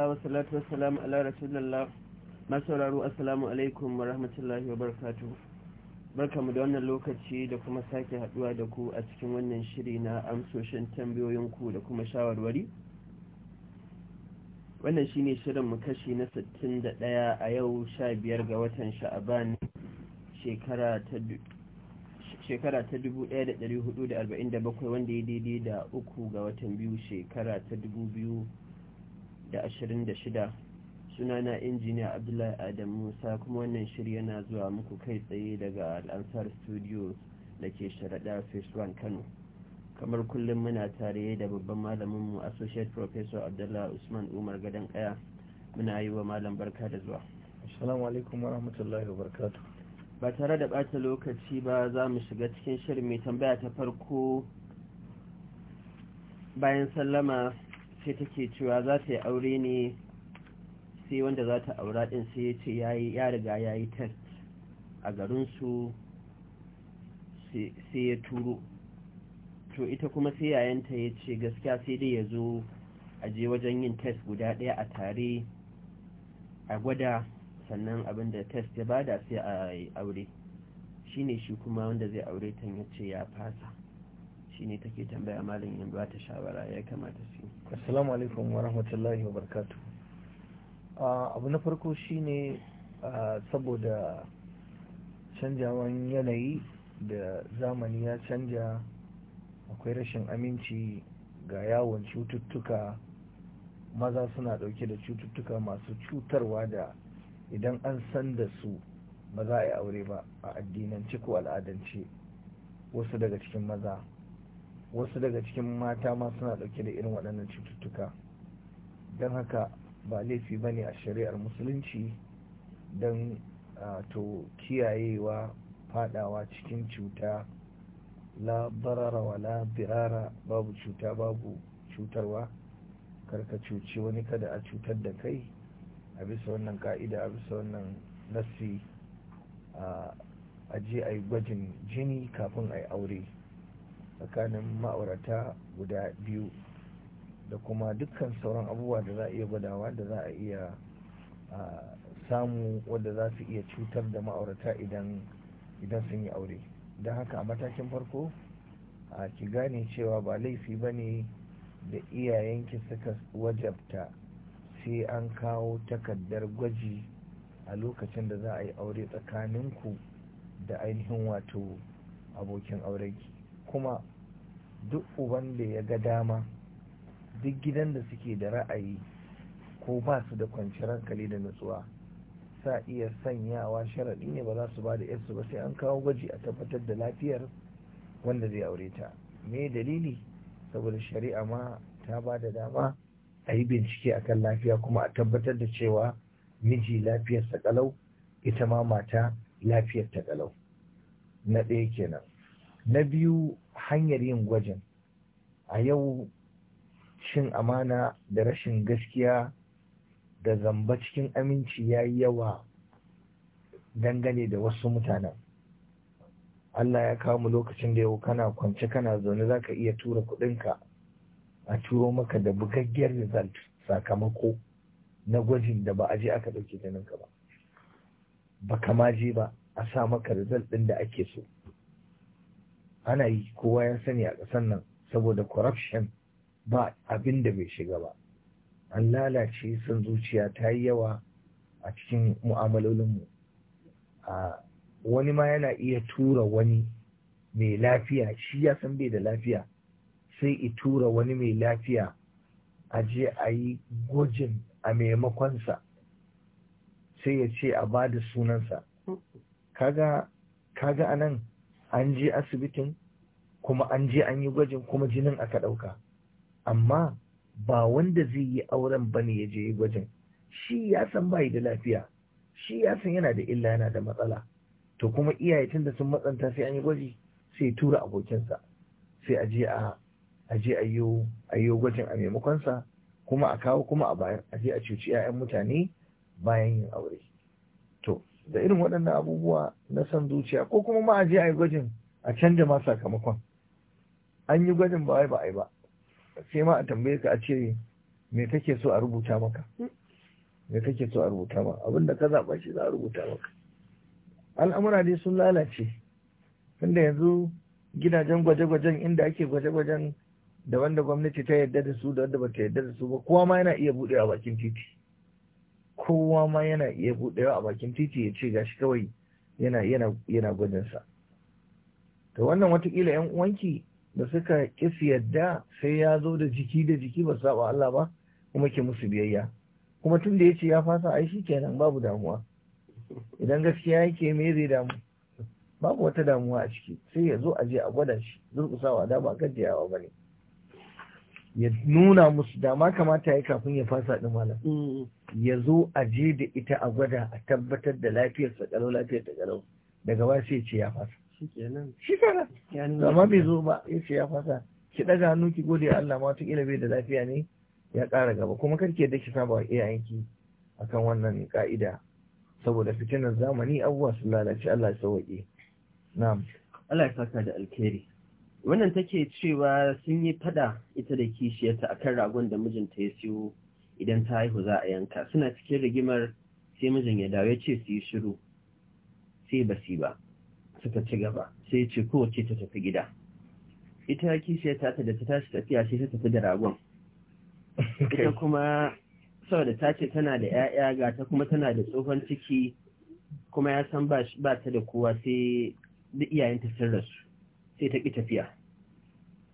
wasalatu wasalamu ala rasulullah assalamu wa rahmatullahi wa barakatu barkamu da wannan lokaci da kuma sake haduwa da ku a cikin wannan shiri na amsoshin tambayoyinku da kuma shawarwari wannan shine shirin mu kashi na 61 a yau 15 ga watan sha'aban shekara ta shekara ta 1447 wanda ya daidai da uku ga watan biyu shekara ta 2000 shida sunana injiniya abdullahi adam musa kuma wannan shirya na zuwa muku kai tsaye daga al'ansar studios da ke sharaɗa face 1 kano kamar kullum muna tare da babban malaminmu associate professor abdullahi usman umar gadon kaya muna yi wa malam barka da zuwa assalamu alaikum wa rahmatullahi wa barakatu ba tare da bata lokaci ba za mu shiga cikin shirin mai tambaya ta farko bayan sallama sai take cewa za ta yi aure ne sai wanda za ta aura ɗin sai ya ce ya riga ya yi test a garinsu sai ya turo to ita kuma sai yayanta ya ce gaskiya sai dai ya zo a je wajen yin test guda ɗaya a tare a gwada sannan abin da test ya bada sai a aure shi ne shi kuma wanda zai aure ta ya ce ya fasa shine take tambaya malam in ba ta shawara ya kamata su assalamu alaikum wa rahmatullahi wa barakatu abu na farko shine saboda canjawan yanayi da zamani ya canja akwai rashin aminci ga yawon cututtuka maza suna dauke da cututtuka masu cutarwa da idan an san da su ba za a yi aure ba a addinance ko al'adance wasu daga cikin maza wasu daga cikin mata ma suna dauke da irin waɗannan cututtuka don haka ba laifi ba ne a shari'ar musulunci don to kiyayewa fadawa cikin cuta la barara wa la babu cuta babu cutarwa karka cuci wani kada a cutar da kai a bisa wannan ka'ida a bisa wannan nassi a je a yi gwajin jini kafin a yi aure tsakanin ma'aurata guda biyu da kuma dukkan sauran abubuwa da za a iya gwadawa da za a iya samu wadda za su iya cutar da ma'aurata idan sun yi aure don haka a matakin farko a ki gane cewa ba laifi ba ne da iyayenki suka wajabta sai an kawo takardar gwaji a lokacin da za a yi aure tsakaninku da ainihin wato abokin aurenki kuma duk uban da ya ga dama duk gidan da suke da ra'ayi ko ba su da kwanciyar hankali da nutsuwa sa iya sanyawa sharaɗi ne ba za su ba da yarsu ba sai an kawo gwaji a tabbatar da lafiyar wanda zai aure ta me dalili saboda shari'a ma ta ba da dama a yi bincike akan lafiya kuma a tabbatar da cewa miji lafiyarsa kalau ita ma mata lafiyar ta kalau na ɗaya kenan na biyu hanyar yin gwajin a yau shin amana da rashin gaskiya da zamba cikin aminci ya yi yawa dangane da wasu mutanen Allah ya kawo mu lokacin da yau kana kwance kana zaune za ka iya tura kuɗinka a turo maka da bugaggiyar result sakamako na gwajin da ba a je aka ɗauke jininka ba ba kama je ba a sa maka result ɗin da ake so ana yi kowa ya sani a ƙasar nan saboda corruption ba abin da bai shiga ba an lalace son zuciya ta yi yawa a cikin mu'amalolinmu wani ma yana iya tura wani mai lafiya shi ya san bai da lafiya sai i tura wani mai lafiya a je a yi gwajin a maimakonsa sai ya ce a ba da sunansa kaga anan an je asibitin kuma an je an yi gwajin kuma jinin aka ɗauka amma ba wanda zai yi auren ba ne ya je yi gwajin shi ya san bai da lafiya shi ya san yana da illa yana da matsala to kuma iyaye tunda sun matsanta sai an yi gwaji sai tura abokinsa sai a je a a je a yi gwajin a maimakonsa kuma a kawo kuma a bayan a je a cuci 'ya'yan mutane bayan yin aure to da irin waɗannan abubuwa na san zuciya ko kuma ma a je a yi gwajin a canja ma sakamakon an yi gwajin ba wai ba a yi ba sai ma a tambaye ka a ce me kake so a rubuta maka me kake so a rubuta ma abinda ka zaɓa shi za a rubuta maka al'amura dai sun lalace tunda yanzu gidajen gwaje-gwajen inda ake gwaje-gwajen da wanda gwamnati ta yarda da su da wanda ba ta yarda da su ba kowa ma yana iya buɗewa a bakin titi kowa ma yana iya buɗewa a bakin titi ya ce gashi kawai yana yana yana gwaninsa to wannan watakila yan uwanki da suka kisi yadda sai ya zo da jiki da jiki ba wa Allah ba kuma ke musu biyayya kuma tun da ya ce ya fasa ai shi kenan babu damuwa idan gaskiya yake me zai damu babu wata damuwa a ciki sai ya zo a je a gwada shi durƙusawa da ba gajiyawa ba ne ya nuna musu dama kamata ya kafin ya fasa ɗin malam mm-hmm. ya zo a je da ita a gwada a tabbatar da lafiyarsa ƙalau lafiyar ta ƙalau daga ba sai ce ya fasa shi kana amma bai zo ba ya ce ya fasa ki daga hannu ki gode Allah ma ta bai da lafiya ne ya ƙara gaba kuma ki da ki saba iyayenki akan wannan ka'ida saboda fitilar zamani abubuwa sun lalace Allah ya sauke na'am Allah ya saka da alkhairi wannan take cewa sun yi fada ita da kishiyarta akan ragon da mijinta ya siyo idan ta haihu za a yanka suna cikin rigimar sai mijin ya dawo ya ce su yi shiru sai ba ba suka ci gaba sai ce kowace ta tafi gida ita ya kishe ta ta da ta tashi tafiya sai ta tafi da ragon ita kuma saboda ta ce tana da 'ya'ya ga ta kuma tana da tsohon ciki kuma ya san ba ta da kowa sai duk ta sun rasu sai ta ƙi tafiya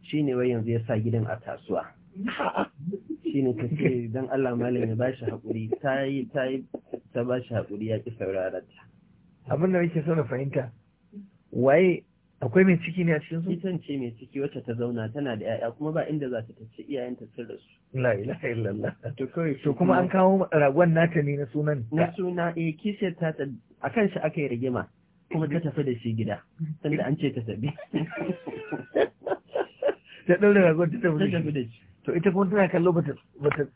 shi ne wai yanzu ya sa gidan a tasuwa shi ne ta ce don Allah malam ya ba shi haƙuri ta yi ta yi ta ba shi haƙuri ya ƙi saurararta abin da yake so na fahimta waye akwai mai ciki ne a cikin su itan ce mai ciki wacce ta zauna tana da yaya kuma ba inda za ta tace iyayen ta sun su la ilaha illallah to kai to kuma an kawo ragon nata ne na sunan na suna eh kishe ta akan shi aka yi rigima kuma ta tafi da shi gida tunda an ce ta tabi ta dole ragon ta tafi da shi to ita kuma tana kallo ba ta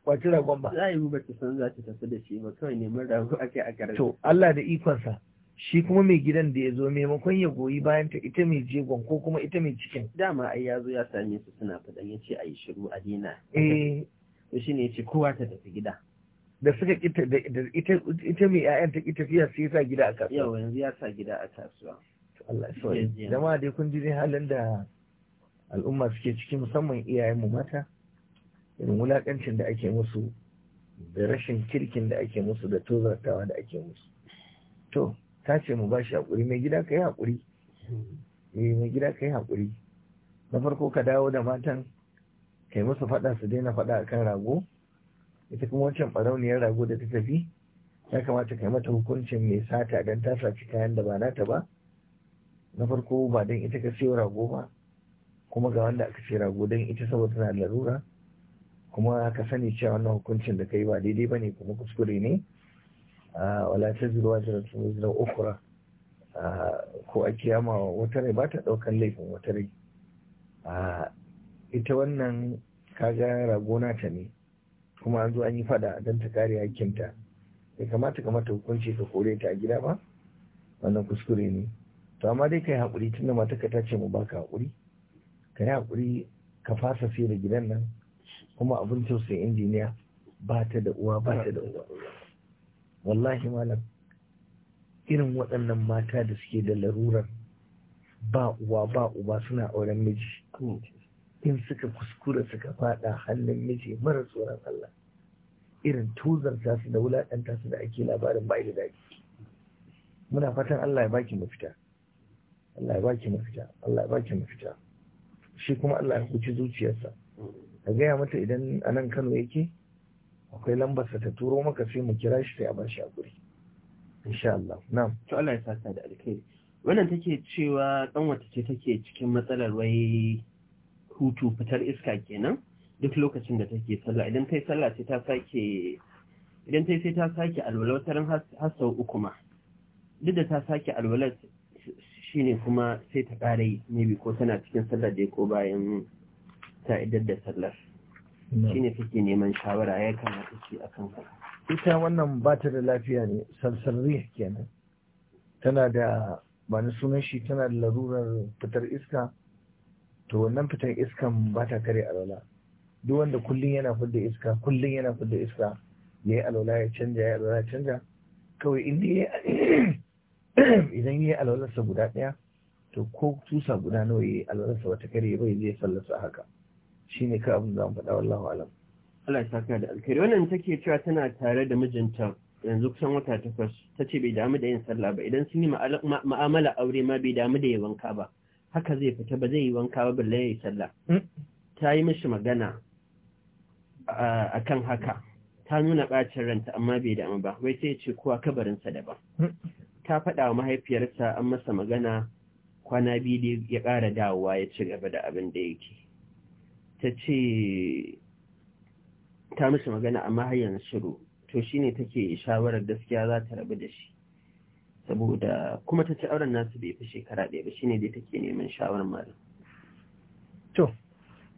kwaci ragon ba za a yi ba ta san za ta tafi da shi ba kawai neman rago ake a karatu to Allah da ikonsa shi kuma mai gidan da ya zo maimakon ya goyi bayan ta ita mai jegon ko kuma ita mai cikin dama ai ya zo ya same su suna faɗan ya ce a yi shiru a dina eh shi ne ya ce kowa ta tafi gida da suka da ita mai ƴaƴan ta ita fiya sai sa gida a kasuwa Yau yanzu ya sa gida a kasuwa Allah ya sauya Dama dai kun ji halin da al'umma suke ciki musamman iyayen mu mata irin wulakancin da ake musu da rashin kirkin da ake musu da tozartawa da ake musu to ta ce mu bashi haƙuri mai gida ka yi haƙuri eh mai gida ka yi haƙuri na farko ka dawo da matan kai musu faɗa su daina faɗa akan rago ita kuma wancan ɓarauniyar rago da ta tafi ya kamata yi mata hukuncin mai sata don ta saci kayan da ba nata ba na farko ba don ita ka siyo rago ba kuma ga wanda aka ce rago don ita saboda tana larura kuma ka sani cewa wannan hukuncin da kai ba daidai ba ne kuma kuskure ne Ah, wala ta zuwa jiratun wuzna ukura ah, ko a kiyama wata rai ba ta daukan laifin wata rai ah, ita wannan kaga ragona ta ne kuma an zo an yi fada don ta kare hakkinta bai kamata ka mata hukunci ka kore ta a gida ba wannan kuskure ne to amma dai kai haƙuri tunda matarka ta ce mu baka haƙuri ka yi haƙuri ka fasa sai da gidan nan kuma abin tausayin injiniya ba ta da uwa ba ta da uwa wallahi malam irin waɗannan mata da suke da larurar ba uwa ba uba suna auren miji in suka kuskura suka fada hannun miji mara tsoron Allah irin ta su da ta su da ake labarin ba da daɗi muna fatan Allah ya baki mafita Allah ya baki mafita Allah ya baki mafita shi kuma Allah ya huci zuciyarsa ka gaya mata idan a nan Kano yake akwai lambarsa ta turo maka sai mu kira shi sai a bashi a guri insha Allah na'am to Allah ya saka da alkhairi wannan take cewa dan wata ce take cikin matsalar wai hutu fitar iska kenan duk lokacin da take sallah idan kai sallah sai ta sake idan tai sai ta sake alwala wataran har sau uku ma duk da ta sake alwala shine kuma sai ta ƙara yi maybe ko tana cikin sallar da ko bayan ta idar da sallar shine suke neman shawara ya kamata ce kan haka ita wannan ba ta da lafiya ne sarsarri kenan tana da ba na sunan shi tana da larurar fitar iska to wannan fitar iskan ba ta kare alola duk wanda kullum yana fudda iska kullum yana fudda iska ya yi alola ya canja ya alola ya canja kawai inda idan ya yi alolarsa guda ɗaya to ko tusa guda nawa ya yi alolarsa wata kare bai zai sallasa haka shine ka abin da mu faɗa wallahu alam Allah ya saka da alkhairi wannan take cewa tana tare da mijinta yanzu kusan wata takwas ta ce bai damu da yin sallah ba idan sun yi ma'amala aure ma bai damu da yi wanka ba haka zai fita ba zai yi wanka ba balle ya sallah hmm? ta yi mishi magana akan haka ta nuna ɓacin ranta amma bai damu ba wai sai ce kowa kabarinsa daban hmm? ta faɗa wa mahaifiyarsa an masa magana kwana biyu ya ƙara dawowa ya ci gaba da abin da yake ta ce ta mishi magana amma har yanzu shiru to shine take shawarar gaskiya za ta rabu da shi saboda kuma ta ci auren nasu bai fi shekara ɗaya ba shine dai take neman shawarar malam to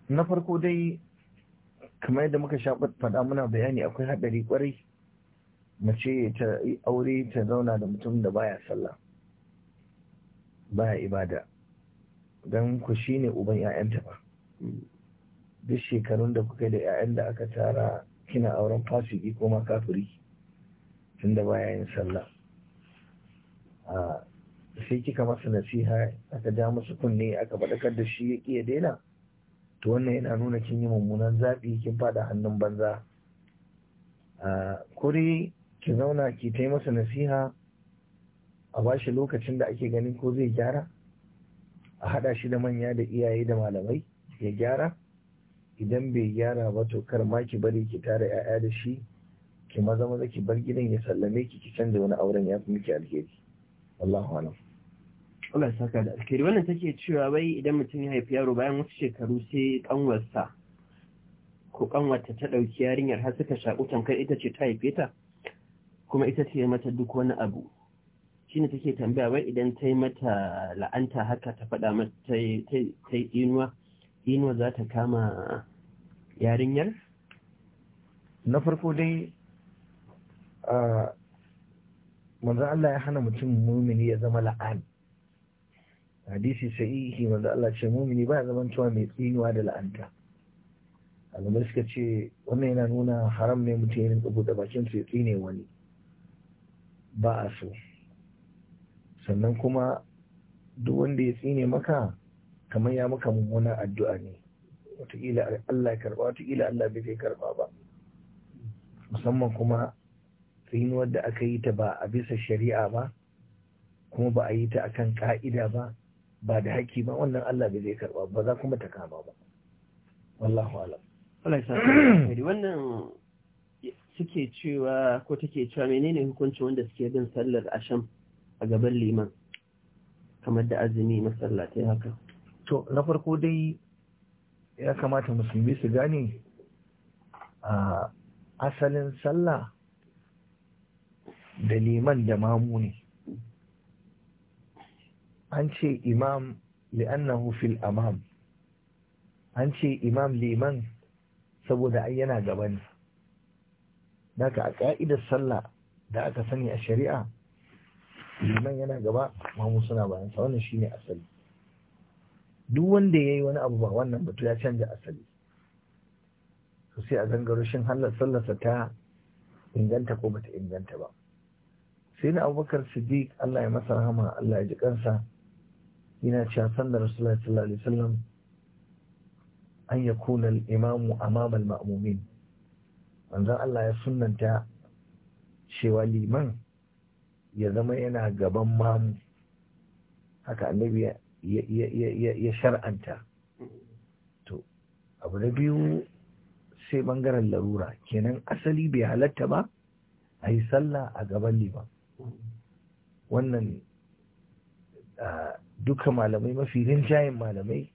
na farko dai kamar yadda muka sha faɗa muna bayani akwai haɗari kwarai mace ta aure ta zauna da mutum da baya sallah baya ibada don ku shine uban 'ya'yanta ba mm. duk shekarun da kuka da 'ya'yan da aka tara kina auren fasiki ko makafiri tun da baya yin sallah sai kika masa nasiha aka ja masa kunne aka faɗakar da shi ya ƙiya daina to wannan yana nuna kin yi mummunan zaɓi kin faɗa hannun banza ko dai ki zauna ki ta masa nasiha a ba shi lokacin da ake ganin ko zai gyara a haɗa shi da manya da iyaye da malamai ya gyara idan bai gyara ba to kar ma ki bari ki tara ƴaƴa da shi ki maza maza ki bar gidan ya sallame ki ki canza wani auren ya fi miki alheri Allahu alam Allah saka da alheri wannan take cewa wai idan mutum ya haifi yaro bayan wasu shekaru sai kanwarsa ko kanwarta ta dauki yarinyar har suka shaku tamkar ita ce ta haife ta kuma ita ce mata duk wani abu shine take tambaya wai idan ta yi mata la'anta haka ta faɗa mata ta yi inuwa. inuwa za ta kama yarinyar? na farko dai manzan Allah ya hana mutum mumini ya zama la'ani hadisi saihi manzan Allah ce mumini ba ya zaman cewa mai tsinuwa da la'anta al'ummar suka ce wannan yana nuna haram ne mutum ya rinka da bakin su ya tsine wani ba a so sannan kuma duk wanda ya tsine maka kamar ya maka mummunan addu'a ne wataƙila Allah ya karba wataƙila Allah bai kai karba ba musamman kuma rinuwar da aka yi ta ba a bisa shari'a ba kuma ba a yi ta akan ka'ida ba ba da haƙƙi ba wannan Allah bai zai karba ba za kuma ta kama ba wallahu ala wannan suke cewa ko take cewa menene hukunci wanda suke bin sallar asham a gaban liman kamar da azumi masallatai haka to na farko dai ya kamata musulmi su gane a asalin sallah da liman da mamu ne an ce imam li'annahu fil amam an ce imam liman saboda ai yana gaba ne daga a ka'idar sallah da aka sani a shari'a liman yana gaba mamu suna bayansa wannan shine asali duk wanda ya yi wani abu ba wannan batu ya canza asali su sai a zangaro shin sallarsa ta inganta ko bata inganta ba sai na abubakar Sadiq allah ya masa rahama allah ya ji kansa yana cewa sallar rasulullahi sallallahu alaihi wasallam an ya kuna imamu amamal ma'mumin manzon allah ya sunanta cewa liman ya zama yana gaban mamu haka annabi ya shar'anta to abu na biyu sai ɓangaren larura kenan asali bai halatta ba a yi sallah a gaban liman wannan duka malamai mafi rinjayen malamai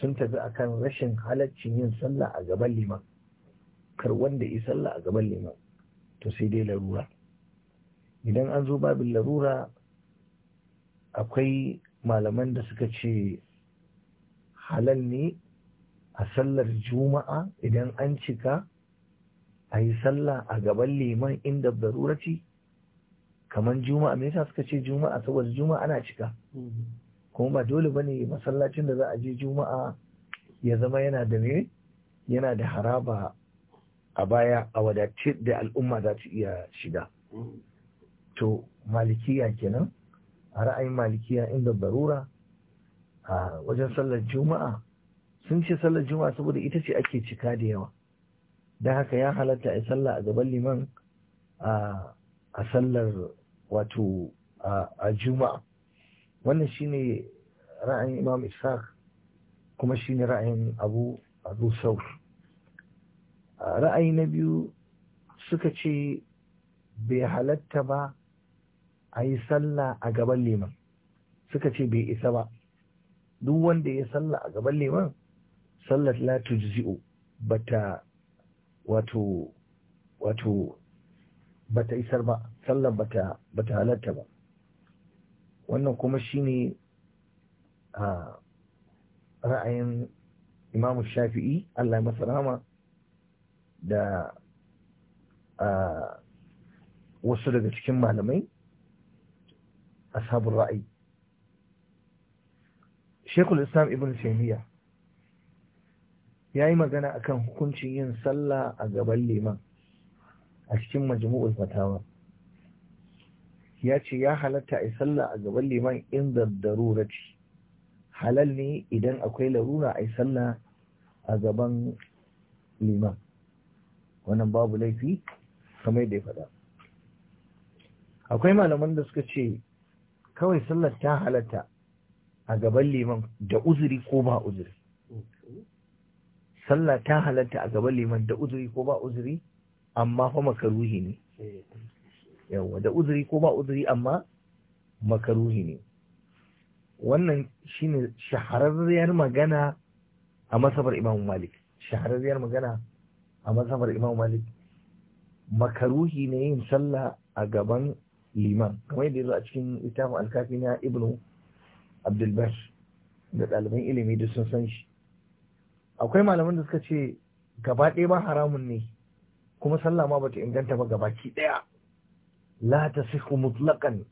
sun tafi akan rashin halaccin yin sallah a gaban liman kar wanda yi sallah a gaban liman to sai dai larura idan an zo babin larura akwai malaman da suka ce halal ne a sallar juma'a idan an cika a yi sallah a gaban liman inda darurati kaman juma'a me yasa suka ce juma'a saboda juma'a ana cika kuma ba dole bane masallacin da za a je juma'a ya zama yana da ne yana da haraba a baya a wadace da al'umma za ta iya shiga mm. to malikiya kenan a ra'ayin malikiya inda barura a wajen sallar juma'a sun ce sallar juma'a saboda ita ce ake cika da yawa don haka ya halatta a sallah a gaban liman a sallar wato a juma'a wannan shine ra'ayin imam ishaq kuma shine ra'ayin abu abu saur ra'ayi na biyu suka ce bai halatta ba a yi sallah a gaban liman suka ce bai isa ba duk wanda ya sallah a gaban liman sallat la tujzi'u bata wato wato bata isar ba sallar bata bata halatta ba wannan kuma shine a ra'ayin imamu shafi'i Allah masa rahama da wasu daga cikin malamai ashabul ra'ayi shekul islam ibn taimiyya ya yi magana akan hukuncin yin sallah a gaban liman a cikin majmu'ul fatawa ya ce ya halatta a sallah a gaban liman inda darurati halal ne idan akwai larura a sallah a gaban liman wannan babu laifi kamar da ya faɗa akwai malaman da suka ce kawai sallar ta halatta a gaban liman da uzuri ko ba uzuri sallah ta halatta a gaban liman da uzuri ko ba uzuri amma fa makaruhi ne yawa da uzuri ko ba uzuri amma makaruhi ne wannan shine shahararriyar magana a masabar Imam Malik shahararriyar magana a masabar Imam Malik makaruhi ne yin sallah a gaban liman kamar yadda yanzu a cikin littafin alkafi na ibnu abdulbar da ɗaliban ilimi da sun san shi akwai malaman da suka ce gaba ɗaya ba haramun ne kuma sallah ma bata inganta ba gabaki ɗaya la sihu mutlaqan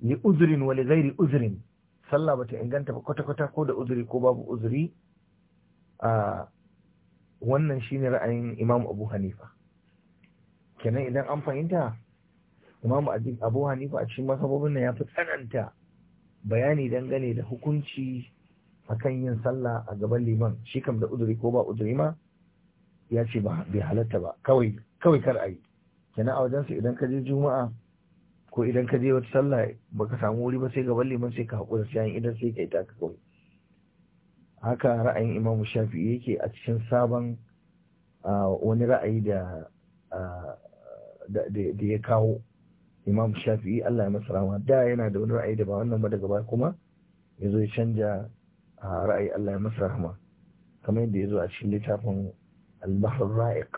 li uzrin wa li ghairi uzrin sallah bata inganta ba kwata kwata ko da uzuri ko babu uzuri a wannan shine ra'ayin Imam Abu Hanifa kenan idan an fahimta imamu abu hanifa a cikin masabobin nan ya fi tsananta bayani dangane da hukunci akan yin sallah a gaban liman shi kam da uduri ko ba uduri ma ya ce ba bai halatta ba kawai kawai kar a yi kenan a wajensu idan ka je juma'a ko idan ka je wata sallah baka samu wuri ba sai gaban liman sai ka haƙura sai idan sai ka yi ta kawai haka ra'ayin imamu shafi'i yake a cikin sabon ah, wani ra'ayi ah, da da ya kawo imam shafi'i Allah ya masa rahama da yana da wani ra'ayi da ba wannan ba daga ba kuma ya zo ya canja a ra'ayi Allah ya masa rahama kamar yadda ya zo a cikin littafin al ra'iq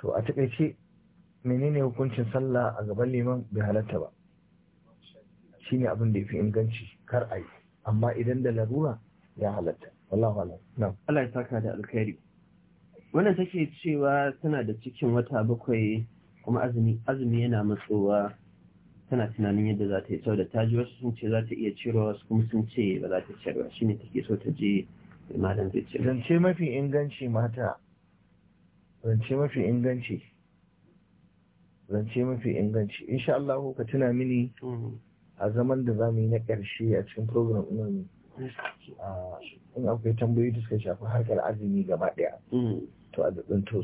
to a takaice menene hukuncin sallah a gaban liman bai halatta ba shine abin da fi inganci kar a yi amma idan da larura ya halatta wallahu alam na Allah ya saka da alkhairi wannan take cewa tana da cikin wata bakwai kuma azumi azumi yana matsowa tana tunanin yadda za ta yi sau da ta ji wasu sun ce za ta iya cirewa wasu kuma sun ce ba za ta cirewa ta take so ta je malam zai cire zance mafi inganci mata zance mafi inganci zance mafi inganci insha Allah ka tuna mini mm. a zaman da za mu yi na ƙarshe a cikin program ɗin mm. ah, in akwai tambayoyi da suka shafi harkar azumi gaba ɗaya mm. to a daɗin su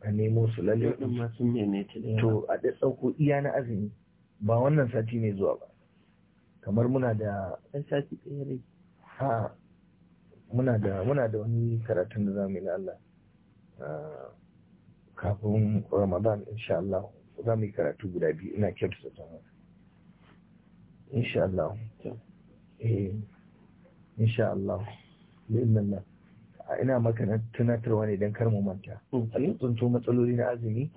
a nemo su lalle to a sauko iya na azumi ba wannan sati ne zuwa ba kamar muna da sati ɗaya ha muna da muna da wani karatun da zamu yi na Allah ah, kafin Ramadan insha Allah za mu yi karatu guda biyu ina da ta insha Allah eh insha Allah bi ina maka na tunatarwa ne don kar mu manta a matsaloli na azumi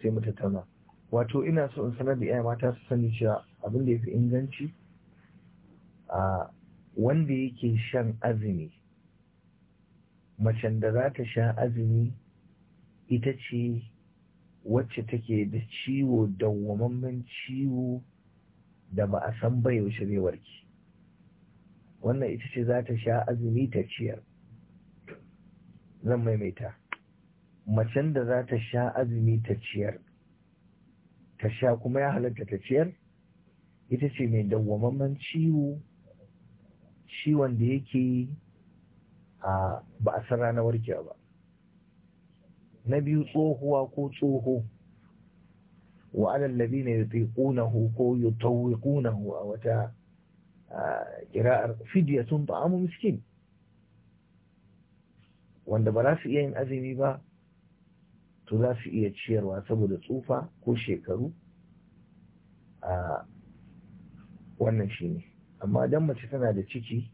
sai mu tattauna wato ina so in sanar da iyaye mata su sani cewa abin da ya fi inganci a wanda yake shan azumi macen da za ta sha azumi ita ce wacce take da ciwo dawwamammen ciwo da ba a san bai yaushe wannan ita ce za ta sha azumi ta ciyar zan maimaita macen da za ta sha azumi ta ciyar ta sha kuma ya halatta ta ciyar ita ce mai dawwamaman ciwo ciwon da yake a ba a san ranar warkewa ba na biyu tsohuwa ko tsoho wa alal ladina yutiqunahu ko yutawwiqunahu a wata qira'ar fidyatun ta'amu miskin wanda ba za su iya yin azumi ba to za su iya ciyarwa saboda tsufa ko shekaru a wannan shi ne amma don mace tana da ciki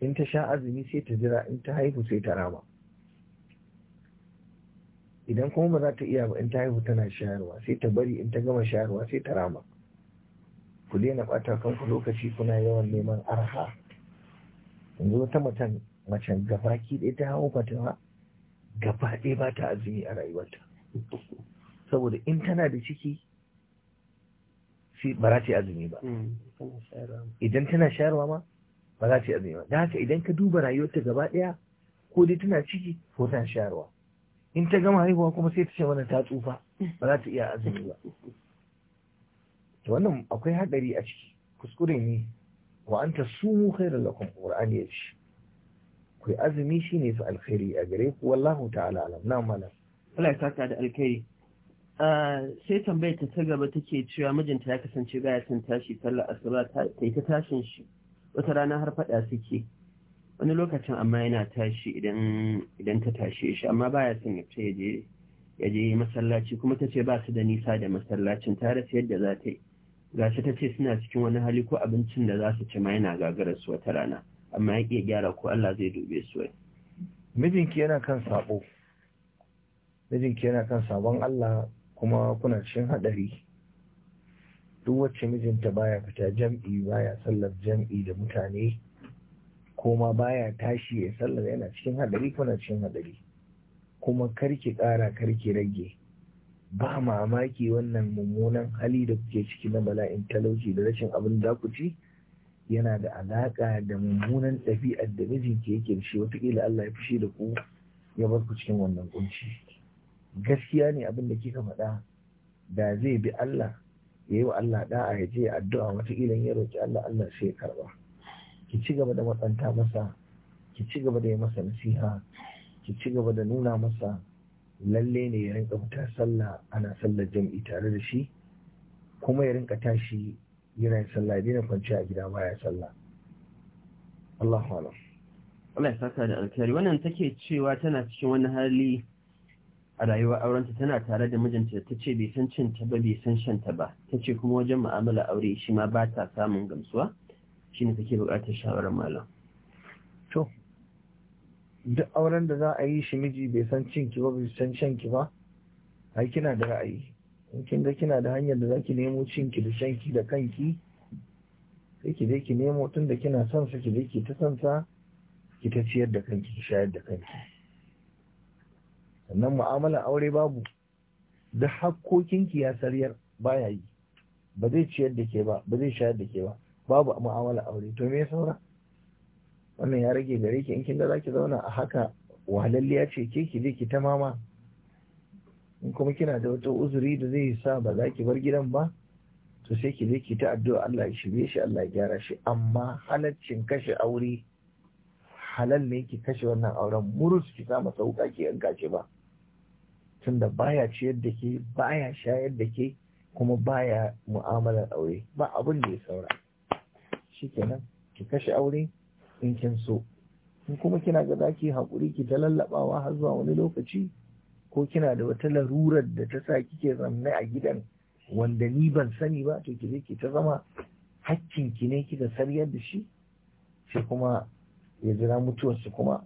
in ta sha azumi sai ta jira in ta haihu sai ta rama idan kuma ba za ta iya ba in ta haihu tana shayarwa sai ta bari in ta gama shayarwa sai ta rama ku daina ɓata kanku lokaci kuna yawan neman arha yanzu wata macen mace gabaki ɗaya ta hawo ba, gaba ɗaya ba ta azumi a rayuwarta saboda in tana da ciki ba za ta yi azumi ba mm, idan tana shayarwa ma ba za ta yi azumi ba da haka idan ka duba rayuwarta gaba ɗaya ko dai tana ciki ko tana shayarwa in ta gama haihuwa kuma sai ta ce mana ta tsufa ba za ta iya azumi ba to wannan akwai haɗari a ciki kuskure ne wa anta sumu khairul lakum qur'ani ya Akwai azumi shi ne su alkhairi a gare ku wallahu ta'ala alam na malam Allah ya saka da alkhairi ah, sai tambayar ta gaba take cewa mijinta ya kasance baya son tashi sallar asuba ta ta tashin shi wata rana har fada suke wani lokacin amma yana tashi idan idan ta tashe shi amma baya son ya ce je ya je masallaci kuma ta ce ba su da nisa da masallacin ta rasa yadda za ta yi gashi ta ce suna cikin wani hali ko abincin da za su ci ma yana gagarar su wata rana amma ya ke gyara ko Allah zai dube su wai mijinki yana kan sabo mijinki yana kan sabon Allah kuma kuna cikin hadari duk wacce mijinta baya fita jam'i baya sallar jam'i da mutane ko ma baya tashi ya sallar yana cikin hadari kuna cikin hadari kuma karki kara karki rage ba mamaki wannan mummunan hali da kuke ciki na bala'in talauci da rashin abin da ku ci yana da alaƙa da mummunan ɗabi'ar da mijinki yake da shi wataƙila Allah ya fushi da ku ya bar ku cikin wannan kunci gaskiya ne abin da kika faɗa da zai bi Allah ya yi wa Allah da'a ya je addu'a wataƙila ya roƙi Allah Allah sai ya karɓa ki ci gaba da matsanta masa ki ci gaba da yi masa nasiha ki ci gaba da nuna masa lalle ne ya rinka fita sallah ana sallar jam'i tare da shi kuma ya rinka tashi yana yin sallah dina kwanci a gida baya sallah Allah alam Allah ya saka da alkhairi wannan take cewa tana cikin wani hali a rayuwar aurenta tana tare da mijinta ta ce bai san cin ta ba bai san shan ta ba ta ce kuma wajen mu'amala aure shi ma ba ta samun gamsuwa shine take buƙatar shawarar malam to duk auren da za a yi shi miji bai san cin ki ba bai san shan ki ba ai kina da ra'ayi in kin ga kina da hanyar da zaki nemo cinki da shanki da kanki sai ki je ki nemo tun da kina son sa ki je ki ta son sa ki ta ciyar da kanki ki shayar da kanki sannan mu'amala aure babu da ki ya sariyar baya yi ba zai ciyar da ke ba ba zai shayar da ke ba babu mu'amala aure to me saura wannan ya rage gare ki in kin ga zaki zauna a haka wahalalliya ce ke ki je ki ta mama in kuma kina da wata uzuri da zai sa ba za ki bar gidan ba to sai ki je ki ta addu'a Allah ya shirye shi Allah ya gyara shi amma halaccin kashe aure halal ne ki kashe wannan auren murus ki sa masa wuka ki yanka ce ba tunda baya ciyar da ke baya shayar da ke kuma baya mu'amalar aure ba abin da ya saura shikenan ki kashe aure in kin so in kuma kina ga zaki hakuri ki ta lallaɓawa har zuwa wani lokaci ko kina da wata larurar da ta sa kike zanne a gidan wanda ni ban sani ba to ki je ki ta zama hakkin ki ne kika sariyar da shi sai kuma ya jira mutuwarsa kuma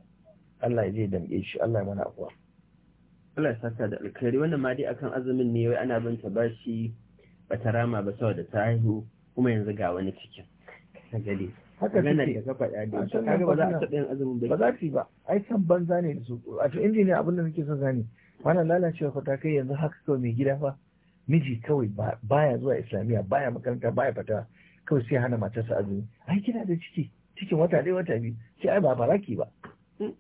Allah ya je damƙe shi Allah ya mana afuwa Allah ya saka da alkhairi wannan ma dai akan azumin ne wai ana bin ta bashi bata rama ba saboda ta haihu kuma yanzu ga wani cikin gari haka take da ka faɗa da shi ba za a taɓa yin azumin ba ba za su yi ba ai san banza ne da su wato ne abin da nake son gane wannan lalacewa fa ta kai yanzu haka kawai mai gida fa miji kawai baya zuwa islamiyya baya makaranta baya fata kawai sai hana matarsa azumi ai kina da ciki cikin wata ɗaya wata biyu sai ai ba baraki ba mm.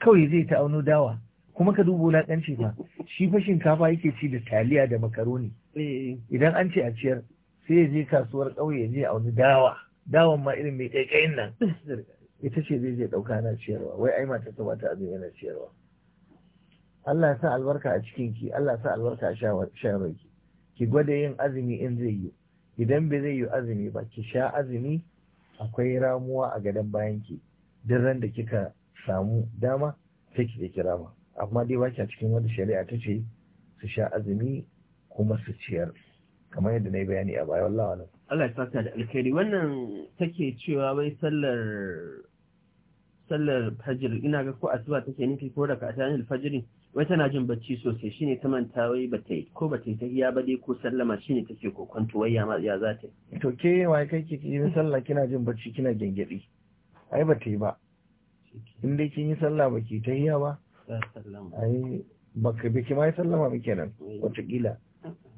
kawai zai ta auno dawa kuma ka dubo kanci fa shi fa shinkafa yake ci da taliya da makaroni eh. idan an ce a ciyar sai ya je kasuwar ƙauye ya je auni dawa dawan ma irin mai ƙaiƙayin nan ita ce zai je ɗauka na ciyarwa wai ai matarsa ba ta azumi yana ciyarwa Allah sa albarka a cikin ki Allah sa albarka a shawarar ki ki gwada yin azumi in zai yi idan bai zai yi azumi ba ki sha azumi akwai ramuwa a gadon bayan ki duk da kika samu dama sai ki ki rama amma dai baki a cikin wanda shari'a ta ce su sha azumi kuma su ciyar kamar yadda na yi bayani a baya wallahi nan. Allah ya saka da alkhairi wannan take cewa wai sallar sallar fajr ina ga ko asuba take nufi ko ka ta fajr wai tana jin bacci sosai shine ta manta wai ba ta yi ko ba ta yi ta iya ba dai ko sallama shine take kwanto wai ya ya za ta yi to ke wai kai ke yin sallah kina jin bacci kina gengedi ai ba ta yi ba in dai kin yi sallah ba ki ta iya ba ai ba ka bi ki ma sallama ba kenan eh. wataƙila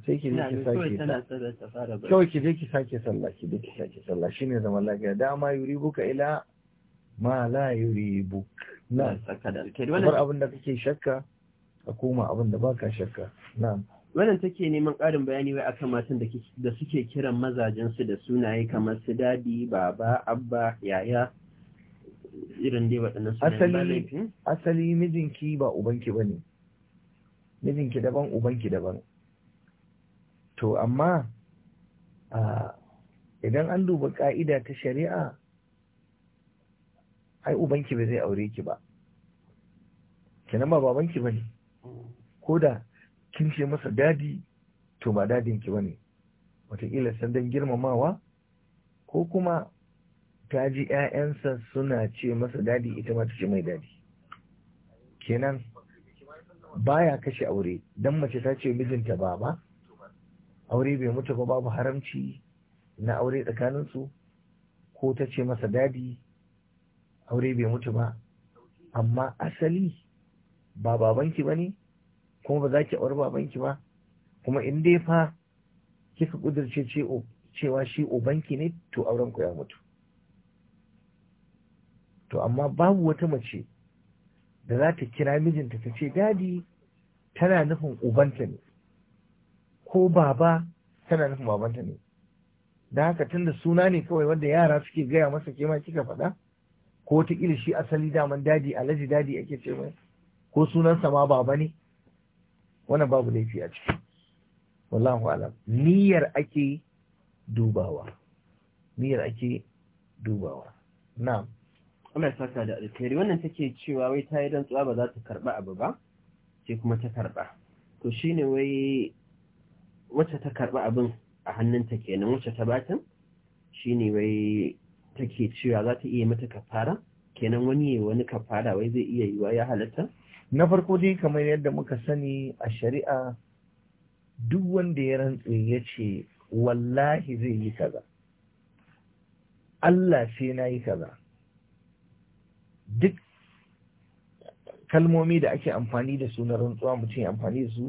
sai ki je ki sake kawai ki je ki sake sallah ki je ki sake sallah shine zaman lafiya dama buka ila ma la yuri buka na saka da wannan abin da kake shakka a koma abin da baka shakka na'am wannan take neman ƙarin bayani wai akan matan da suke kiran mazajen su da sunaye kamar su dadi baba abba yaya irin dai waɗannan asali asali mijinki ba ubanki bane mijinki daban ubanki daban to amma idan an duba ka'ida ta shari'a ai ubanki ba zai aure ki ba kenan ba babanki bane ko da kin ce masa dadi to ba dadin ki bane wataƙila sandan girmamawa ko kuma ta ji ‘ya'yansa suna ce masa dadi ita ma ta ce mai dadi kenan baya kashe aure dan mace ta ce mijinta ba, ba. aure bai mutu ba babu haramci na aure tsakaninsu ko ta ce masa dadi aure bai mutu ba amma asali ba babanki ba ne kuma ba za ki aure babanki ba kuma in dai fa kika kudirce cewa shi ubanki ne to auren ku ya mutu to amma babu wata mace da za ta kira mijinta ta ce dadi tana nufin ubanta ne ko baba tana nufin babanta ne da haka tunda suna ne kawai wanda yara suke gaya masa ke ma kika faɗa ko wataƙila shi asali daman dadi alaji dadi ake ce mai ko sunansa ma baba ne wannan babu laifi a ciki wallahu alam niyyar ake dubawa niyyar ake dubawa na'am Allah saka da alkhairi wannan take cewa wai ta yi rantsuwa ba za ta karba abu ba sai kuma ta karba to shine wai wacce ta karba abin a hannunta kenan wacce ta batin shine wai take cewa za ta iya mata kafara kenan wani wani kafara wai zai iya yiwa ya halatta na farko dai kamar yadda muka sani a shari'a duk wanda ya rantse ya ce wallahi zai yi kaza Allah sai na yi kaza duk kalmomi da ake amfani da su na rantsuwa mutum ya amfani da su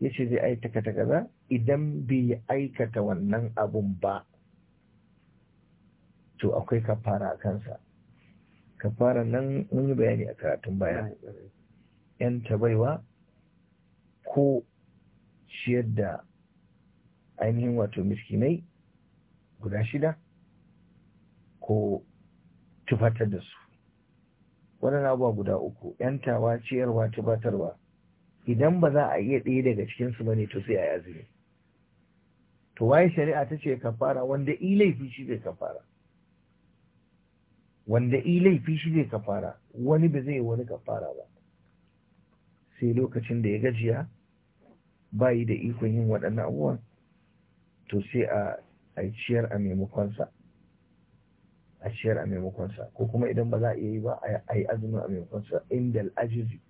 ya ce zai aikata kaza idan bai aikata wannan abun ba to akwai kafara a kansa kafara nan mun yi bayani a karatun baya yanta baiwa ko ciyar da ainihin wato miskinai guda shida ko tufatar da su waɗannan abuwa guda uku yantawa ciyarwa tufatarwa idan ba za a iya ɗaya daga cikinsu ba ne to sai a yazi ne to waye shari'a ta ce kafara wanda i laifi shi zai kafara wanda i shi zai kafara wani ba zai wani kafara ba sai lokacin da ya gajiya ba yi da ikon yin waɗannan abubuwan to sai a ciyar a maimakonsa a ciyar a maimakonsa ko kuma idan ba za a iya yi ba a yi azumin a maimakonsa inda al'ajizi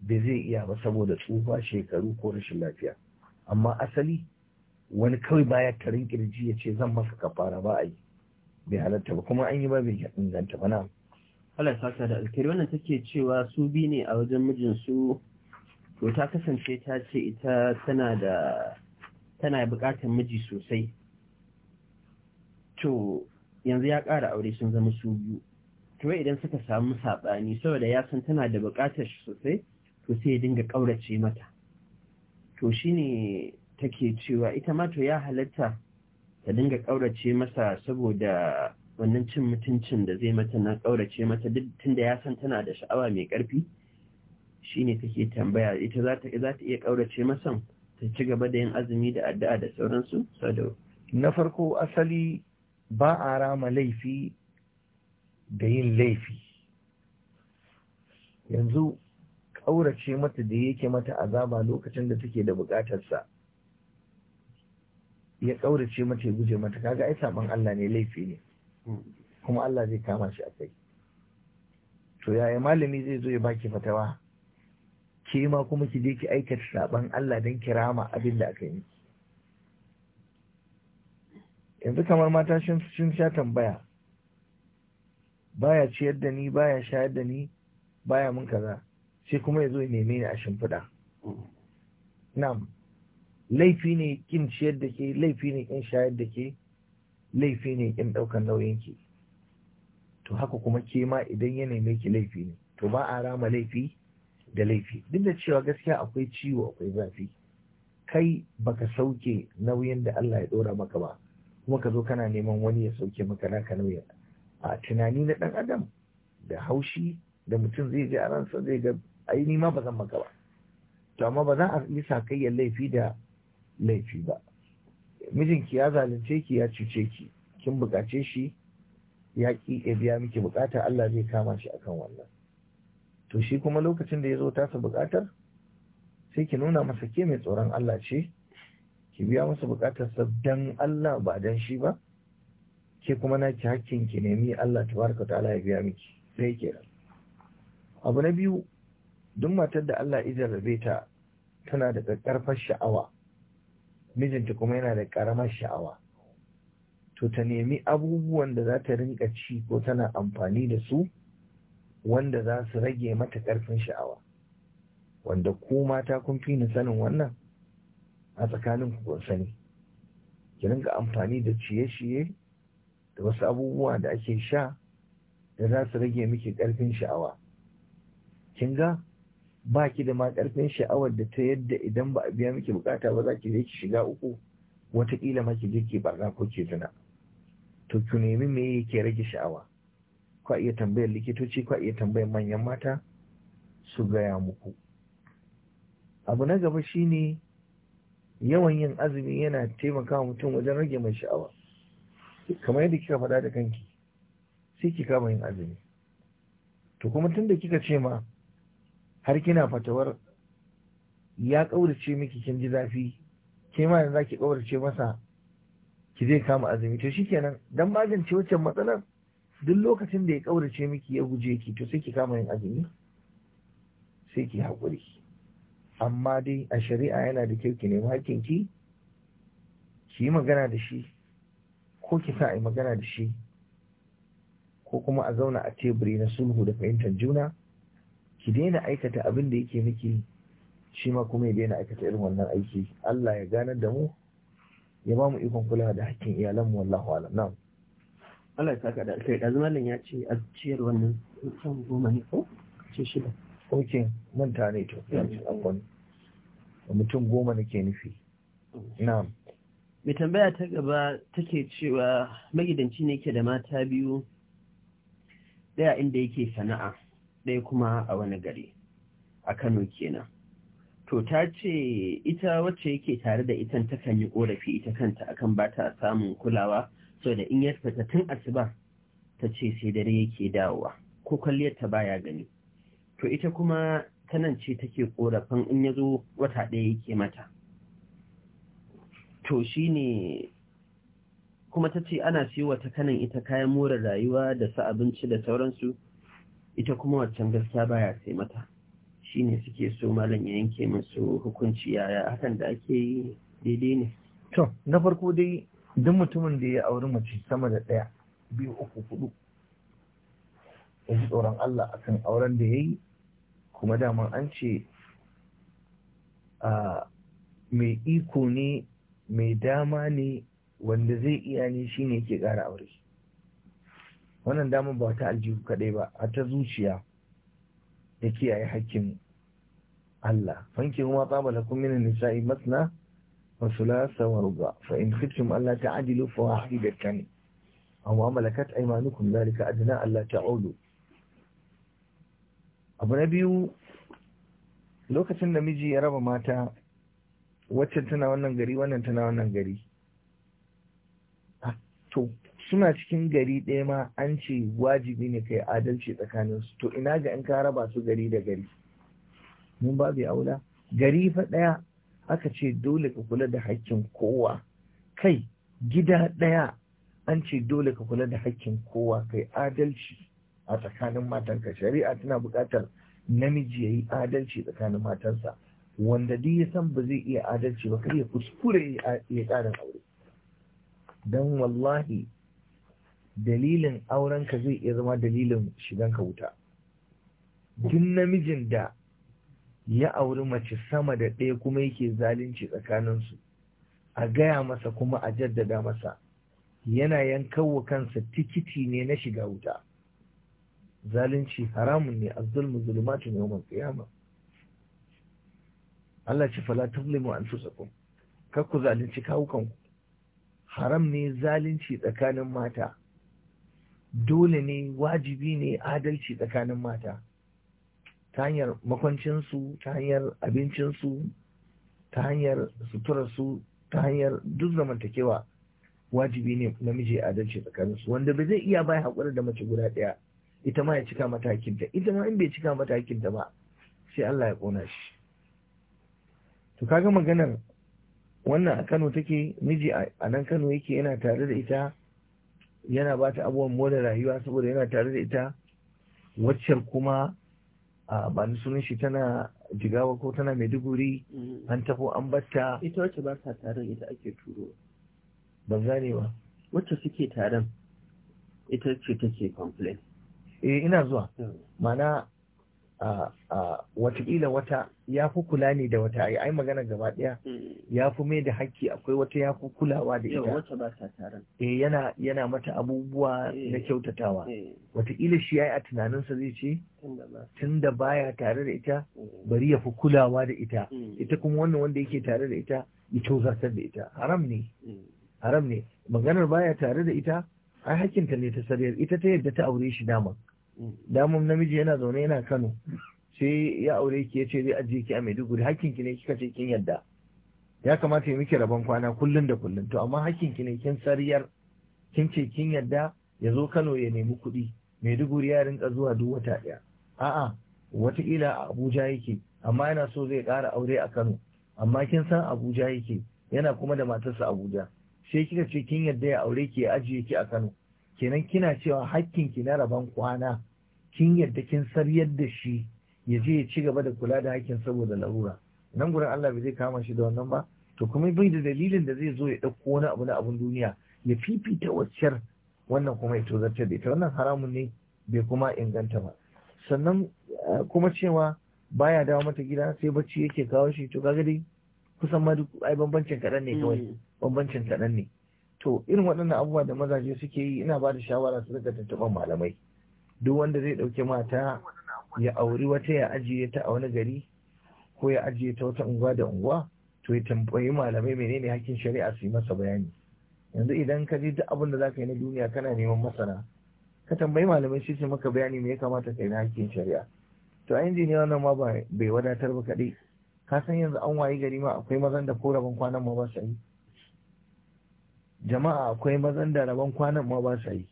bai zai iya ba saboda tsufa shekaru ko rashin lafiya amma asali wani kawai baya tarin kirji ya ce zan masa kafara ba a yi bai halatta ba kuma an yi ba bai inganta ba na Allah saka da alkhairi wannan take cewa su bi ne a wajen mijinsu to ta kasance ta ce ita tana da tana bukatar miji sosai to yanzu ya ƙara aure sun zama su biyu to idan suka samu saɓani saboda ya san tana da buƙatar shi sosai to sai ya dinga ƙaurace mata to shine take cewa ita ma to ya halatta ta dinga ƙaurace masa saboda wannan cin mutuncin da zai mata na ƙaurace mata duk tunda ya san tana da sha'awa mai ƙarfi shine take tambaya ita za ta iya ƙaurace masa ta ci gaba da yin azumi da addu'a da sauransu sadau na farko asali ba a rama laifi da yin laifi yanzu ƙaurace mata da yake mata azaba lokacin da take da buƙatarsa ya ƙaurace mata ya guje mata kaga ai saban Allah ne laifi ne kuma Allah zai kama shi a kai to yaya malami zai zo ya baki fatawa ke ma kuma ki je ki aikata saban Allah don kirama abin da aka yi yanzu kamar mata sun sha tambaya baya ciyar da ni baya shayar da ni baya mun kaza sai kuma ya zo ya neme ni a shimfiɗa na'am laifi ne kin ciyar da ke laifi ne kin shayar da ke laifi ne in ɗaukan nauyin ki to haka kuma ke ma idan ya neme ki laifi ne to ba a rama laifi da laifi duk da cewa gaskiya akwai ciwo akwai zafi kai baka sauke nauyin da Allah ya ɗora maka ba kuma ka zo kana neman wani ya sauke maka naka nauyin a tunani na ɗan adam da haushi da mutum zai ji a ransa zai ga ai ma ba zan maka ba to amma ba za a yi sakayyar laifi da laifi ba mijinki ya zalunce ki ya cuce ki kin bukace shi ya ki ya biya miki bukata Allah zai kama shi akan wannan to shi kuma lokacin da ya zo tasa bukatar sai ki nuna masa ke mai tsoron Allah ce ki biya masa sa dan Allah ba dan shi ba ke kuma na ki hakkin ki nemi Allah tabaraka ta'ala ya biya miki sai ke abu na biyu duk matar da Allah ya rabe ta tana da karfar sha'awa mijinta kuma yana da ƙaramar sha'awa to ta nemi abubuwan da za ta rinka ci ko tana amfani da su wanda za su rage mata ƙarfin sha'awa wanda ku mata kun fi ni sanin wannan a tsakanin ku kun sani ki rinka amfani da ciye-ciye da wasu abubuwa da ake sha da za su rage miki ƙarfin sha'awa kin ga ba ki da ma ƙarfin sha'awar da ta yadda idan ba a biya miki bukata ba za ki je ki shiga uku watakila ma ki je ki barna ko ki zina to ki nemi me yake rage sha'awa kwa iya tambayar likitoci kwa iya tambayar manyan mata su gaya muku abu na gaba shine yawan yin azumi yana taimakawa mutum wajen rage mai sha'awa kamar yadda kika faɗa da kanki sai ki kama yin azumi to kuma tunda kika ce ma har kina fatawar ya kaurace miki kin ji zafi ke ma yanzu ki kaurace masa ki zai kama azumi to shikenan dan magance waccan matsalar duk lokacin da ya kaurace miki ya guje ki to sai ki kama yin azumi sai ki haƙuri amma dai a shari'a yana da kyau ki nemi hakkin ki ki yi magana da shi ko ki sa a yi magana da shi ko kuma a zauna a teburi na sulhu da fahimtar juna ki daina aikata abin da yake miki shi ma kuma ya daina aikata irin wannan aiki Allah ya ganar da mu ya ba mu ikon kula da hakkin mu wallahu alam na'am Allah ya saka da kai da zamanin ya ce a ciyar wannan san goma ne ko ce shida mun manta ne to mm. ya akwai mutum goma nake nufi na'am mai tambaya ta gaba take cewa magidanci ne ke da mata biyu daya inda yake sana'a ɗaya kuma a wani gari a Kano kenan to ta ce ita wacce yake tare da ita takan yi korafi ita kanta akan ba ta samun kulawa so da in ya fita tun asuba ta ce sai dare yake dawowa ko kwalliyar ta baya gani to ita kuma tanan ce take korafin in ya zo wata ɗaya yake mata to shi ne kuma ta ce ana siyo wata kanan ita kayan more rayuwa da su abinci da sauransu ita kuma waccan gaskiya baya sai mata shine suke so malam ya yanke musu hukunci yaya hakan da ake yi daidai ne to na farko dai duk mutumin da ya auri mace sama da ɗaya biyu uku hudu ya ji tsoron Allah akan auren da ya yi kuma dama an ce mai iko ne mai dama ne wanda zai iya ne shine ke ƙara aure wannan damar ba ta aljihu kaɗai ba a ta zuciya da kiyaye hakkin Allah fanki kuma tsaba lakum minan nisa'i masna wa thulatha wa ruba fa in Allah ta ta'dilu fa wahidatan aw ma malakat aymanukum adina Allah ta ta'ulu abu na biyu lokacin da miji ya raba mata waccan tana wannan gari wannan tana wannan gari ah, to suna cikin gari ɗaya ma an ce wajibi ne kai adalci tsakanin su to ina ga in ka raba su gari da gari mun babu aula gari fa ɗaya aka ce dole ka kula da hakkin kowa kai gida ɗaya an ce dole ka kula da hakkin kowa kai adalci a tsakanin matanka shari'a tana buƙatar namiji ya yi adalci tsakanin matansa wanda duk ya san ba zai iya adalci ba kai ya kuskure ya ƙara aure don wallahi dalilin aurenka zai iya zama dalilin shiganka wuta duk namijin da ya auri mace sama da ɗaya kuma yake zalunci tsakaninsu a gaya masa kuma a jaddada masa yana yankawa kansa tikiti ne na shiga wuta zalunci haramun ne a azzulmu zulumatun yawon qiyama Allah ce fala an su tsakon, ku zalunci kawukanku haram ne zalunci tsakanin mata dole ne wajibi ne adalci tsakanin mata ta hanyar makwancinsu ta hanyar abincinsu ta hanyar suturarsu ta hanyar duk zamantakewa wajibi ne namiji adalci tsakaninsu wanda ba zai iya bai haƙuri da mace guda ɗaya ita ma ya cika matakinta ita ma in bai cika matakinta ba sai Allah ya ƙona shi to kaga maganar wannan a Kano take miji a nan Kano yake yana tare da ita yana ba ta abubuwan more rayuwa saboda yana tare da ita waccan kuma a ba ni sunan shi tana jigawa ko tana maiduguri mm. an tafo an batta ita wacce ba sa ita ake turo ban gane ba wacce suke taron ita ce take complain eh ina zuwa mana mm. watakila wata ya fi kula ne da wata ai magana gaba daya mm. ya fi mai da hakki akwai wata ya fi kulawa da ita wata ba ta taron eh yana yana mata abubuwa eh. na kyautatawa eh. watakila shi yi a tunaninsa zai ce tunda baya tare da ita mm. bari ya fi kulawa da ita mm. ita kuma wannan wanda yake tare da ita ya tozartar da ita haram ne haram ne maganar baya tare da ita ai hakkinta ne ta sarayar ita ta yadda ta aure shi dama damun namiji yana zaune yana Kano sai ya aure ki ya ce zai ajiye ki a Maiduguri hakkin ki ne kika ce kin yadda ya kamata ya miki rabon kwana kullum da kullun to amma hakkin ki ne kin sariyar kin ce kin yadda ya zo Kano ya nemi kuɗi Maiduguri ya rinka zuwa duk wata ɗaya a'a wataƙila a Abuja yake amma yana so zai ƙara aure a Kano amma kin san Abuja yake yana kuma da matarsa Abuja sai kika ce kin yadda ya aure ki ya ajiye ki a Kano kenan kina cewa hakkin ki na rabon kwana kin yadda kin saryar da shi ya je ya ci gaba da kula da hakkin saboda larura nan gurin Allah bai zai kama shi da wannan ba to kuma bai da dalilin da zai zo ya ɗauko wani abu na abun duniya ya fifita waccar wannan kuma ya tozartar da ita wannan haramun ne bai kuma inganta ba sannan eh, kuma cewa baya dawo mata gida sai bacci yake kawo shi to kaga dai kusan ma duk ai bambancin kaɗan ne kawai mm. bambancin kaɗan ne to irin waɗannan abubuwa da mazaje suke yi ina ba da shawara su daga tuntuɓar malamai duk wanda zai ɗauki mata ya auri wata ya ajiye ta a wani gari ko ya ajiye ta wata unguwa da unguwa to ya tambayi malamai menene hakkin shari'a su yi masa bayani yanzu idan ka je duk abin da za ka yi na duniya kana neman masana ka tambayi malamai shi ce maka bayani me ya kamata ka yi na hakkin shari'a to a injiniya wannan ma bai wadatar ba kaɗai ka san yanzu an wayi gari ma akwai mazan da ko rabin kwanan ma ba su yi jama'a akwai mazan da rabon kwanan ma ba sa yi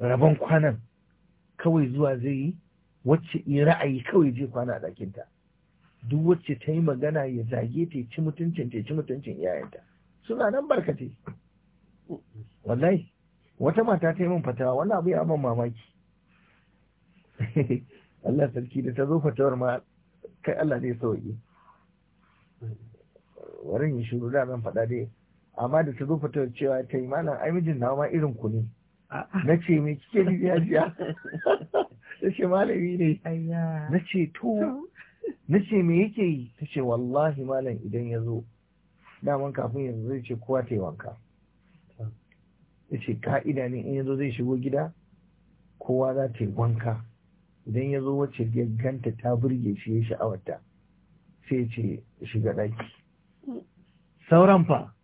rabon kwanan kawai zuwa zai yi wacce yi ra'ayi kawai zai kwana a ɗakinta duk wacce ta yi magana ya zage ta ci mutuncin ta ci mutuncin iyayenta suna nan barkace. wallahi wata mata ta yi min fatawa wannan abu ya ban mamaki Allah sarki da ta zo fatawar ma kai Allah zai sauke warin shiru da zan faɗa dai amma da ta zo ta cewa ta yi malam ai mijin na ma irin ku ne na ce me kike ni biya biya ta ce malami ne na ce to na ce me yake yi ta ce wallahi malam idan ya zo daman kafin yanzu zai ce kowa ta yi wanka ya ce ka'ida ne in yanzu zai shigo gida kowa za ta yi wanka idan ya zo wacce ya ganta ta burge shi ya sha'awarta sai ce shiga ɗaki mm. sauran fa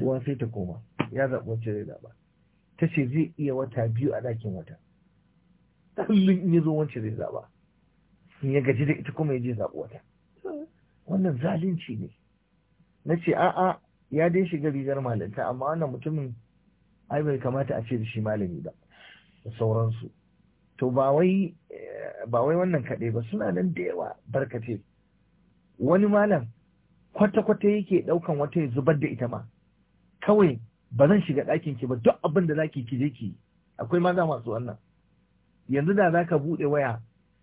uwa sai ta koma ya zaɓi wacce zai zaɓa ta ce zai iya wata biyu a ɗakin wata kullum in ya zo wacce zai zaɓa in ya gaji da ita kuma ya je zaɓi wata wannan zalunci ne na ce a'a ya dai shiga rigar malinta amma wannan mutumin ai bai kamata a ce da shi malami ba da sauransu to ba wai eh, ba wai wannan kaɗai ba suna nan da yawa barkace wani malam kwata-kwata yake ɗaukan wata ya zubar da ita ma kawai ba zan shiga ɗakin ki ba duk abin da zaki ki je ki akwai maza masu wannan yanzu da za ka buɗe waya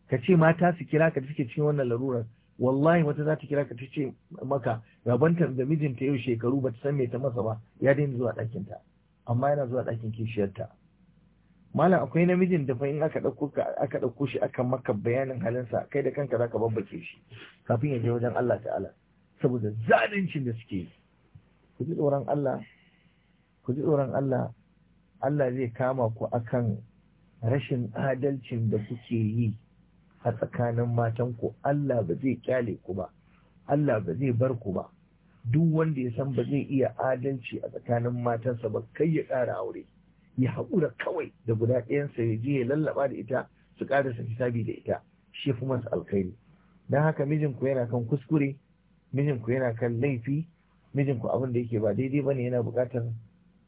ka ce mata su kira ka suke cikin wannan larurar wallahi wata za ta kira ka ta ce maka rabantar da mijinta yau shekaru ba ta san me ta masa ba ya daina zuwa ɗakinta amma yana zuwa ɗakin kishiyarta malam akwai namijin da fa in aka ɗauko aka ɗauko shi aka maka bayanin halinsa kai da kanka za ka babbake shi kafin ya je wajen Allah ta'ala saboda zaluncin da suke yi ku ji tsoron Allah ku tsoron Allah Allah zai kama ku akan rashin adalcin da kuke yi a tsakanin matan ku Allah ba zai kyale ku ba Allah ba zai bar ku ba duk wanda ya san ba zai iya adalci a tsakanin matansa ba kai ya ƙara aure ya haƙura kawai da guda ɗayansa ya je ya lallaba da ita su ƙarasa hisabi da ita shi fi masu alkhairi don haka mijinku yana kan kuskure mijinku yana kan laifi mijinku abin da yake ba daidai ba ne yana buƙatar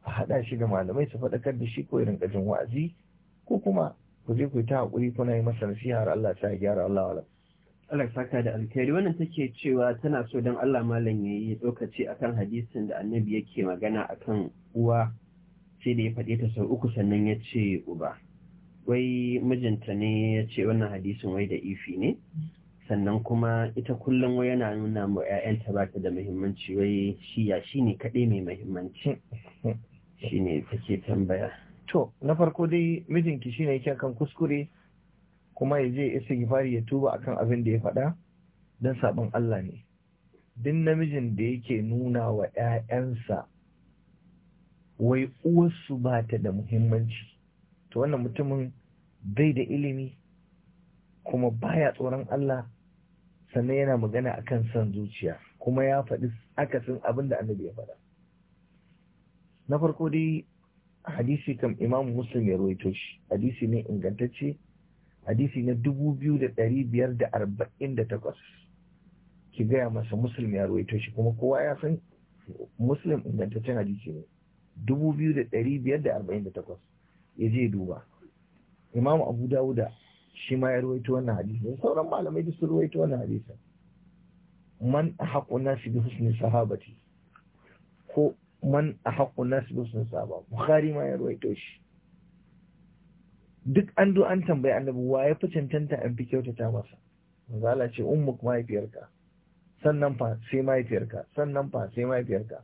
a haɗa shi da malamai su faɗakar da shi ko irin ƙajin wa'azi ko kuma ku je ku yi ta haƙuri kuna yi masa nasiha har Allah ta gyara Allah wala Allah saka da alkhairi wannan take cewa tana so don Allah malam ya yayi lokaci akan hadisin da annabi yake magana akan uwa sai da ya faɗi ta sau uku sannan ya ce uba wai mijinta ne ya ce wannan hadisin wai da ifi ne sannan kuma ita kullum wai yana nuna mu ƴaƴanta ba ta da muhimmanci wai shi ya shi ne kaɗai mai muhimmanci Shi shine take tambaya to na farko dai mijinki shi ne yake kan kuskure kuma ya je istighfari ya tuba akan abin da ya faɗa don sabon Allah ne Din namijin da yake nuna wa 'ya'yansa, wai uwarsu ba ta da muhimmanci to wannan mutumin bai da ilimi kuma baya tsoron Allah sannan yana magana a kan son zuciya kuma ya faɗi akasin abin da annabi ya faɗa na farko dai hadisi kam imamu muslim ya roito shi hadisi ne ingantacce hadisi na dubu biyu da ɗari biyar da arba'in da takwas ki gaya masa muslim ya roito shi kuma kowa ya san muslim ingantaccen hadisi ne dubu biyu da ɗari biyar da arba'in da takwas ya je duba imamu abu dawuda shi ma ya ruwaito wannan hadisin sauran malamai da su ruwaito wannan hadisin man ahaqu nasi bi husni sahabati ko man ahaqu nasi bi husni sahaba bukhari ma ya ruwaito shi duk an do an tambayi annabi wa ya fi cancanta an fi kyautata masa manzo Allah ce ummuk mahaifiyarka sannan fa sai mahaifiyarka sannan fa sai mahaifiyarka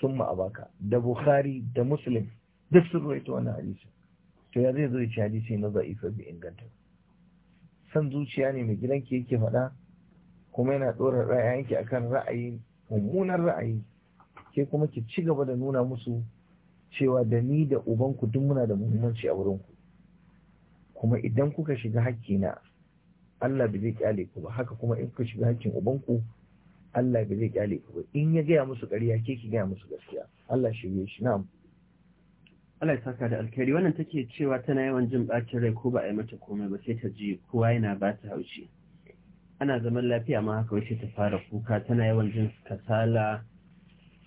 summa abaka da bukhari da muslim duk sun ruwaito wannan hadisin to ya zai zo ya ci hadisi na za'ifa bi inganta san zuciya ne mai ki yake faɗa kuma yana ɗora ra'ayinki akan ra'ayi mummunan ra'ayi ke kuma ki ci gaba da nuna musu cewa da ni da ubanku duk muna da muhimmanci a wurinku kuma idan kuka shiga hakkina Allah bai zai kyale ku ba haka kuma in kuka shiga hakkin ubanku Allah bai zai kyale ku ba in ya gaya musu ƙarya ke ki gaya musu gaskiya Allah shirye shi na'am Allah ya saka da alkhairi wannan take cewa tana yawan jin bacin rai ko ba a yi mata komai ba sai ta ji kowa yana ba ta haushi ana zaman lafiya ma haka wace ta fara kuka tana yawan jin kasala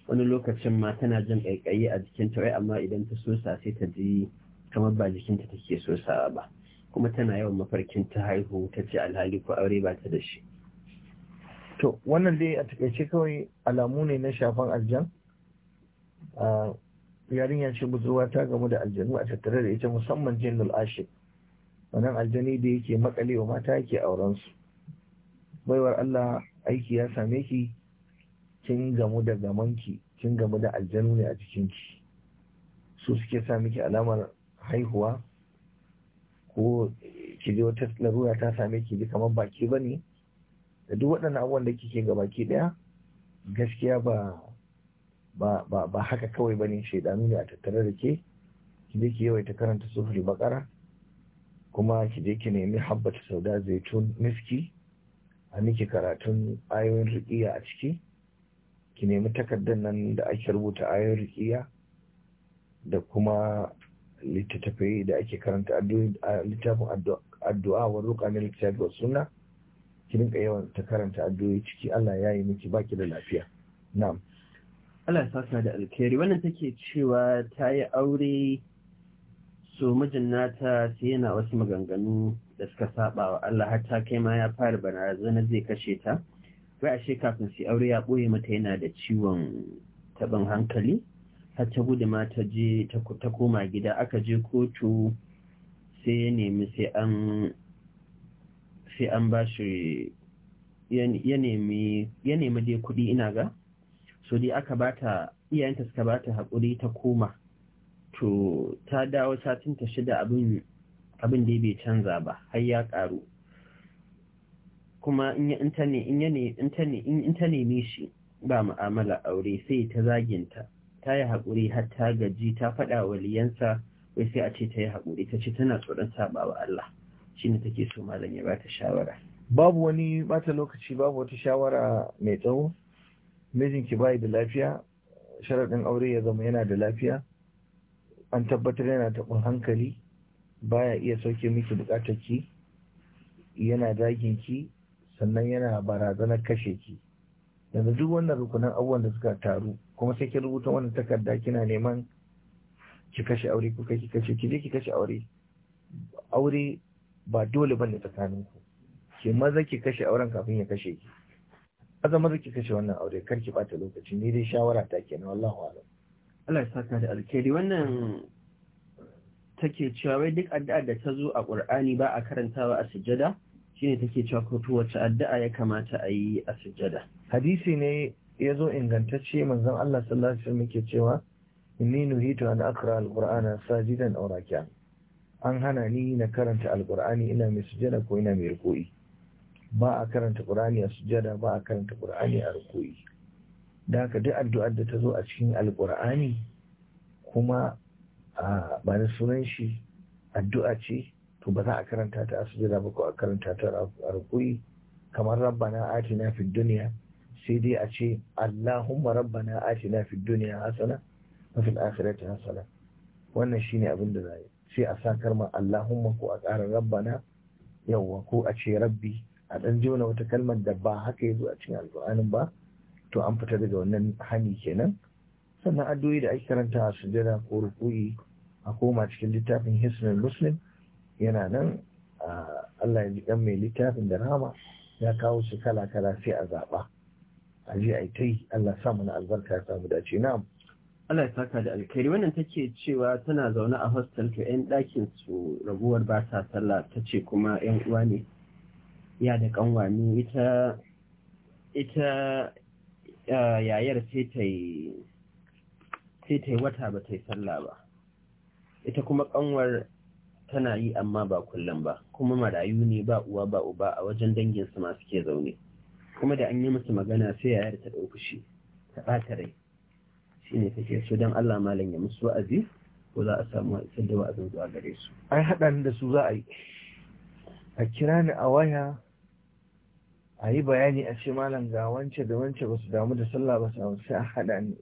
wani lokacin ma tana jin ƙaiƙayi a jikinta wai amma idan ta sosa sai ta ji kamar ba jikinta take sosa ba kuma tana yawan mafarkin ta haihu ta ce alhali ko aure ba ta da shi to wannan dai a takaice kawai alamu ne na shafan aljan ah, yarinyar shi budurwa ta gamu da aljanu a tattare da ita musamman jinnul ashib wannan aljani da yake makale wa mata yake auren su baiwar Allah aiki ya same ki kin gamu da gamanki kin gamu da aljanu ne a ki. su suke sa miki alamar haihuwa ko ki je wata larura ta same ki ji kamar baki bane da duk waɗannan abubuwan da kike ga baki ɗaya gaskiya ba ba haka kawai ba bane shaidanu ne a tattare da ke ki je ki yawaita karanta sufuri bakara kuma ki je ki nemi habbata sauda zaitun miski a miki karatun ayoyin riƙiya a ciki ki nemi takardar nan da ake rubuta ayoyin riƙiya da kuma littattafai da ake karanta littafin addu'a wa roƙa na littafi wa suna ki rinka yawan ta karanta addu'o'i ciki Allah ya yi miki baki da lafiya na'am Allah ya saka da alkhairi wannan take cewa ta yi aure so mijin nata sai yana wasu maganganu da suka saba wa Allah har ta kai ma ya fara barazana zai kashe ta wai ashe kafin su aure ya boye mata yana da ciwon taɓin hankali har ta gudu ma ta je ta koma gida aka je kotu sai ya nemi sai an sai an ba shi ya nemi dai kuɗi ina ga so dai aka bata iyayenta suka bata haƙuri ta koma to ta dawo satin ta shida abin abin da bai canza ba har ya ƙaru kuma in ya in ta ne in ta neme shi ba mu'amala aure sai ta zaginta ta yi haƙuri har ta gaji ta faɗa liyansa. wai sai a ce ta yi haƙuri ta ce tana tsoron saɓawa Allah shine take so malam ya bata shawara babu wani bata lokaci babu wata shawara mai tsawo mijinki bai da lafiya sharaɗin aure ya zama yana da lafiya an tabbatar yana taɓin hankali baya iya sauke miki bukatar ki yana dagin ki sannan yana barazanar kashe ki yanzu duk wannan rukunan abubuwan da suka taru kuma sai ki rubuta wannan takarda kina neman ki kashe aure ko ki kashe ki je ki kashe aure aure ba dole bane tsakaninku ki maza ki kashe auren kafin ya kashe ki zama da ki kashe wannan aure kar ki bata lokaci ni dai shawara ta kenan wallahu alam Allah ya saka da alkhairi wannan take cewa wai duk addu'a da ta zo a Qur'ani ba a karantawa a sujjada shine take cewa ko to wace addu'a ya kamata a yi a sujjada hadisi ne ya zo ingantacce manzon Allah sallallahu alaihi wasallam yake cewa inni nuhitu an aqra alqur'ana sajidan aw raki'an an hana ni na karanta alqur'ani ina mai sujjada ko ina mai ruku'i ba a karanta ƙur'ani a sujada ba a karanta ƙur'ani a rukuyi da haka duk addu'ar da ta zo a cikin alƙur'ani kuma ba na sunan shi addu'a ce to ba za a karanta ta a sujada ba ko a karanta ta a rukuyi kamar rabbana atina fid dunya sai dai a ce allahumma rabbana atina fid dunya hasana wa fil akhirati hasana wannan shine abin da za sai a sakar ma allahumma ko a ƙara rabbana yawwa ko a ce rabbi a ɗan jona wata kalmar da ba haka ya zo a cikin alƙur'anin ba to an fita daga wannan hani kenan sannan addu'o'i da ake karanta a sujada ko ruku'i a koma cikin littafin hisnul muslim yana nan Allah ya ji 'dan mai littafin da rama ya kawo su kala kala sai a zaɓa a je a yi ta yi Allah sa mana albarka ya samu dace na. Allah ya saka da alkhairi wannan take cewa tana zaune a hostel to 'yan ɗakin su raguwar ba ta sallah ta ce kuma 'yan uwa ne ya da kanwani ita ita yayar sai ta yi wata ba ta yi sallah ba ita kuma kanwar tana yi amma ba kullum ba kuma marayu ne ba uwa ba uba a wajen danginsu masu ke zaune kuma da an yi musu magana sai yayar ta ɗauki shi ta ɓata rai shi ne take so don Allah malam ya musu wa'azi ko za a samu isar da wa'azin zuwa gare su ai haɗa da su za a yi a kira ni a waya a yi bayani a ce malam ga wance da wance ba su damu da sallah ba su sai a haɗa ni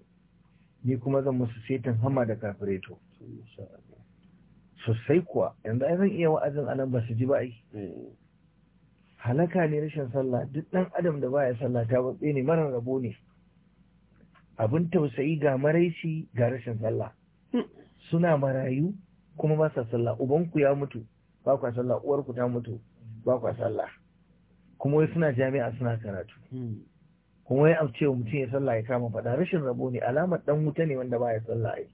ni kuma zan musu saitin hama da kafireto sosai kuwa yanzu ai zan iya wa'azin nan ba su ji ba ai halaka ne rashin sallah duk ɗan adam da baya sallah ta batse ne marar rabo ne abin tausayi ga maraici ga rashin sallah suna marayu kuma ba sa sallah ubanku ya mutu ba kwa sallah uwarku ta mutu ba kwa sallah kuma wai suna jami'a suna karatu hmm. kuma wai ce mutum ya sallah ya kama faɗa rashin rabo ne alamar dan wuta ne wanda baya sallah ai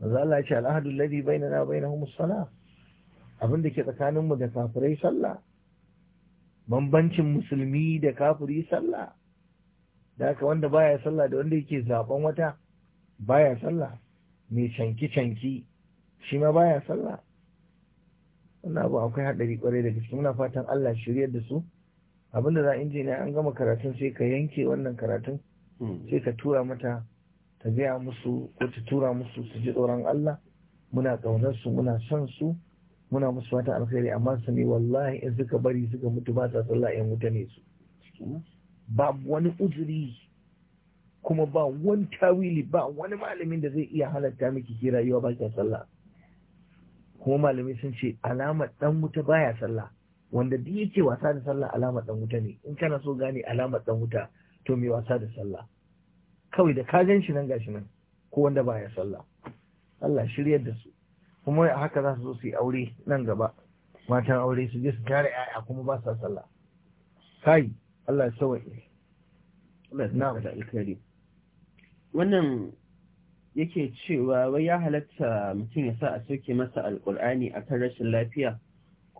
maza Allah ya ce al'ahadu alladhi bainana bainahum as-salah abin da ke tsakanin mu da kafirai sallah bambancin musulmi da kafiri sallah da haka wanda baya sallah da wanda yake zaben wata baya sallah mai canki-canki shi ma baya sallah wannan abu akwai haɗari kwarai da gaske muna fatan Allah shiryar da su abinda za ne an gama karatun sai ka yanke wannan karatun hmm. sai ka tura mata ta gaya musu ko ta tura musu su ji tsoron Allah muna ƙaunar su muna son su muna musu wata alkhairi amma su ne wallahi in suka bari suka mutu ba sa sallah in wuta ne su ba wani uzuri kuma ba wani tawili ba wani malamin da zai iya halatta miki ki rayuwa ba ki sallah kuma malamai sun ce alamar dan wuta baya sallah wanda duk yake wasa da sallah alamar dan wuta ne in kana so gane alamar dan wuta to me wasa da sallah kawai da ka gan shi nan gashi nan ko wanda baya sallah Allah shiryar da su kuma haka za su zo su yi aure nan gaba matan aure su je su tare yaya kuma ba sa sallah kai Allah ya sawaye Allah da wannan yake cewa wai ya halatta mutum ya sa a soke masa alkur'ani akan rashin lafiya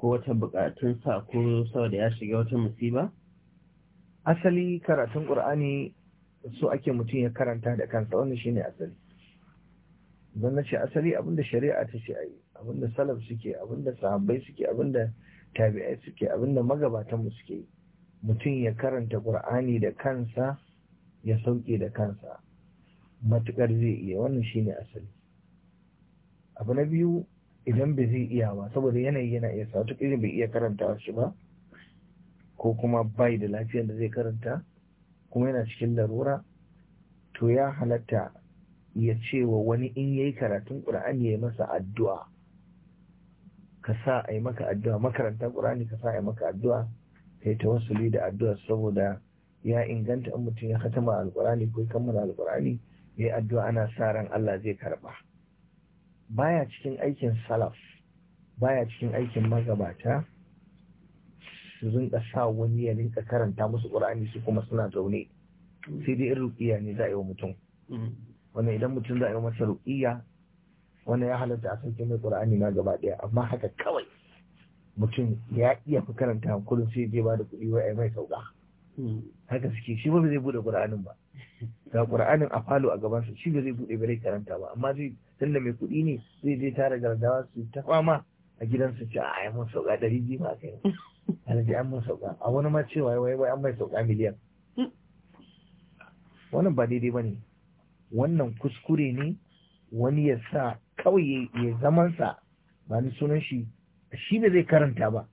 ko wata bukatunsa ko saboda ya shiga wata musiba? Asali karatun Ƙur'ani so ake mutum ya karanta da kansa wannan shine asali. Don na ce asali abinda shari'a ta ce ayi, abinda salaf suke, abinda sahabbai suke, abinda tabi'ai suke, abinda magabatanmu suke yi. Mutum ya karanta Ƙur'ani da kansa ya sauke da kansa. matukar zai iya wannan shine asali. Abu na biyu idan bai zai iya ba saboda yanayi yana iya sa irin bai iya karanta shi ba ko kuma bai da lafiyar da zai karanta kuma yana cikin larura to ya halatta ya ce wa wani in ya yi karatun ƙura'an ya yi masa addu'a ka sa a yi maka addu'a makaranta ƙur'ani ka sa a yi maka addu'a kai tawassuli da addu'a saboda ya inganta in mutum ya katama Alƙura'ani, ko kammala Alƙura'ani. ya addu'a ana sa ran Allah zai karɓa. baya cikin aikin salaf baya cikin aikin magabata su rinka sa wani ya rinka karanta musu ƙur'ani su kuma suna zaune sai dai ruqiya ne za a yi wa mutum wanda idan mutum za a yi masa ruqiya wanda ya halatta a sauke mai ƙur'ani na gaba ɗaya amma haka kawai mutum ya iya fi karanta hankulun sai je ba da kuɗi wai mai sauka haka suke shi ba zai bude ƙur'anin ba ga ƙur'anin a falo a gabansa shi ba zai bude bare karanta ba amma zai tunda mai kuɗi ne zai je tara gardawa su ta fama a gidansu ce a mun sauka ɗari biyu ma kai alhaji an mun sauka a wani ma cewa wai wai an mai sauka miliyan wannan ba daidai ba ne wannan kuskure ne wani ya sa kawai ya zamansa ba ni sunan shi shi ba zai karanta ba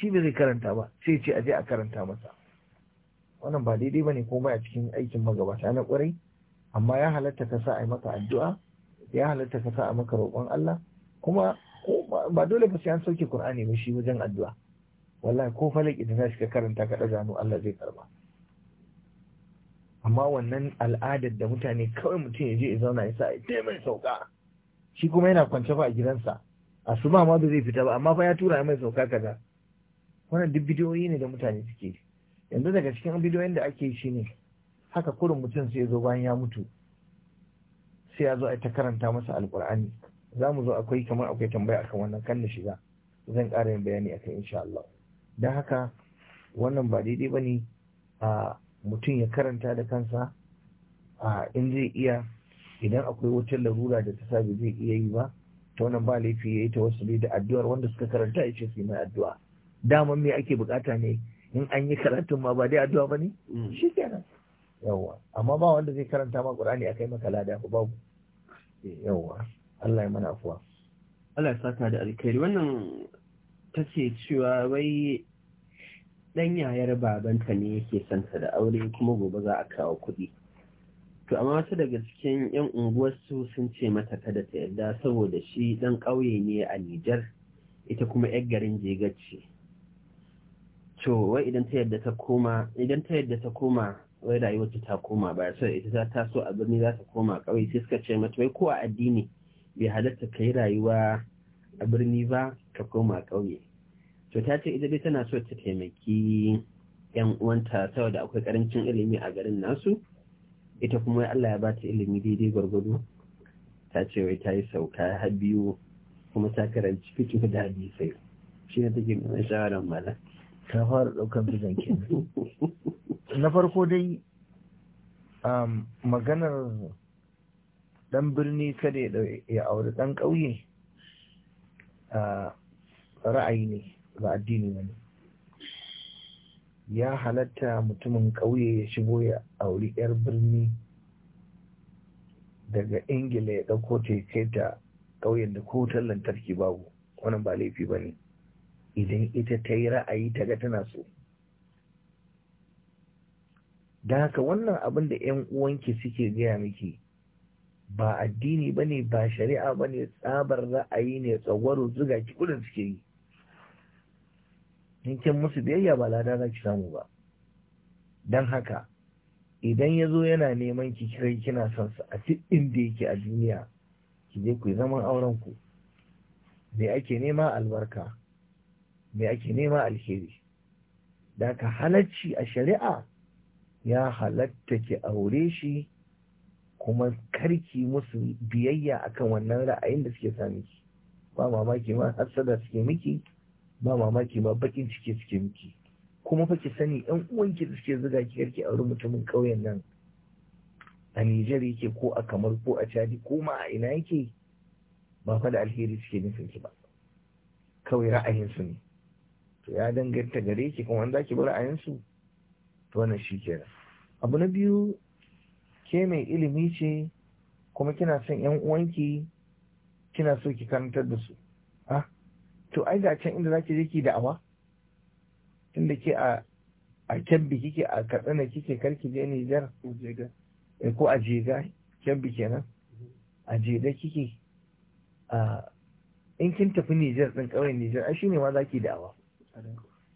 shi ba zai karanta ba sai ce aje a karanta masa wannan ba daidai ba ne komai a cikin aikin magabata na kwarai amma ya halatta ka sa a maka addu'a ya halatta ka sa a maka roƙon Allah kuma ba dole ba sai an sauke Qur'ani ba shi wajen addu'a wallahi ko falaki da shi ka karanta ka da zanu Allah zai karba amma wannan al'adar da mutane kawai mutum ya je ya zauna ya sa ya mai sauka shi kuma yana kwance ba a gidansa asuba ma ba zai fita ba amma fa ya tura mai sauka kaza wannan duk bidiyoyi ne da mutane suke yanzu daga cikin bidiyoyin da ake shi ne haka kurin mutum sai zo bayan ya mutu sai ya zo a ta karanta masa alkur'ani za mu zo akwai kamar akwai tambaya akan wannan kan na shiga zan ƙara yin bayani akan insha Allah don haka wannan ba daidai ba ne a mutum ya karanta da kansa a in zai iya idan akwai wutar larura da ta sabi zai iya yi ba ta wannan ba laifi ya yi ta wasu da addu'ar wanda suka karanta ya ce su mai addu'a dama me ake bukata ne in an yi karatun ma ba dai addu'a ba ne mm. shi kenan Yawwa, amma ba wanda zai karanta ma qur'ani akai maka lada ko babu eh, Yawwa, Allah ya mana afuwa Allah ya saka da alkhairi wannan tace cewa wai dan yayar babanta ne yake santa da aure kuma gobe za a kawo kuɗi to amma wasu daga cikin yan unguwarsu sun ce mata kada ta yarda saboda shi dan ƙauye ne a Nijar ita kuma yar garin Jega ce to wai idan ta yarda ta koma idan ta yarda ta koma wai rayuwarta ta koma baya sai ita ta taso a birni za ta koma ƙauye sai suka ce mata wai ko a addini bai halatta kai rayuwa a birni ba ka koma kauye to ta ce ita dai tana so ta taimaki yan uwanta saboda akwai karancin ilimi a garin nasu ita kuma wai Allah ya ba ta ilimi daidai gwargwado ta ce wai ta yi sauka har biyu kuma ta karanci fikin da sai shi ne take nuna shawarar malam ta fara ɗaukan bizan ke na farko dai um, maganar dan birni kada ya auri ɗan ƙauye ra'ayi ne ba addini ne ya halatta mutumin ƙauye ya shigo ya auri 'yar birni daga ingila ya ɗauko ta kai ta ƙauyen da ko lantarki babu wannan ba laifi ba ne idan ita ta yi ra'ayi ta ga tana so da haka wannan abin da 'yan uwanki suke gaya miki ba addini ba ne ba shari'a ba ne tsabar ra'ayi ne tsagwaro zuga ki kudin suke yi yankin musu biyayya ba lada za ki samu ba don haka idan ya zo yana neman ki kira kina son su a duk inda yake a duniya ki je ku yi zaman auren ku me ake nema albarka me ake nema alheri da ka halarci a shari'a ya halatta ki aure shi kuma karki musu biyayya akan wannan ra'ayin da suke sami ki ba mamaki ma hasada suke miki ba mamaki ma bakin ciki suke miki kuma fa ki sani yan uwanki da suke zuga ki karki aure mutumin ƙauyen nan a Nijar yake ko a Kamar ko a Chadi ko ma a ina yake ba fa da alheri suke nufin ki ba kawai ra'ayin su ne to ya danganta gare ki kuma za ki bi ra'ayinsu to wannan shi kenan abu na biyu ke mai ilimi ce kuma kina son yan uwanki kina so ki karantar da su ah to ai ga can inda zaki je ki da'awa tunda ke a a kyabbi kike a katsina kike karki je Nijar ko eh, a jega kyabbi kenan mhm. a jega kike a ah, in kin tafi Nijar din kauyen Nijar ai shine ma zaki da'awa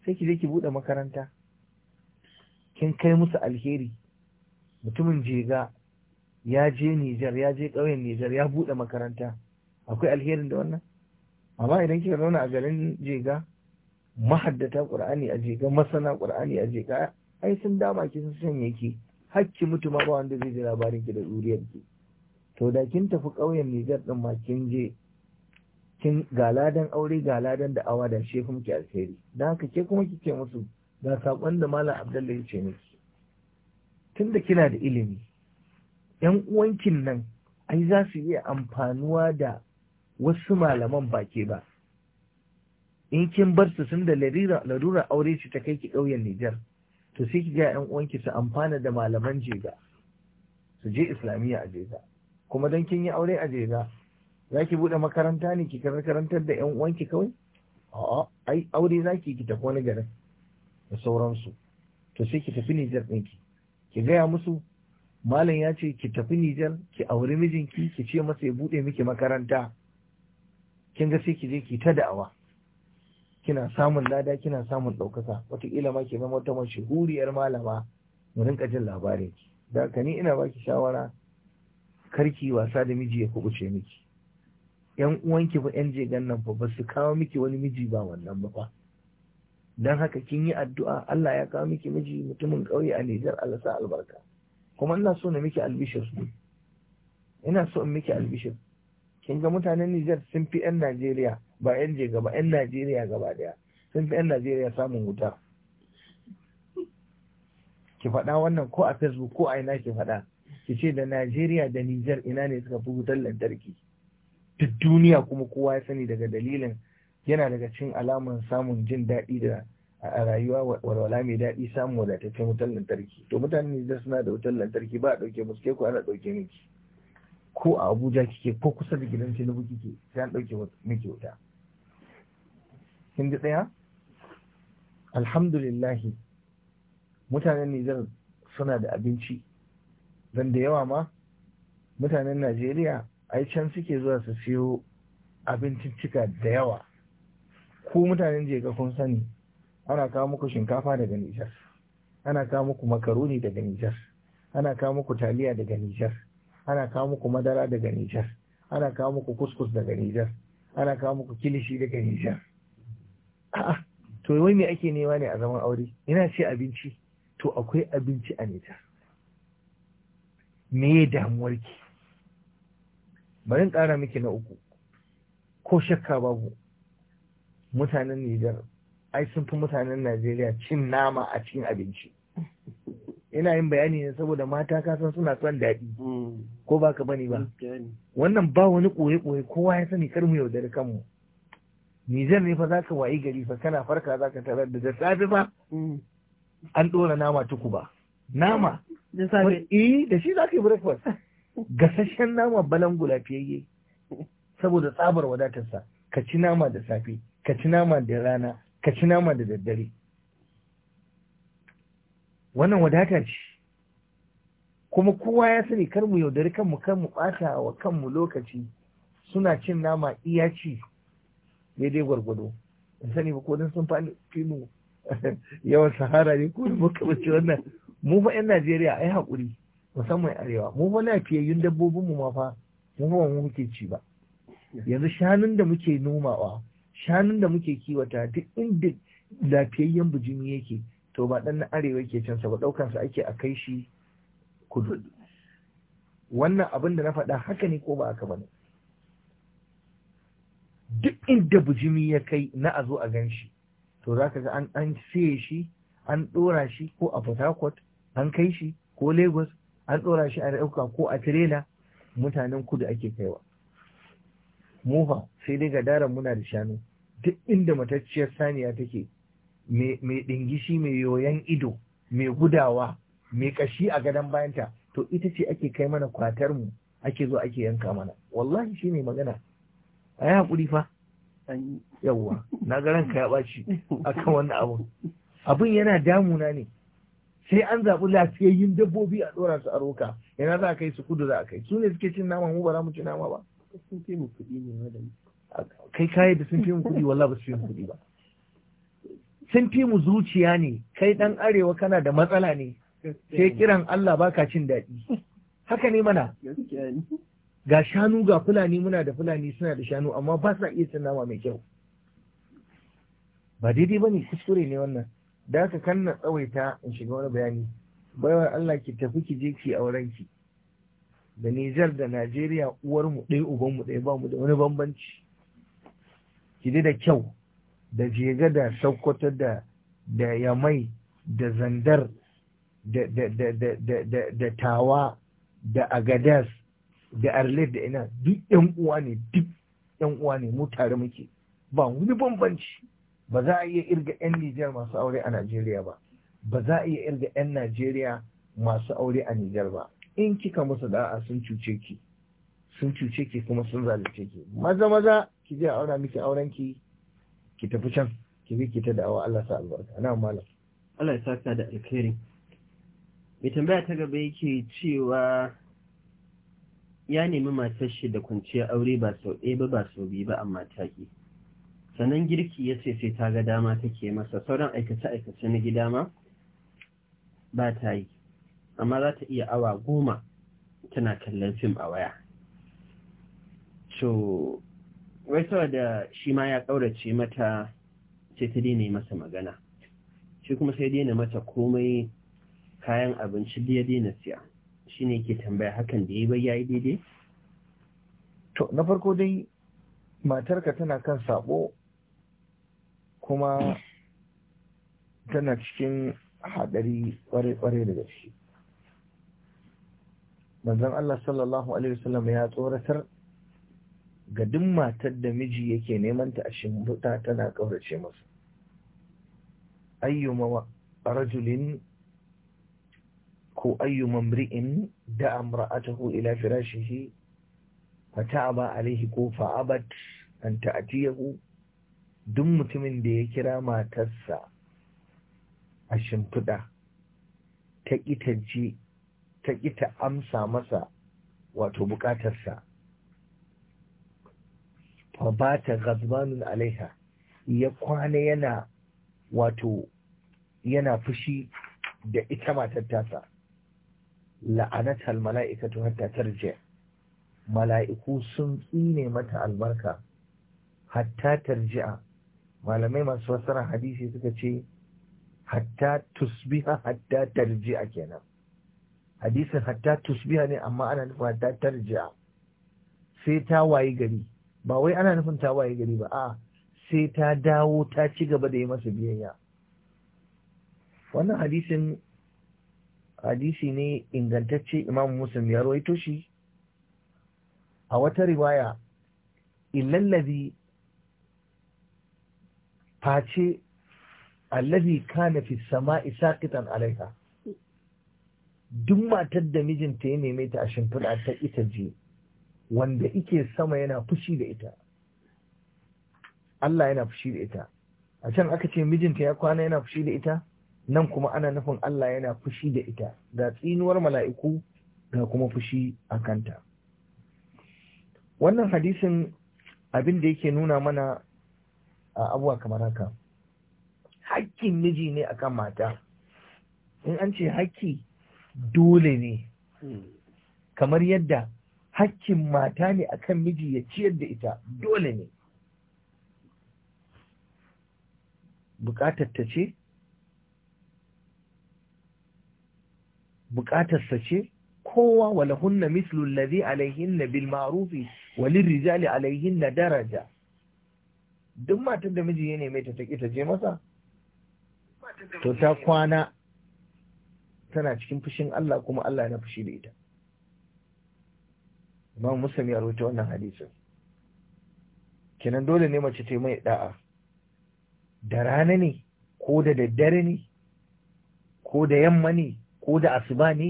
sai ki je ki buɗe makaranta kin kai musu alheri mutumin jega ya je Nijar ya je ƙauyen Nijar ya buɗe makaranta akwai alherin da wannan amma idan kika zauna a garin jega mahaddata ƙur'ani a jega masana ƙur'ani a jega ai sun dama ki sun sanya ki hakki mutuma, ba wanda zai ji labarin ki da zuriyar ki to da kin tafi ƙauyen Nijar din ma kin je kin ga aure ga da awa da shi kuma alheri dan haka ke kuma kike musu ga sakon da malam abdullahi ya ce miki tunda kina da ilimi yan uwankin nan ai za su yi amfanuwa da wasu malaman ba ba in kin bar su sun da larura aure shi ta kai ki ƙauyen Nijar to sai ki ga yan uwanki su amfana da malaman jega su je islamiyya a jega kuma dan kin yi aure a jega za ki buɗe makaranta ne ki karantar da yan uwanki kawai a'a ai aure za ki ki tafi wani garin da sauransu to sai ki tafi Nijar ɗinki ki gaya musu malam ya ce ki tafi Nijar ki auri mijinki ki ce masa ya buɗe miki makaranta kin ga sai ki je ki ta da'awa kina samun lada kina samun ɗaukaka wataƙila ma ke zama wata mashahuriyar malama mu rinka jin labarin ki da ni ina baki shawara karki wasa da miji ya kubuce miki yan uwanki ba yan jegan nan ba su kawo miki wani miji ba wannan ba ba don haka kin yi addu'a Allah ya kawo miki miji mutumin ƙauye a Nijar Allah sa albarka kuma ina so na miki albishir ina so in miki albishir kin ga mutanen Nijar sun fi yan Najeriya ba yan je gaba yan Najeriya gaba daya sun fi yan Najeriya samun wuta ki faɗa wannan ko a Facebook ko a ina ki faɗa ki ce da Najeriya da Nijar ina ne suka fi wutar lantarki duk duniya kuma kowa ya sani daga dalilin yana daga cin alamun samun jin daɗi da a rayuwa walwala mai daɗi samun wadataccen wutar lantarki to mutane da suna da wutar lantarki ba a ɗauke musu ke ko ana ɗauke miki ko a abuja kike ko kusa da gidan tinubu kike sai an ɗauke miki wuta kin ji ɗaya alhamdulillahi mutanen Nijar suna da abinci Zan da yawa ma mutanen Najeriya ai can suke zuwa su siyo abincin cika da yawa ku mutanen jega kun sani ana kawo muku shinkafa daga Nijar ana kawo muku makaroni daga Nijar ana kawo muku taliya daga Nijar ana kawo muku madara daga Nijar ana kawo muku kuskus daga Nijar ana kawo muku kilishi daga Nijar a'a to wai me ake nema ne a zaman aure ina ce abinci to akwai abinci a Nijar me damuwarki bari in ƙara miki na uku ko shakka babu mutanen Nijar ai sun fi mutanen Najeriya cin nama a cikin abinci ina yin bayani ne saboda mata kasan suna son daɗi ko ba ka bani ba wannan ba wani ƙoye-ƙoye kowa ya sani kar mu yaudari kanmu Nijar ne fa za ka wayi gari fa kana farka za ka tarar da safe fa an ɗora nama tuku ba nama da safe eh da shi za ka yi breakfast gasashen nama balangu lafiyayye saboda tsabar wadatarsa ka ci nama da safe ka ci nama da rana ka ci nama da daddare wannan wadata ce kuma kowa ya sani kar mu yaudari kanmu kar mu bata wa kanmu lokaci suna cin nama iya ci daidai gwargwado in sani ba kodin sun fi mu yawan sahara ne ko da muka wannan mu fa 'yan najeriya ai haƙuri musamman arewa mu fa lafiyayyun dabbobin mu ma fa mu ba mu muke ci ba yanzu shanun da muke nomawa shanun da muke kiwata duk inda lafiyayyen bijimi yake to ba dan na arewa yake can saboda daukan sa ake a kai shi kudu wannan abin da na faɗa haka ne ko ba haka bane duk inda bijimi ya kai na a zo a gan shi to za ka ga an an siye shi an ɗora shi ko a Port Harcourt an kai shi ko Lagos an ɗora shi a ɗauka ko a tirela mutanen kudu ake kaiwa mufa sai dai ga daren muna da shanu duk inda matacciyar saniya take mai ɗingishi mai yoyon ido mai gudawa mai ƙashi a gadon bayanta to ita ce ake kai mana kwatar mu ake zo ake yanka mana wallahi shi ne magana a yi haƙuri fa yawwa na ga ranka ya ɓaci akan wannan abun abun yana damuna ne sai an zaɓi lafiyayyun dabbobi a ɗora su a roka yana za a kai su kudu za a kai su ne suke cin nama mu ba za mu ci nama ba sun kai kayi da sun fi mu kuɗi wallahi ba su fi mu kuɗi ba sun fi mu zuciya ne kai dan arewa kana da matsala ne sai kiran Allah baka cin daɗi haka ne mana ga shanu ga fulani muna da fulani suna da shanu amma ba sa iya cin nama mai kyau ba daidai ba kuskure ne wannan da ka kan tsawaita in shiga wani bayani baiwar Allah ki tafi ki je ki auren ki da Nijar da Najeriya uwar mu ɗaya uban mu ɗaya ba mu da wani bambanci ki da kyau da jega da Sokoto da da Yamai da Zandar da da da da da da Tawa da Agadas da Arlet da ina duk ƴan uwa ne duk ƴan uwa ne mu tare muke ba wani bambanci ba za a iya irga 'yan Nijar masu aure a Najeriya ba ba za a iya irga 'yan Najeriya masu aure a Nijar ba in kika musu da'a sun cuce ki sun cuce ki kuma sun zalice ki maza maza ki je aura miki auren ki tafi can ki bi ki ta da'awa Allah sa albarka Ana malam Allah ya saka da alkhairi mai tambaya ta gaba yake cewa ya nemi matar shi da kwanciyar aure ba sau ɗaya ba ba sau biyu ba amma ta ki sannan girki ya ce sai ta ga dama take masa sauran aikace-aikace na gida ma ba ta yi amma za ta iya awa goma tana kallon fim a waya so wai da shi ma ya ƙaurace mata sai ta daina masa magana shi kuma sai daina mata komai kayan abinci da ya daina siya shi ne ke tambaya hakan da ya bai ya yi daidai to na farko dai matarka tana kan sabo kuma tana cikin haɗari ƙware-ƙware da gaske manzon Allah sallallahu alaihi wasallam ya tsoratar ga duk matar da miji yake neman ta a shimbuta tana ƙaurace masa ayyuma rajulin ko ayyuma mri'in da amra'atahu ila firashihi fata'aba alaihi ko fa'abat an ta'atiyahu duk mutumin da ya kira matarsa a shimfiɗa ta ta ƙita amsa masa wato buƙatarsa fa ba ta gazbanin alaiha ya kwana yana wato yana fushi da ita matar tasa la'anatar mala'ikatu hatta tarje mala'iku sun tsine mata albarka hatta tarji'a malamai masu fassara hadisi suka ce hatta tusbiha hatta tarji'a kenan hadisin hatta tusbiha ne amma ana nufin hatta tarji'a sai ta wayi gari ba wai ana nufin ta wayi gari ba a sai ta dawo ta ci gaba da yi masa biyayya wannan hadisin hadisi ne ingantacce imamu muslim ya rawaito shi a wata riwaya illallazi face allazi kana fi sama'i saqitan alaiha duk matar da mijinta ya neme ta a shimfiɗa ta ita je wanda ike sama yana fushi da ita Allah yana fushi da ita a can aka ce mijinta ya kwana yana fushi da ita nan kuma ana nufin Allah yana fushi da ita ga tsinuwar mala'iku ga kuma fushi a kanta wannan hadisin abin da yake nuna mana abuwa kamar haka hakkin miji ne akan mata in an ce hakki dole ne hmm. kamar yadda hakkin mata ne akan miji ya ciyar da ita dole ne bukatar ta ce bukatarsa ce kowa walahunna mislu alladhi alaihinna bil rijali walirrijali na daraja duk matar da miji ya neme ta ta je masa to ta kwana tana cikin fushin Allah kuma Allah na fushi da ita Imam Muslim ya rawaito wannan hadisin kenan dole ne mace ta yi mai da'a da rana ne ko da daddare ne ko da yamma ne ko da asuba ne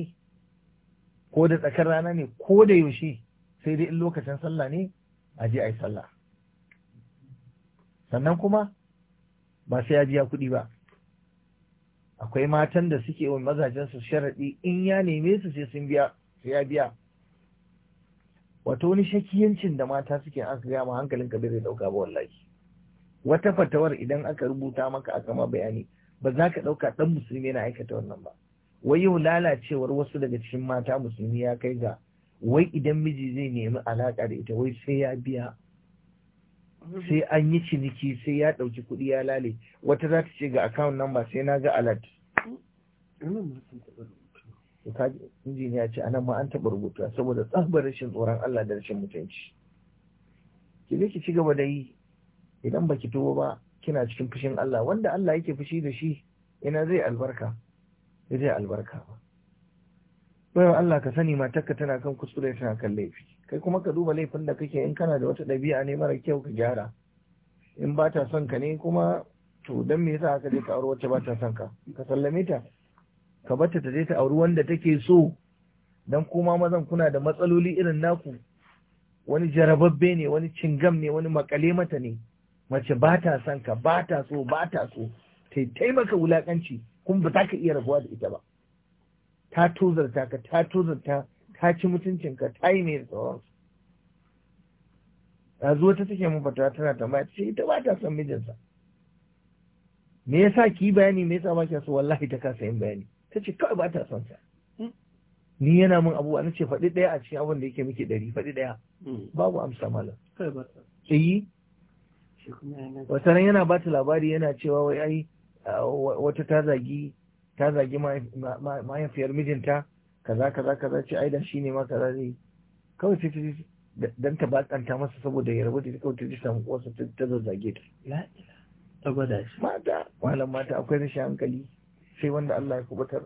ko da tsakar rana ne ko da yaushe sai dai in lokacin sallah ne a je a yi sallah sannan kuma ba sai ya biya kuɗi ba akwai matan da suke wa mazajen su sharaɗi in ya neme su sai sun biya sai ya biya wato wani shakiyancin da mata suke aka gaya ma hankalin ka bai dauka ba wallahi wata fatawar idan aka rubuta maka aka ma bayani ba za ka dauka dan musulmi na aikata wannan ba wai yau lalacewar wasu daga cikin mata musulmi ya kai ga wai idan miji zai nemi alaka da ita wai sai ya biya sai an yi ciniki sai ya ɗauki kuɗi ya lale wata za ta ce ga account number sai na ga alert injiniya ce anan ma an taɓa rubuta saboda tsabar rashin tsoron Allah da rashin mutunci ki ne ki ci gaba da yi idan baki tuwo ba kina cikin fushin Allah wanda Allah yake fushi da shi ina zai albarka zai albarka ba bayan Allah ka sani matarka tana kan kuskure tana kan laifi kai kuma ka duba laifin da kake in kana da wata ɗabi'a ne mara kyau ka gyara in ba ta son ka ne kuma to don me yasa aka je ka auri wacce ba ta son ka ka sallame ta ka bata ta je ta auri wanda take so dan kuma mazan kuna da matsaloli irin naku wani jarababbe ne wani cingam ne wani makale mata ne mace ba ta son ka ba ta so ba ta so ta taimaka wulakanci kuma ba za ka iya rabuwa da ita ba ta tozarta ka ta tozarta ka ci mutuncin ka? ta yi mai tsawon Ya zuwa ta take mun fatawa tana tambaya ta ce ita ba ta san mijinsa me yasa ki bayani me yasa ba ki so wallahi ta kasa yin bayani ta ce kawai ba ta son sa hmm. ni yana min abubuwa na ce faɗi ɗaya a cikin abin da yake miki ɗari faɗi ɗaya hmm. babu amsa malam yi wata ran yana bata labari yana cewa wai ai wata ta zagi ta zagi mahaifiyar mijinta kaza kaza kaza ce ai da shine ma kaza zai kawai sai ta dan ta bakanta masa saboda ya rabu da kawai ta ji samu kosa ta zazzage ta la ta gwada shi mata malam mata akwai rashin hankali sai wanda Allah ya kubutar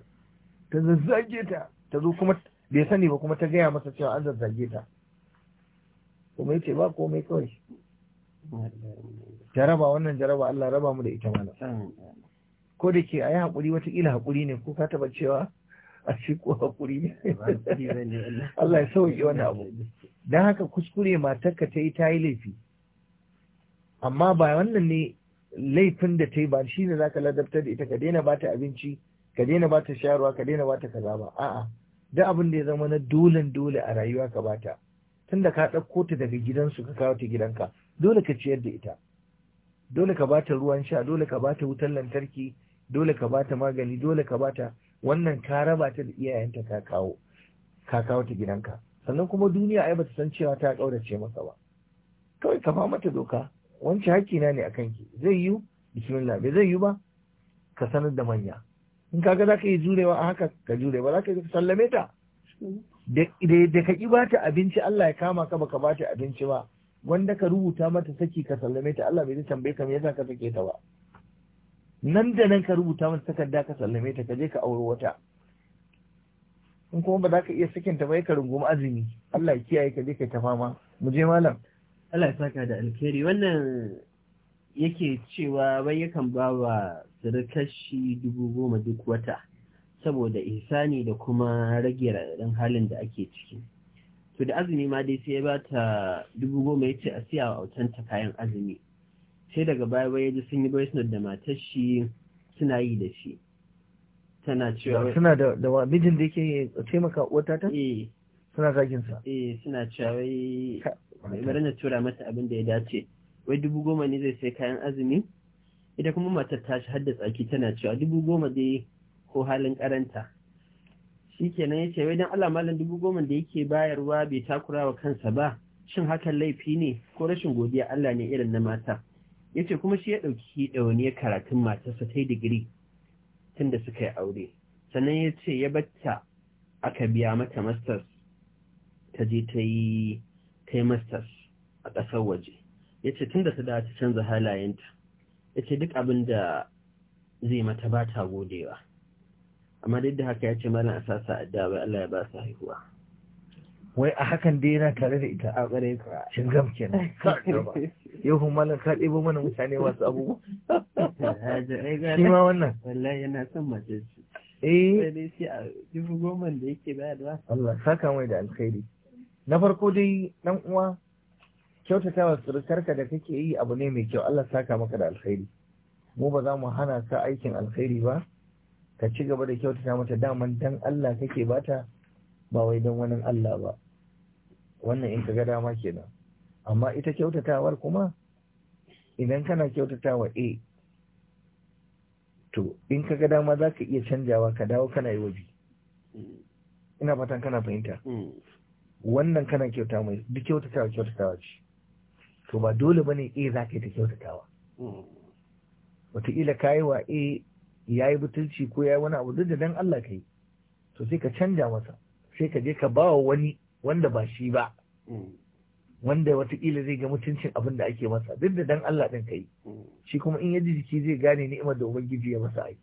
ta zazzage ta ta zo kuma bai sani ba kuma ta gaya masa cewa an zazzage ta kuma yace ba komai kawai jaraba wannan jaraba Allah raba mu da ita mana ko da ke ayi hakuri wata kila hakuri ne ko ka taba cewa a shi hakuri Allah ya sauke wani abu dan haka kuskure matarka ta yi ta yi laifi amma ba wannan ne laifin da ta yi ba shi ne zaka ladabtar da ita ka daina ba ta abinci ka daina ba ta shayarwa ka daina ta kaza ba a'a duk abin da ya zama na dolen dole a rayuwa ka bata tunda ka ɗauko ta daga gidansu ka kawo ta gidanka dole ka ciyar da ita dole ka bata ruwan sha dole ka bata wutar lantarki dole ka bata magani dole ka bata wannan ka raba ta da iyayenta ka kawo ka kawo ta gidanka sannan kuma duniya ai bata san cewa ta kaurace masa ba kawai ka ba mata doka wancan na ne akan ki zai yiwu bismillah bai zai yiwu ba ka sanar da manya in kaga za ka yi jurewa a haka ka jure ba za ka sallame ta da ka ki bata abinci Allah ya kama ka baka bata abinci ba wanda ka rubuta mata saki ka sallame ta Allah bai zai tambaye ka me yasa ka sake ta ba nan da nan ka rubuta mata takarda ka sallame ta ka je ka auri wata in kuma ba za ka iya sakin ta ba ka rungumi azumi Allah ya kiyaye ka je ka ta ma mu je malam Allah ya saka da alkhairi wannan yake cewa wai yakan ba wa sirkashi dubu goma duk wata saboda ihsani da kuma rage raɗaɗin halin da ake ciki to da azumi ma dai sai ya ba ta dubu goma ya ce a siya wa autanta kayan azumi sai daga baya bai ji sun yi bai suna da matar shi suna yi da shi tana cewa suna da da mijin da yake taimaka wata ta eh suna zagin sa eh suna cewa wai bari na tura mata abin da ya dace wai dubu goma ne zai sai kayan azumi ita kuma matar ta har da tsaki tana cewa dubu goma dai ko halin karanta shikenan yace wai dan Allah dubu goma da yake bayarwa bai takura wa kansa ba shin hakan laifi ne ko rashin godiya Allah ne irin na mata yace kuma shi ya dauki dauniya karatun matarsa ta digiri da suka yi aure sannan ya ce ya batta aka biya mata masters ta je ta yi ta yi masters a ƙasar waje ya ce tun da ta da ta canza halayenta ya ce duk abin da zai mata ba ta godewa amma duk da haka ya ce a asasa a dawa, Allah ya ba su haihuwa wai a hakan dai yana tare da ita a ƙwarai shingam kenan yau malam ka ɗebo mana mutane masu abubuwa shi ma wannan wallahi yana son mace shi eh sai shi a dubu goma da yake bayarwa Allah saka mai da alkhairi na farko dai dan uwa wa surukarka da kake yi abu ne mai kyau Allah saka maka da alkhairi mu ba za mu hana ka aikin alkhairi ba ka ci gaba da kyautata mata daman dan Allah kake bata ba wai dan wani Allah ba wannan in ka ga dama kenan amma ita kyautatawar kuma idan kana kyautatawa A to in ka ga dama za ka iya canjawa ka dawo kana yi waje ina fatan kana fahimta wannan kana kyauta mai duk kyautatawa kyautatawa ce to ba dole bane A za ka yi ta kyautatawa wataƙila ka yi wa A ya yi butulci ko ya yi wani abu duk da dan Allah ka yi to sai ka canja masa sai ka je ka ba wa wani wanda ba shi ba wanda watakila zai ga mutuncin abin da ake masa duk da dan Allah ɗin kai mm. shi kuma in yaji jiki zai gane ni'imar da ubangiji ya masa ai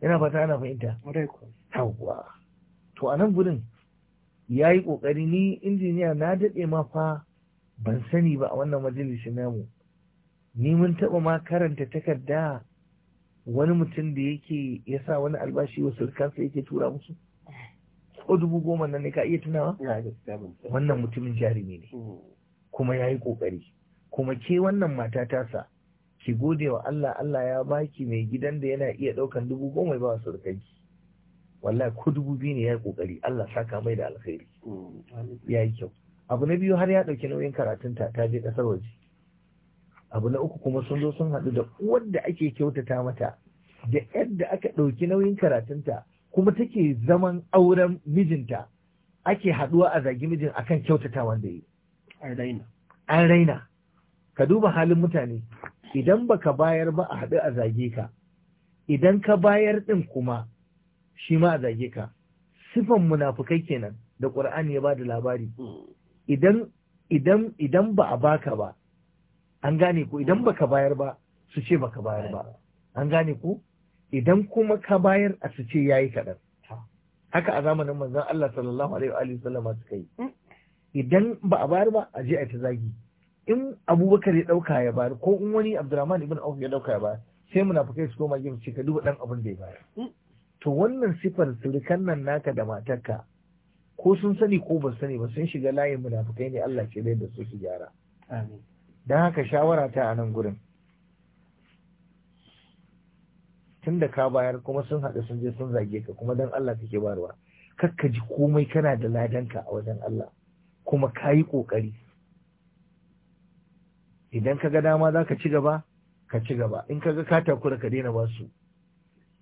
yana mm. fata ana fahimta yawwa to a nan gudun ya yi ƙoƙari ni injiniya na daɗe ma fa ban sani ba a wannan majalisin namu ni mun taɓa ma karanta takarda wani mutum da yake ya wani albashi wasu kansa yake tura musu ko dubu goma nan ne ka iya tunawa wannan mutumin jarumi ne hmm. kuma ya yi ƙoƙari kuma ke wannan mata ta sa ki gode wa Allah Allah ya baki mai gidan da yana iya ɗaukan dubu goma ba su rikanki wallahi ko dubu biyu ne ya yi ƙoƙari Allah saka mai da alkhairi hmm. ya yi kyau abu na biyu har ya ɗauki nauyin karatun ta ta je ƙasar waje abu na uku kuma sun zo sun haɗu da uwar da ake kyautata mata da yadda aka ɗauki nauyin karatunta kuma take zaman auren mijinta ake haɗuwa a zagi mijin akan kyautata wanda yi an raina an raina ka duba halin mutane idan baka bayar ba a haɗu a zage ka idan ka bayar ɗin kuma shi ma a zage ka sifan munafukai kenan da ƙur'ani ya ba da labari idan idan idan ba a baka ba an gane ku idan baka bayar ba su ce baka bayar ba an gane ku idan kuma ka bayar a su ce yi kaɗan haka a zamanin manzon Allah sallallahu alaihi wa sallam suka yi idan ba a bayar ba a je a ta zagi in Abubakar ya ɗauka ya bayar ko in wani abdulrahman ibn Auf ya ɗauka ya bayar sai munafukai su koma gefe ce ka duba ɗan abin da ya bayar to wannan sifar sirikan nan naka da matarka ko sun sani ko ba sani ba sun shiga layin munafukai ne Allah ce da su su gyara amin Don haka shawara ta a nan gurin tun da ka bayar kuma sun haɗu sun je sun zage ka kuma dan Allah kake barwa kakka ji komai kana da ladanka a wajen Allah kuma ka yi ƙoƙari idan ka ga dama za ka ci gaba ka ci gaba in ka ga ka takura ka daina basu, su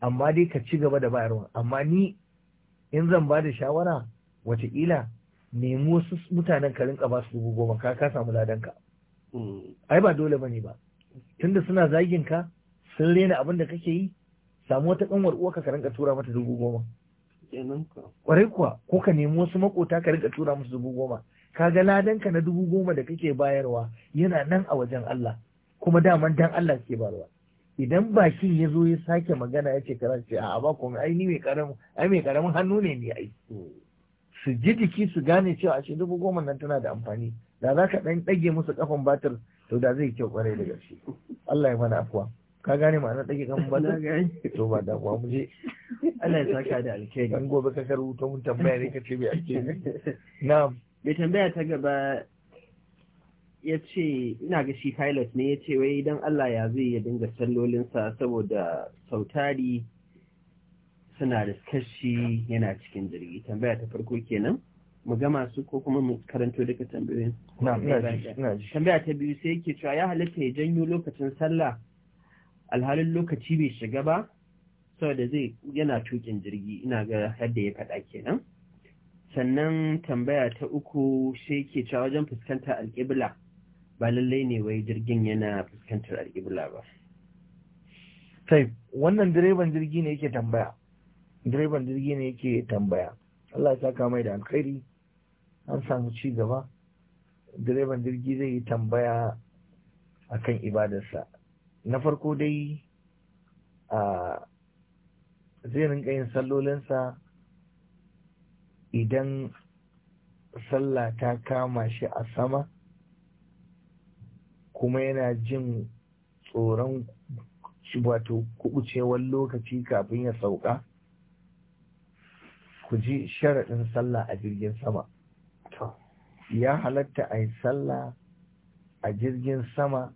amma dai ka ci gaba da bayarwa amma ni in zan ba da shawara wataƙila nemi wasu mutanen ka rinka ba su dubu goma ka ka samu ladanka hmm. ai ba dole bane ba tunda suna zagin ka sun rena abin da kake yi samu wata kanwar uwa ka rinka tura mata dubu goma kwarai kuwa ko ka nemi wasu makota ka rinka tura musu dubu goma kaga ladanka na dubu goma da kake bayarwa yana nan a wajen Allah kuma daman dan Allah ke barwa idan bakin ya zo ya sake magana ya ce kaza ce a ba ko ai ni mai karamin hannu ne ni ai su ji jiki su gane cewa ashe dubu goma nan tana da amfani da za ka ɗan ɗage musu kafan batir to da zai kyau kwarai da gaske Allah ya mana afuwa ka gane ma'anar ɗage kan ba yi to ba da mu je Allah ya saka da alkhairi an gobe ka karuta mun tambaya ne ka ce bai alkhairi na'am bai tambaya ta gaba ya ce ina ga shi pilot ne ya ce wai idan Allah ya zai ya dinga sallolinsa saboda sautari suna da kashi yana cikin jirgi tambaya ta farko kenan mu gama su ko kuma mu karanto duka tambayoyin tambaya ta biyu sai yake cewa ya halatta ya janyo lokacin sallah alhalin lokaci bai shiga ba saboda zai yana tukin jirgi ina ga yadda ya faɗa kenan sannan tambaya ta uku sai ke cewa wajen fuskantar alƙibla ba lallai ne wai jirgin yana fuskantar alƙibla ba sai wannan direban jirgi ne yake tambaya direban jirgi ne yake tambaya Allah ya saka mai da alkhairi an samu ci gaba direban jirgi zai yi tambaya akan ibadarsa na farko dai zai rinka yin sallolinsa idan sallah ta kama shi a sama kuma yana jin tsoron wato kubucewar lokaci kafin ya sauka ku ji sharaɗin sallah a jirgin sama ya halatta a yi sallah a jirgin sama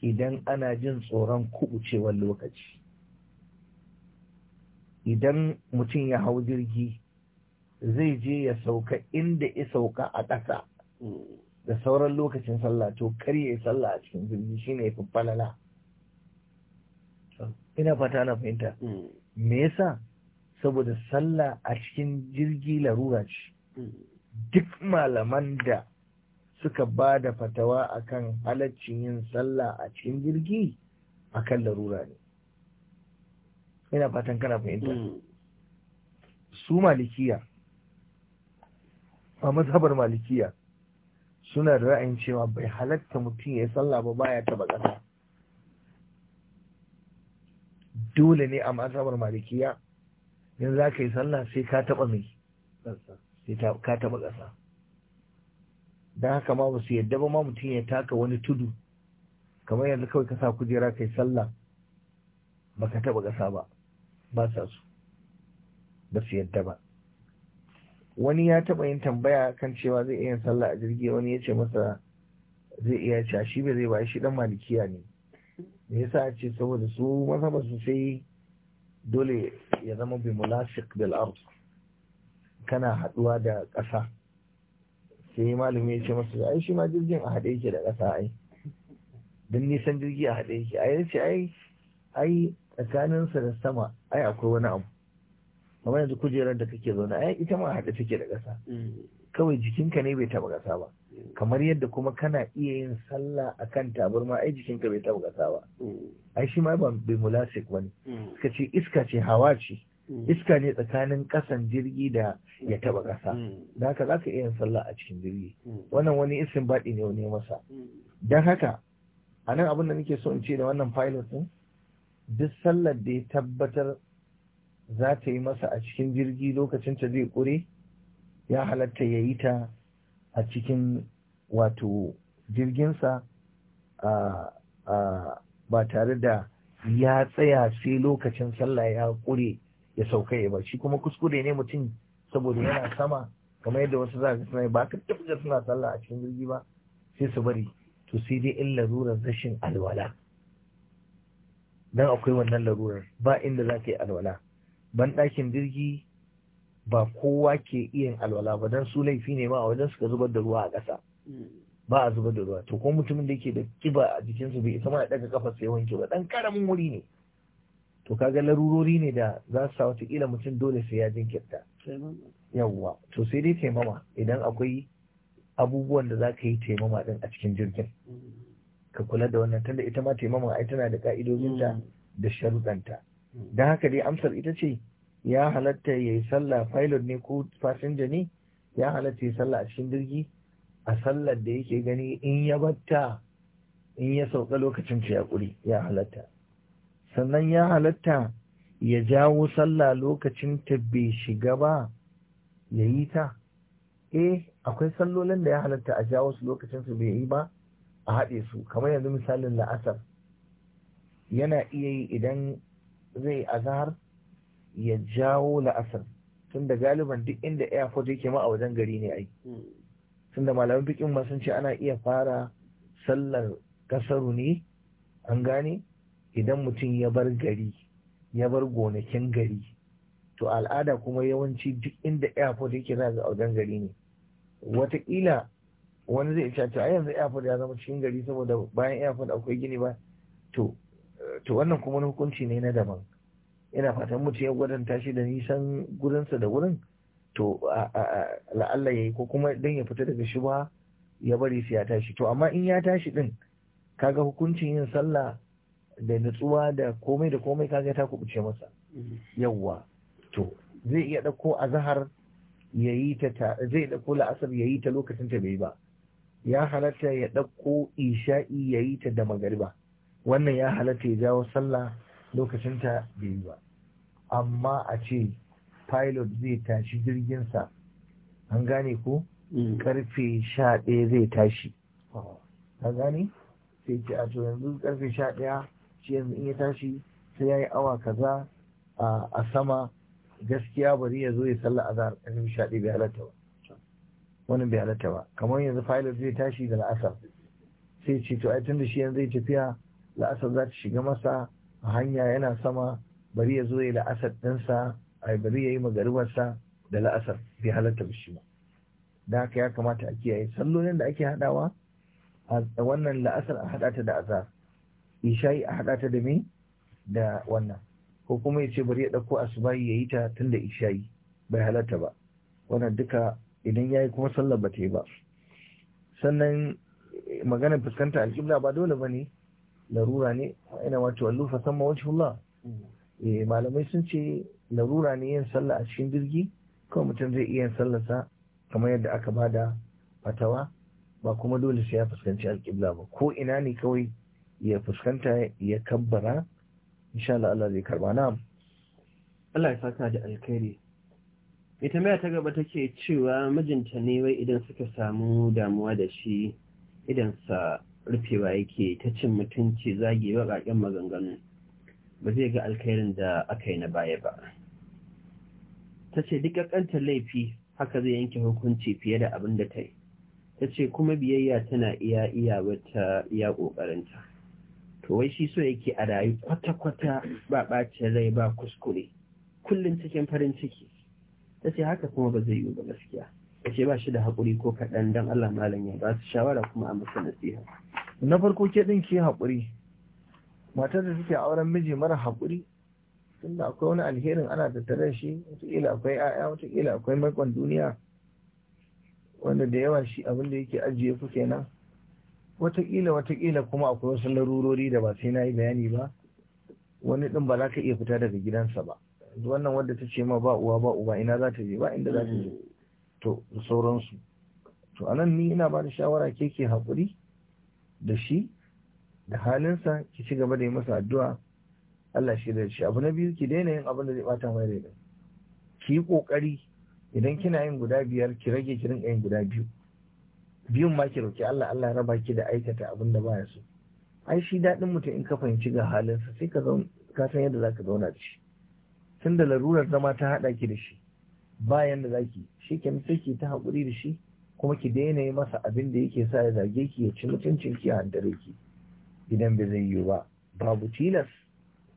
idan ana jin tsoron kubucewar lokaci idan mutum ya hau jirgi zai je ya sauka inda ya sauka a ƙasa da sauran lokacin sallah to karye sallah a cikin jirgi shine ya falala ina fata na fahimta me yasa saboda sallah a cikin jirgi larura ce duk malaman da suka ba da fatawa akan halaccin yin sallah a cikin jirgi akan larura ne ina fatan kana fahimta hmm. su malikiya a mazhabar malikiya suna da ra'ayin cewa bai halatta mutum ya sallah ba baya taba ƙasa dole ne a mazhabar malikiya yanzu za ka yi sallah sai ka taba mai sai ka taba ƙasa don haka ma ba su yadda ba ma mutum ya taka wani tudu kamar yanzu kawai ka sa kujera kai sallah ka taba gasa ba ba sa su ba su yadda ba wani ya taba yin tambaya kan cewa zai iya sallah a jirgi wani ya ce masa zai iya cewa shi ba zai ba shi dan malikiya ne me yasa a ce saboda su ba su sai dole ya zama bi mulasiq bil ard kana haduwa da ƙasa sai malami ya ce masa ai shi ma jirgin a haɗe yake da ƙasa ai don nisan jirgi a haɗe yake ai ce ai ai tsakaninsa da sama ai akwai wani abu kamar yanzu kujerar da kake zaune ai ita ma haɗe take da ƙasa kawai jikinka ne bai taɓa ƙasa ba kamar yadda kuma kana iya yin sallah a akan tabarma ai jikinka bai taɓa ƙasa ba mm. ai shi ma bai mulasik bane mm. suka ce iska ce hawa ce Mm. iska ne tsakanin kasan jirgi da ya taba kasa mm. da haka ka iya yin sallah a cikin jirgi mm. wannan wani isin baɗi ne wani masa Don haka a nan abin da nake so in ce da wannan pilot ɗin duk sallar da ya tabbatar za ta yi masa a cikin jirgi lokacin ta zai kure ya halatta ya yi ta a cikin wato jirginsa ba tare da ya tsaya sai lokacin sallah ya ƙure ya sauka ya shi kuma kuskure ne mutum saboda yana sama kamar yadda wasu za su suna ba ka tafiya suna sallah a cikin jirgi ba sai su bari to sai dai in larurar rashin alwala dan akwai wannan larurar ba inda za ka yi alwala ban ɗakin jirgi ba kowa ke iya alwala ba dan su laifi ne ba a wajen suka zubar da ruwa a ƙasa mm. ba a zubar da ruwa to ko mutumin da yake da kiba a jikinsu bai isa ma ya ɗaga kafa sai wanke ba dan karamin wuri ne to kaga larurori ne da za su sa wataƙila mutum dole sai ya jinkirta yawwa to sai dai taimama idan akwai abubuwan da za ka yi taimama din a cikin jirgin ka kula da wannan tunda ita ma taimama ai tana da ka'idojinta da sharuɗanta don haka dai amsar ita ce ya halatta ya yi sallah pilot ne ko fasinja ne ya halatta ya sallah a cikin jirgi a sallar da yake gani in ya batta in ya sauka lokacin ya ya halatta sannan ya halatta ya jawo sallah lokacin ta bai shiga ba ya yi ta eh akwai sallolin da ya halatta a jawo su lokacin su bai yi ba a haɗe su kamar yanzu misalin la'asar yana iya yi idan zai azhar ya jawo la'asar tun da galiban duk inda airport yake ma a wajen gari ne ai tun da malamin bikin masu ce ana iya fara sallar kasaru ne an gane idan mutum ya bar gari ya bar gonakin gari to al'ada kuma yawanci duk inda airport yake za ga wajen gari ne wataƙila wani zai ce to a yanzu airport ya zama cikin gari saboda bayan airport akwai gini ba to to wannan kuma hukunci ne na daban ina fatan mutum ya gwadanta tashi da nisan gurinsa da wurin to la'alla ya yi ko kuma don ya fita daga shi ba ya bari su ya tashi to amma in ya tashi din kaga hukuncin yin sallah da nutsuwa da komai da komai kaga ta kubuce masa yawwa to zai iya ɗauko zahar ya yi ta zai ɗauko la'asar ya yi ta lokacin ta bai ba ya halatta ya ɗauko isha'i ya yi ta da magariba wannan ya halatta ya jawo sallah lokacin ta bai ba amma a ce pilot zai tashi jirgin sa. an gane ko mm. karfe sha ɗaya zai tashi ka gane sai ce a to yanzu karfe sha ɗaya lokaci in ya tashi sai ya yi awa kaza a sama gaskiya bari ya zo ya sallah azhar ƙarfi sha ɗaya bai halatta ba Wani bai halatta ba kamar yanzu pilot zai tashi da la'asar sai ce to ai tunda shi yanzu zai tafiya la'asar za ta shiga masa a hanya yana sama bari ya zo ya la'asar ɗinsa ai bari ya yi magaribarsa da la'asar bai halatta ba shi ba da haka ya kamata a kiyaye sallolin da ake haɗawa a wannan la'asar a haɗa ta da azhar Ishayi a haɗa ta da me da wannan ko kuma ya ce bari ya ɗauko asubahi ya yi ta tun da ishayi. bai halarta ba wannan duka idan ya yi kuma sallar ba ta yi ba sannan eh, maganar fuskanta alƙibla ba dole ba ne larura ne ina wato wallu fa samma wajhullah eh, malamai sun ce larura ne yin sallah a cikin jirgi kawai mutum zai iya yin sallarsa kamar yadda aka bada fatawa ba kuma dole sai ya fuskanci alƙibla ba ko ina ne kawai ya fuskanta ya kabbara insha Allah Allah zai karba na Allah ya saka da alkhairi Ita tambaya ta gaba take cewa mijinta ne wai idan suka samu damuwa da shi idan sa rufewa yake ta cin mutunci zagi kakin maganganu ba zai ga alkhairin da aka yi na baya ba ta ce duk ƙanƙantar laifi haka zai yanke hukunci fiye da abin da ta yi ta ce kuma biyayya tana iya iya wata iya ƙoƙarinta to wai shi so yake a rayu kwata-kwata ba ɓacin rai ba kuskure kullum cikin farin ciki ta ce haka kuma ba zai yiwu ba gaskiya ta ce ba shi da haƙuri ko kaɗan don Allah malam ya ba su shawara kuma a masa nasiha na farko ke ɗin ke haƙuri matar da take auren miji mara haƙuri tunda akwai wani alherin ana tattare shi wataƙila akwai 'ya'ya wataƙila akwai maikon duniya wanda da yawa shi abin da yake ajiye ku kenan watakila watakila kuma akwai wasu larurori da ba sai na yi bayani ba wani din ba za ka iya fita daga gidansa ba wannan wadda ta ce ma ba uwa ba uba ina za ta je ba inda za ta je to da sauransu to anan ni ina ba da shawara ke ke haƙuri da shi da halinsa ki ci gaba da yi masa addu'a Allah shi da shi abu na biyu ki daina yin abin da zai bata mai rai ki yi kokari idan kina yin guda biyar ki rage ki rinka yin guda biyu biyun ma ki roki Allah Allah raba ki da aikata abin da baya so ai shi daɗin mutum in ka fahimci ga halinsa sai ka ka san yadda zaka zauna da shi tun da larurar zama ta haɗa ki da shi bayan da zaki shi ke sai ta hakuri da shi kuma ki daina yi masa abin da yake sa ya zage ki ya ci mutuncin ki a dare ki idan bai zai yiwu ba babu tilas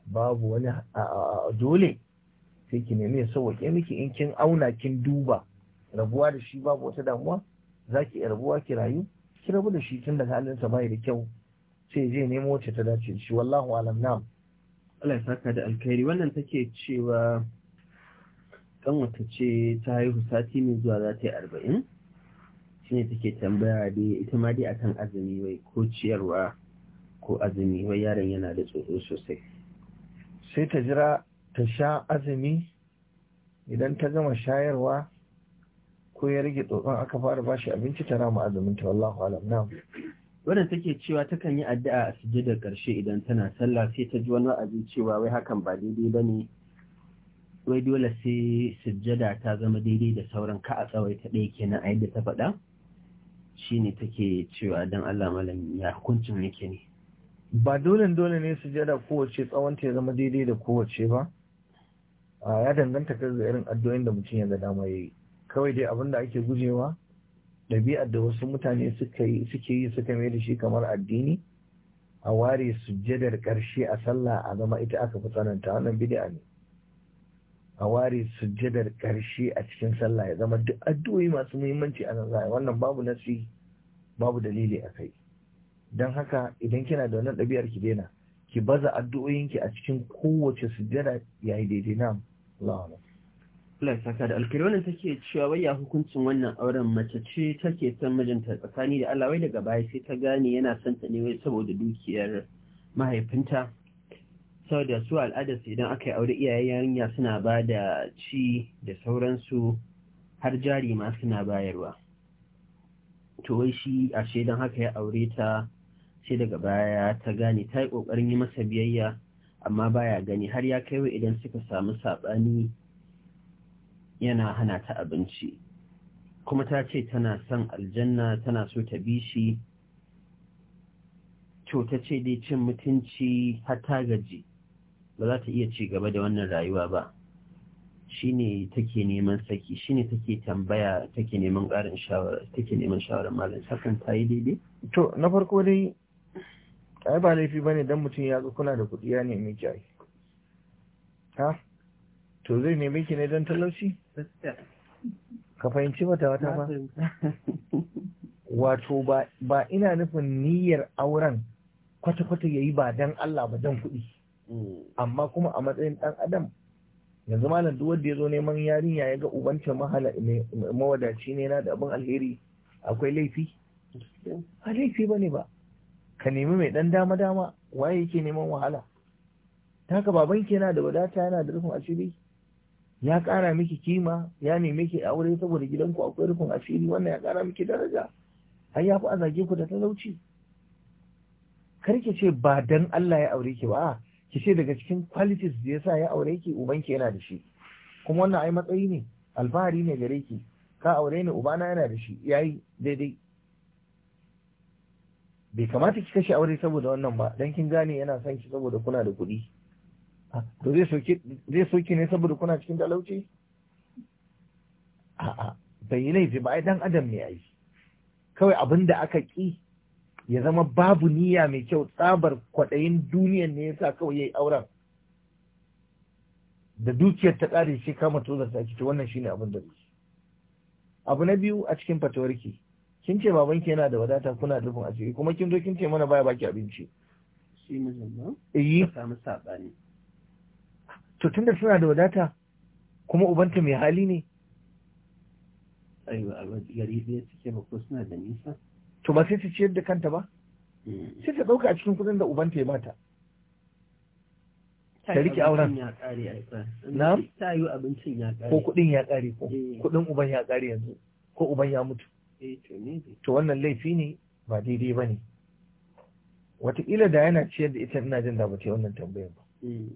babu wani dole sai ki nemi ya sauwaƙe miki in kin auna kin duba rabuwa da shi babu wata damuwa za ki rabuwa ki rayu ki rabu da shi tun da halinsa bai da kyau sai je nemo wacce ta dace shi wallahu alam na'am Allah ya saka da alkhairi wannan take cewa kan wata ce ta haihu sati mai zuwa za ta yi arba'in shine take tambaya dai ita ma dai akan azumi wai ko ciyarwa ko azumi wai yaron yana da tsoro sosai sai ta jira ta sha azumi idan ta gama shayarwa ko ya rage tsotson aka fara bashi abinci ta rama azumin ta wallahu alam na wadda take cewa takan yi addu'a a sujjadar karshe idan tana sallah sai ta ji wani abin cewa wai hakan ba daidai ba ne wai dole sai sujjada ta zama daidai da sauran ka a tsawai ta ɗaya kenan a yadda ta faɗa Shine take cewa don Allah malam ya hukuncin yake ne ba dole dole ne sujjada kowace tsawon ta ya zama daidai da kowace ba ya danganta ga irin addu'o'in da mutum ya ga dama yayi kawai dai abin da ake gujewa ɗabi'ar da wasu mutane suke yi suka mai da shi kamar addini a ware sujjadar ƙarshe a sallah a zama ita aka fi tsananta wannan bid'a ne a ware sujjadar ƙarshe a cikin sallah ya zama duk addu'o'i masu muhimmanci a nan wannan babu nasi babu dalili a kai don haka idan kina da wannan ɗabi'ar ki daina ki baza addu'o'inki a cikin kowace sujjada yayi daidai na Allah Allah ya saka da alkhairi wannan take cewa wai ya hukuncin wannan auren mace ce take son mijinta tsakani da Allah wai daga baya sai ta gane yana son ta ne wai saboda dukiyar mahaifinta saboda su su idan aka yi aure iyayen yarinya suna ba da ci da sauransu har jari ma suna bayarwa to wai shi ashe don haka ya aure ta sai daga baya ta gane ta yi ƙoƙarin yi masa biyayya amma baya gani har ya kai wa idan suka samu saɓani yana hana ta abinci kuma ta ce tana son aljanna tana so ta bi shi ta ce dai cin mutunci har ta gaji ba za ta iya ci gaba da wannan rayuwa ba Shi ne take neman saki ne take tambaya take neman ƙarin shawara take neman shawarar malam sakan ta yi daidai to na farko dai ai ba laifi bane dan mutum ya kuna da kuɗi ya nemi ki ha to zai nemi ki ne dan talauci ka fahimci mata wata ba wato ba ina nufin niyyar auren kwata-kwata ya yi ba don Allah ba don kuɗi hmm. amma kuma a matsayin ɗan adam yanzu malam duk wanda ya zo neman yarinya ya ga ubancin mahala mawadaci ne na da abin alheri akwai laifi ba laifi ba ne ba ka nemi mai ɗan dama dama waye yake neman wahala ta haka baban yana da wadata yana da rufin asiri ya ƙara miki kima ya neme ki aure saboda gidanku akwai rufin asiri wannan ya ƙara miki daraja har ya fi a zage ku da talauci kar ki ce ba dan Allah ya aure ki ba ki ce daga cikin qualities da yasa ya aure ki uban ubanki yana da shi kuma wannan ai matsayi ne alfahari ne gare ki ka aure ni na yana da shi yayi daidai bai kamata ki kashe aure saboda wannan ba dan kin gane yana son ki saboda kuna da kuɗi to zai soke ne saboda kuna cikin talauci a'a bai yi laifi ba ai dan adam ne ai kawai abin da aka ki ya zama babu niyya mai kyau tsabar kwaɗayin duniyan ne yasa kawai yayi auren da dukiyar ta kare shi kama da ta to wannan shine abin da zai abu na biyu a cikin fatawarki kin ce babanki yana da wadata kuna da a asiri kuma kin zo kin ce mana baya baki abinci shi mijin ba eh samu sabani to tunda suna da wadata kuma ubanta mai hali ne aiwa a gari ɗaya suke ba ko suna da nisa to ba sai ta ciyar da kanta ba mm. sai ta ɗauka a cikin kudin da ubanta ya mata ta rike auren na ta yi abincin ya ƙare ko kudin ya ƙare ko eh. kudin uban ya ƙare yanzu ko uban ya mutu eh, to wannan laifi ne ba daidai ba ne wataƙila da yana ciyar da ita ina jin da ba ta yi wannan tambayar ba mm.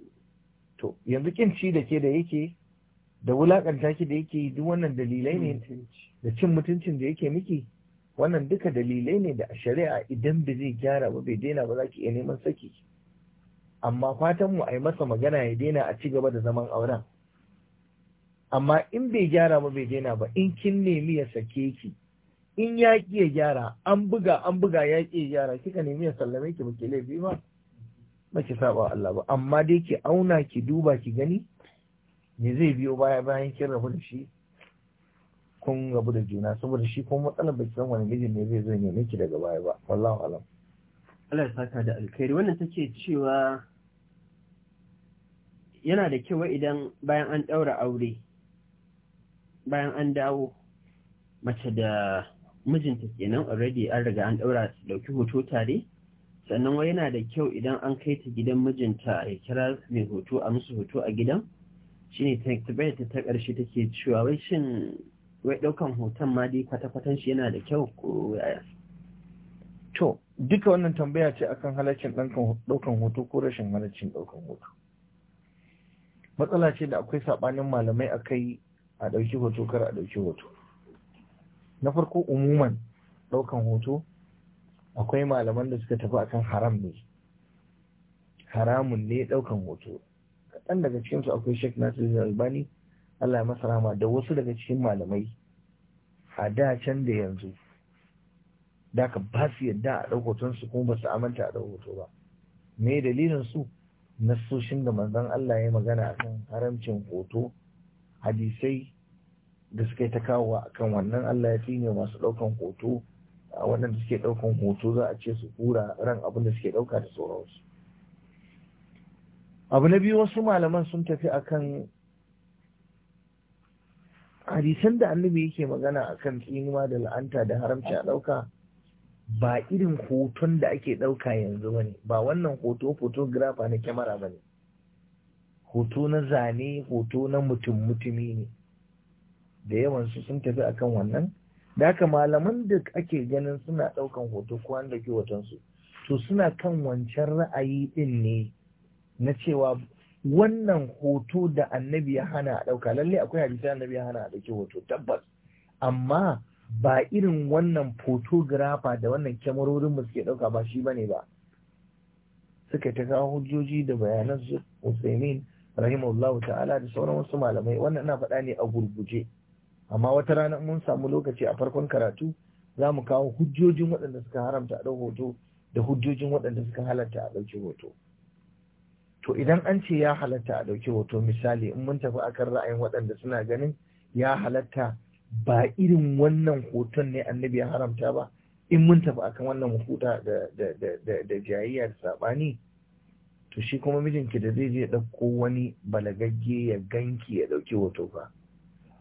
to yanzu kin ci da ke da yake da wulakanta ki da yake duk wannan dalilai ne da cin mutuncin da yake miki wannan duka dalilai ne da a shari'a idan ba zai gyara ba bai daina ba za ki iya neman saki amma fatan mu a yi masa magana ya daina a ci gaba da zaman auren amma in bai gyara ba bai daina ba in kin nemi ya sake ki in ya ki ya gyara an buga an buga ya ki ya gyara kika nemi ya sallame ki ba ke laifi ba ba ki saba Allah ba amma dai ki auna ki duba ki gani me zai biyo baya bayan kin rabu da shi kun rabu da juna saboda shi kuma matsalar baki san wani gijin ne zai zo ne miki daga baya ba wallahi alam Allah ya saka da alkhairi wannan take cewa yana da kyau idan bayan an daura aure bayan an dawo mace da mijinta kenan already an riga an daura su dauki hoto tare sannan wai yana da kyau idan an kai ta gidan mijinta ya kira mai hoto a musu hoto a gidan ne tambayar ta ta ƙarshe take cewa wai shin wai ɗaukan hoton ma dai kwata-kwatan shi yana da kyau ko yaya to duka wannan tambaya ce akan halaccin ɗaukan hoto ko rashin halaccin ɗaukan hoto matsala ce da akwai saɓanin malamai a kai a ɗauki hoto kar a ɗauki hoto na farko umuman ɗaukan hoto akwai malaman da suka tafi akan haram ne haramun ne ɗaukan hoto kaɗan daga cikinsu akwai Sheikh Nasir Albani Allah ya masa rama da wasu daga cikin malamai a da can da yanzu da ka ba su yadda a ɗaukoton su kuma ba su aminta a ɗaukoto ba me dalilin su nasoshin da manzon Allah ya magana akan haramcin hoto hadisai da suka yi ta kawo akan wannan Allah ya ne masu ɗaukan hoto waɗanda suke ɗaukan hoto za a ce su kura ran abin da suke ɗauka da sauransu abu na biyu wasu malaman sun tafi akan hadisan da annabi yake magana akan tsinuwa da la'anta da haramci a ɗauka ba irin hoton da ake ɗauka yanzu ba ne ba wannan hoto photographer na kyamara ba ne hoto na zane hoto na mutum mutumi ne da yawansu sun tafi akan wannan da haka malaman da ake ganin suna ɗaukan hoto ko an to suna kan wancan ra'ayi ɗin ne na cewa wannan hoto da annabi ya hana a ɗauka lallai akwai hadisi annabi ya hana a ɗauki hoto tabbas amma ba irin wannan photographer da wannan kyamarorin mu suke ɗauka ba shi bane ba suka ta kawo hujjoji da bayanan su Usaimin rahimahullahu ta'ala da sauran wasu malamai wannan na faɗa ne a gurguje amma wata rana mun samu lokaci a farkon karatu za mu kawo hujjojin waɗanda suka haramta a ɗau hoto da hujjojin waɗanda suka halarta a ɗauki hoto to idan an ce ya halatta a ɗauki hoto misali in mun tafi akan ra'ayin waɗanda suna ganin ya halatta ba irin wannan hoton ne annabi ya haramta ba in mun tafi akan wannan huda da jayayya da saɓani to shi kuma mijinki da zai je ɗauko wani balagagge ya ganki ya ɗauki hoto ba?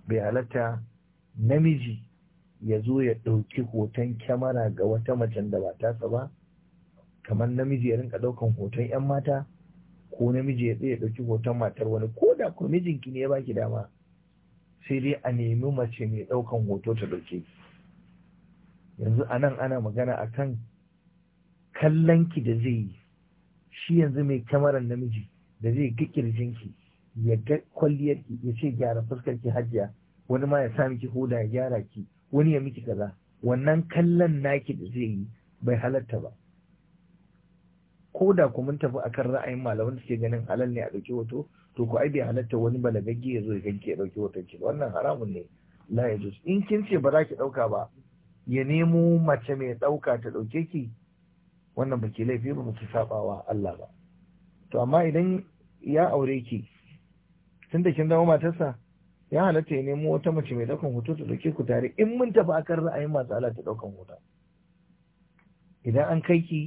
bai halatta namiji ya zo ya ɗauki hoton kyamara ga wata macen da ba tasa ba kamar namiji ya rinka ɗaukan hoton 'yan mata ko namiji ya tsaye ɗauki hoton matar wani ko da ko mijinki ne ya baki dama sai dai a nemi mace mai ɗaukan hoto ta ɗauke yanzu a nan ana magana a kan kallonki da zai yi shi yanzu mai kyamarar namiji da zai ga kirjinki ya kwalliyar ki ya ce gyara fuskar ki hajiya wani ma ya sa miki hoda ya gyara ki wani ya miki kaza wannan kallon naki da zai yi bai halatta ba ko da ku mun tafi akan ra'ayin malaman da suke ganin halal ne a dauki hoto to ku ai bai halatta wani balagagge ya zo ya ganke ya dauki hoton ki wannan haramun ne la ya in kin ce ba za ki ɗauka ba ya nemo mace mai ɗauka ta ɗauke ki wannan baki laifi ba ki saɓa wa Allah ba to amma idan ya aure ki tun kin zama matarsa ya halatta ya nemo wata mace mai daukan hoto ta dauke ku tare in mun tafi akan ra'ayin masu ala ta daukan hoto idan an kai ki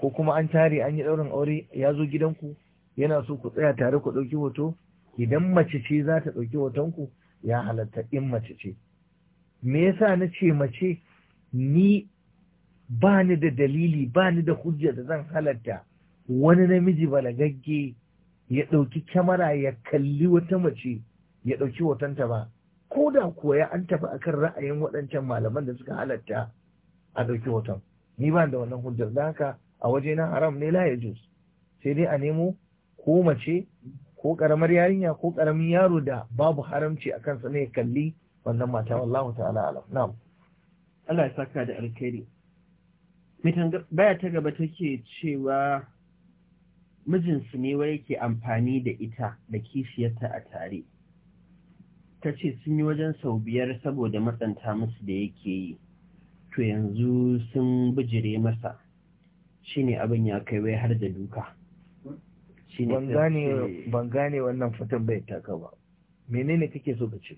ko kuma an tare an yi daurin aure ya zo gidanku yana so ku tsaya tare ku dauki hoto idan mace ce za ta dauki hoton ku ya halatta in mace ce me yasa na ce mace ni ba ni da dalili ba ni da hujja da zan halatta wani namiji balagagge ya ɗauki kyamara ya kalli wata mace ya ɗauki hotonta ba ko da kuwa ya an tafi akan ra'ayin waɗancan malaman da suka halatta a ɗauki hoton ni ba da wannan hujjar da haka a waje na haram ne la yajuz sai dai a nemo ko mace ko karamar yarinya ko karamin yaro da babu haramci a kansa ne ya kalli wannan mata wallahu ta'ala alam na'am Allah ya saka da alkhairi mitan baya ta gaba take cewa mijinsu ne wai yake amfani da ita da kishiyarta a tare ta ce sun yi wajen sau biyar saboda matsanta musu da yake yi to yanzu sun bijire masa shine abin ya kai wai har da duka ban gane wannan fatan bai taka ba menene kake so ka ce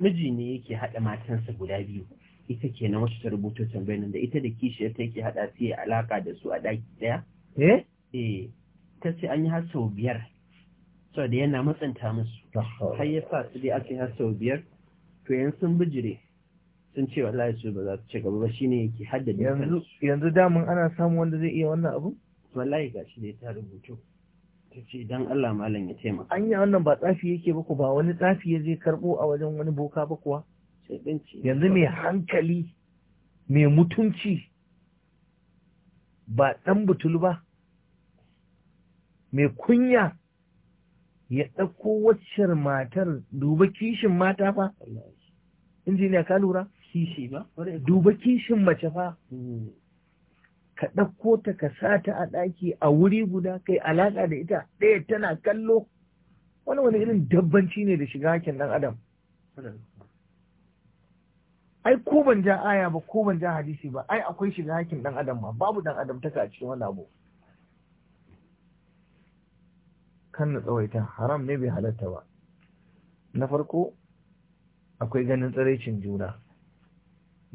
miji ne yake haɗa matansa guda biyu ita ke na wacce ta rubuta da ita da kishiyar ta yake haɗa su alaka da su a ɗaki ɗaya eh eh ta ce an yi har sau biyar da yana matsanta musu har ya sa su dai ake har sau biyar to yanzu sun bijire sun ce wallahi su ba za su ci gaba ba shine yake haddada yanzu yanzu damun ana samun wanda zai iya wannan abu wallahi gashi dai ta rubutu ta ce dan Allah malam ya taimaka an yi wannan ba tsafi yake ba ku ba wani tsafi ya zai karbo a wajen wani boka ba kuwa yanzu mai hankali mai mutunci ba dan butul ba mai kunya ya ɗauko waccan matar duba kishin mata fa injiniya ka lura kishi ba duba kishin mace fa mm. ka ɗauko ta ka sa a ɗaki a wuri guda kai alaƙa da ita ɗaya tana kallo wani wani irin dabbanci ne da shiga hakin ɗan adam ai ko ban ja aya ba ko ban ja hadisi ba ai akwai shiga hakin ɗan adam ma babu ɗan adam ta ka cikin wani abu kan na tsawaita haram ne bai halatta ba na farko akwai ganin tsiraicin juna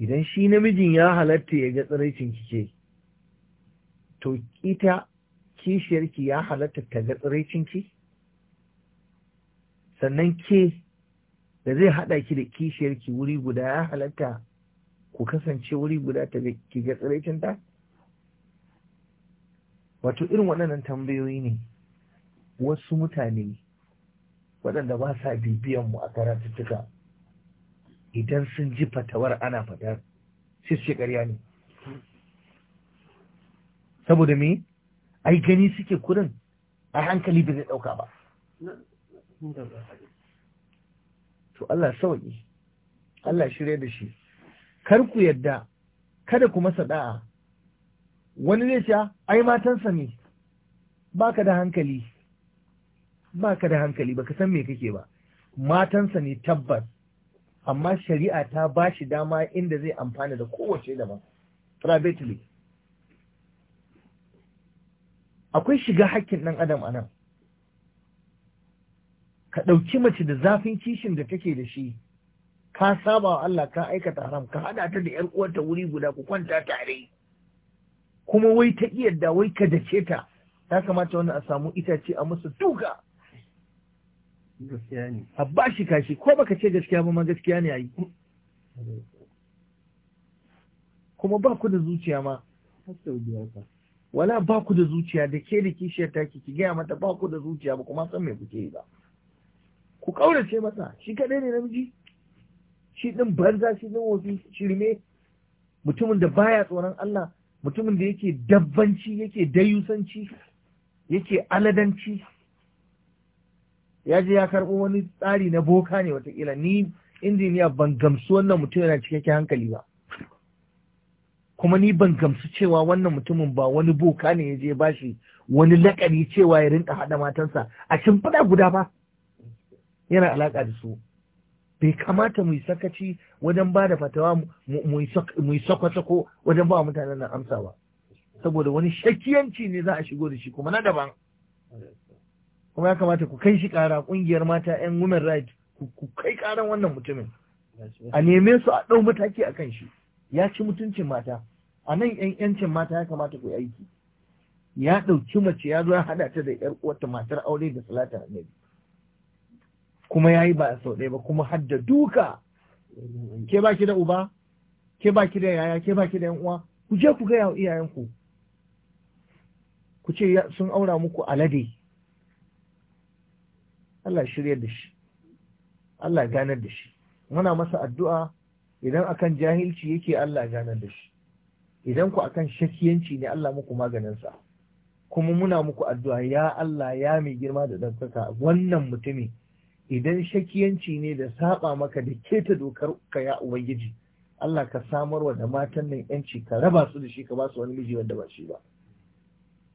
idan shi namijin ya halatta ya ga tsiraicin kike to ita kishiyarki ya halatta ta ga tsiraicin ki sannan ke da zai haɗa ki da kishiyarki wuri guda ya halatta ku kasance wuri guda ta ki ga ta? wato irin waɗannan tambayoyi ne wasu mutane waɗanda ba sa bibiyan mu a karatuttuka idan sun ji fatawar ana fatar sai su ƙarya ne saboda me ai gani suke kurin a hankali bai zai ɗauka ba to Allah sauƙi Allah shirya da shi kar ku yadda kada ku masa da'a wani zai sha ai matansa ne baka da hankali ba ka da hankali ba ka san me kake ba matansa ne tabbas amma shari'a ta ba shi dama inda zai amfana da kowace daban privately akwai shiga hakkin ɗan adam a nan ka ɗauki mace da zafin kishin da take da shi ka saba wa Allah ka aikata haram ka hada ta da 'yar uwarta wuri guda ku kwanta tare kuma wai ta iya da wai ka dace ta ya kamata wani a samu itace a musu duka gaskiya ne shi kashi ko baka ce gaskiya ba ma gaskiya ne ayi kuma ba ku da zuciya ma wala ba ku da zuciya da ke da kishiyar taki ki gaya mata ba ku da zuciya ba kuma san me kuke yi ba ku kaurace masa shi kadai ne namiji shi din banza shi din wofi shirme mutumin da baya tsoron Allah mutumin da yake dabbanci yake dayusanci yake aladanci ya je ya karɓo wani tsari na boka ne watakila ni injiniya ban gamsu wannan mutum yana cikakken hankali ba kuma ni ban gamsu cewa wannan mutumin ba wani boka ne ya je ba shi wani lakari cewa ya rinka haɗa matansa a shimfiɗa guda ba yana alaƙa da su bai kamata mu yi sakaci wajen ba da fatawa mu yi sako-sako wajen ba mutanen nan amsa ba saboda wani shakiyanci ne za a shigo da shi kuma na daban kuma ya kamata ku kai shi kara kungiyar mata yan women right ku kai karan wannan mutumin a neme su a ɗau mataki a kan shi ya ci mutuncin mata a nan yan yancin mata ya kamata ku yi aiki ya ɗauki mace ya zo ya haɗa ta da yar uwarta matar aure da salata annabi kuma ya yi ba a sau ɗaya ba kuma har da duka ke ba ki da uba ke ba ki da yaya ke ba ki da yan uwa ku je ku gaya wa iyayenku ku ce sun aura muku alade Allah shirya da shi Allah ganar da shi muna masa addu'a idan akan jahilci yake Allah ganar da shi idan ku akan shakiyanci ne Allah muku maganinsa kuma muna muku addu'a ya Allah ya mai girma da daukaka wannan mutumi idan shakiyanci ne da saba maka da keta dokar ka ya ubangiji Allah ka samarwa da matan nan yanci ka raba su da shi ka ba su wani miji wanda ba shi ba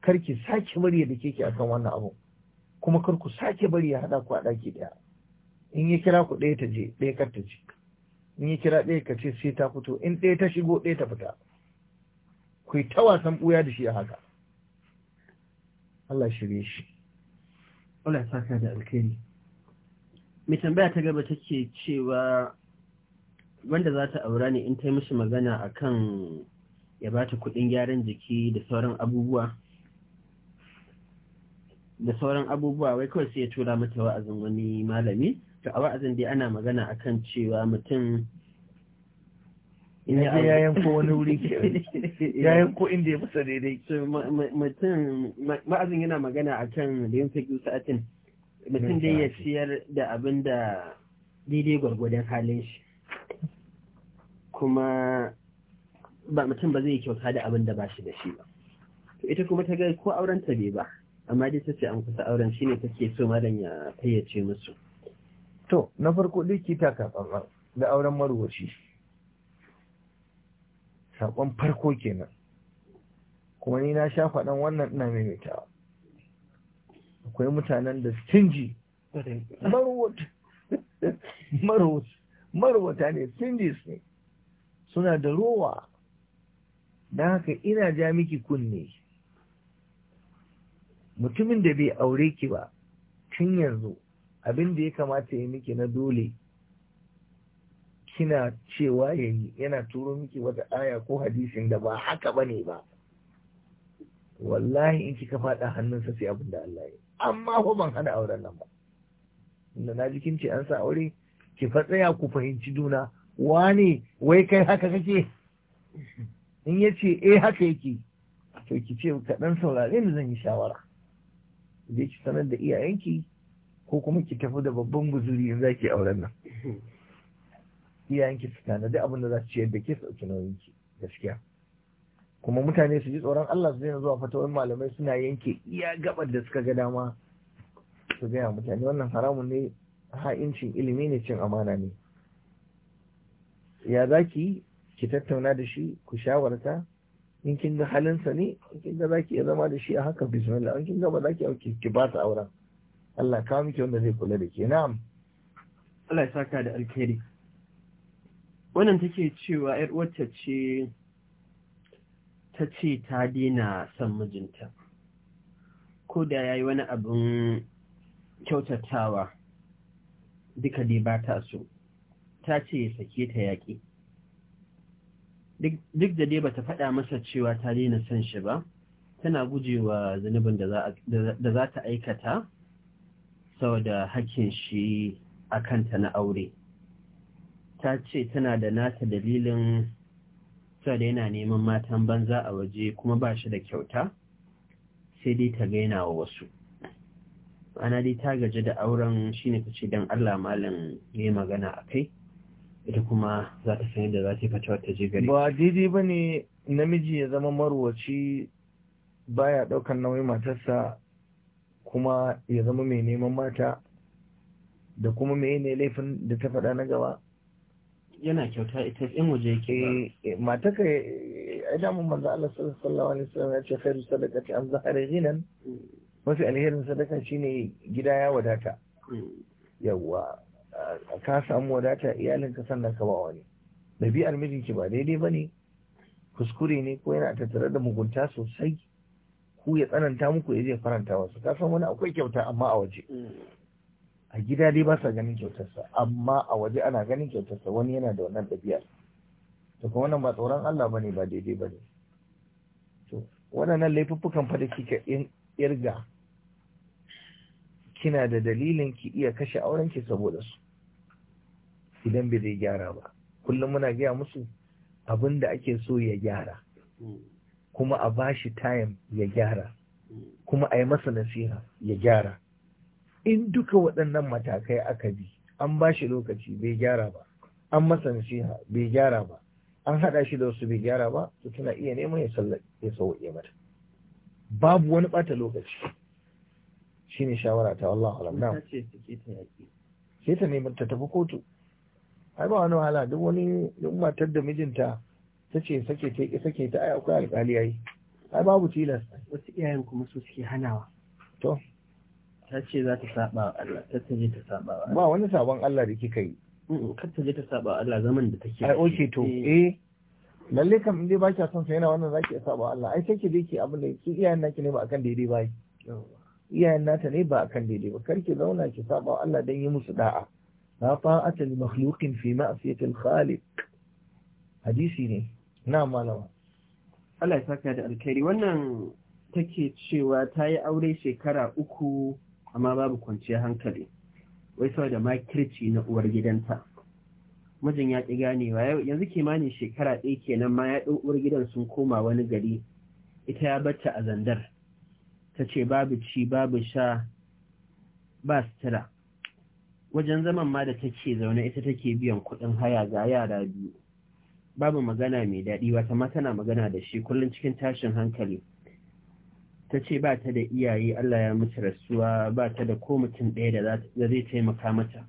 karki sake murya da keke akan wannan abu kuma kar ku sake bari ya haɗa ku a ɗaki ɗaya in ya kira ku ɗaya ta je ɗaya kar ta je in ya kira ɗaya ka ce sai ta fito in ɗaya ta shigo ɗaya ta fita ku yi ta wasan ɓuya da shi a haka Allah shirye shi Allah ya saka da alkhairi mai tambaya ta gaba take cewa wanda za ta aura ne in ta yi mishi magana akan ya ba ta kuɗin gyaran jiki da sauran abubuwa da sauran abubuwa wai kawai sai ya tura mata wa'azin wani malami to a wa'azin dai ana magana akan cewa mutum ya ya yanko wani wuri ya yanko inda ya fasa daidai mutum ma'azin yana magana akan da yin fiƙi sa'atin mutum dai ya siyar da abin da daidai gwargwadon halin shi kuma ba mutum ba zai kyauta da abin da ba shi da shi ba to ita kuma ta gai ko auren ta bai ba amma dai ta ce an kusa auren shine take so malam ya fayyace musu to na farko dai ki taka tsantsan da auren maruwaci saƙon farko kenan kuma ni na sha faɗan wannan ina maimaitawa akwai mutanen da stingy marwata ne stingies ne suna da rowa don haka ina ja miki kunne mutumin da bai aure ki ba tun yanzu abin da ya kamata ya miki na dole kina cewa yayi yana turo miki wata aya ko hadisin da ba haka ba ne ba wallahi in kika faɗa hannunsa sai abin da Allah ya amma ko ban hana auren nan ba inda na ji kin ce an sa aure ki fa ku fahimci juna wane wai kai haka kake in yace eh haka yake to ki ce kaɗan saurare ni zan yi shawara je ki sanar da iyayenki ko kuma ki tafi da babban guzuri in zaki auren nan iyayenki su da abin da za su ciyar da ke su ɗauki nauyinki gaskiya kuma mutane su ji tsoron Allah su daina zuwa fatawar malamai suna yanke iya gabar da suka ga dama su gaya mutane wannan haramun ne ha'incin ilimi ne cin amana ne ya zaki ki tattauna da shi ku shawarta in kin ga halinsa ne in kin zaki iya zama da shi a haka bismillah in kin ba zaki auki ki ba ta auren Allah ka miki wanda zai kula da ke na'am Allah ya saka da alkhairi wannan take cewa yar wacce ce ta ce ta daina son mijinta ko da yayi wani abin kyautatawa duka dai ba ta so ta ce ya sake ta yaƙi duk da dai bata faɗa masa cewa ta daina son shi ba tana gujewa zunubin da za ta aikata saboda hakkin shi a kanta na aure ta ce tana da nata dalilin saboda yana neman matan banza a waje kuma ba shi da kyauta sai dai ta gaina wa wasu ana dai ta gaji da auren shine ta ce don allah malam ya magana a kai ita kuma za ta san yadda za ta yi fatawar ta je gari ba daidai ba ne namiji ya zama marwaci baya ɗaukar nauyi matarsa kuma ya zama mai neman mata da kuma mai ne laifin da ta faɗa na gaba yana kyauta ita in waje yake ba eh, eh, mataka eh, ai da mun manzo Allah sallallahu alaihi wasallam ya ce khairu sadaqati an zahara ghinan mm. mafi alherin sadaka shine gida ya wadata mm. yawa ka samu wadata iyalin iyalinka sannan ka ba wani ɗabi'ar mijinki ba daidai ba ne kuskure ne ko yana tattare da mugunta sosai ku ya tsananta muku ya zai faranta wasu ka san wani akwai kyauta amma a waje a gida dai ba sa ganin kyautarsa amma a waje ana ganin kyautarsa wani yana da wannan ɗabi'ar to kuma wannan ba tsoron Allah bane ba daidai bane to waɗannan laifuffukan fa da kika irga kina da dalilin ki iya kashe aurenki saboda su idan bai zai gyara ba kullum muna gaya musu abin da ake so ya gyara kuma a bashi time ya gyara kuma a yi masa nasiha ya gyara in duka waɗannan matakai aka bi an bashi lokaci bai gyara ba an masa nasiha bai gyara ba an haɗa shi da wasu bai gyara ba to tana iya neman ya ya sauƙe mata babu wani ɓata lokaci shine shawara ta wallahu alam na sai ta nemi ta tafi kotu ai ba wani wahala duk wani duk matar da mijinta ta ce sake ta yi sake ta aya akwai alƙali yayi ai babu tilas wasu iyayen kuma su suke hanawa to ta ce za ta saba Allah ta je ta saba Allah ba wani sabon Allah da kika yi kar ta je ta saba Allah zaman da take ai oke to eh. eh lalle kam in dai ba kya son sa yana wannan zaki saba Allah ai sai ki je ki abin da ki iyayen naki ne ba akan daidai ba yi. iyayen nata ne ba akan daidai ba kar ki zauna ki saba Allah dan yi musu da'a la ta'ata li makhluqin fi ma'siyati hadisi ne na malama Allah ya saka da alkhairi wannan take cewa ta yi aure shekara uku amma babu kwanciyar hankali wai sau da kirci na uwargidanta. gidanta mijin ya ƙi ganewa yanzu kimanin shekara ɗaya kenan ma ya ɗau uwar gidan sun koma wani gari ita ya bata a zandar ta ce babu ci babu sha ba sutura wajen zaman ma da take zaune ita take biyan kuɗin haya ga yara biyu babu magana mai daɗi wata ma tana magana da shi kullum cikin tashin hankali ta ce ba ta da iyaye Allah ya mutu rasuwa ba ta da ko mutum ɗaya da zai taimaka mata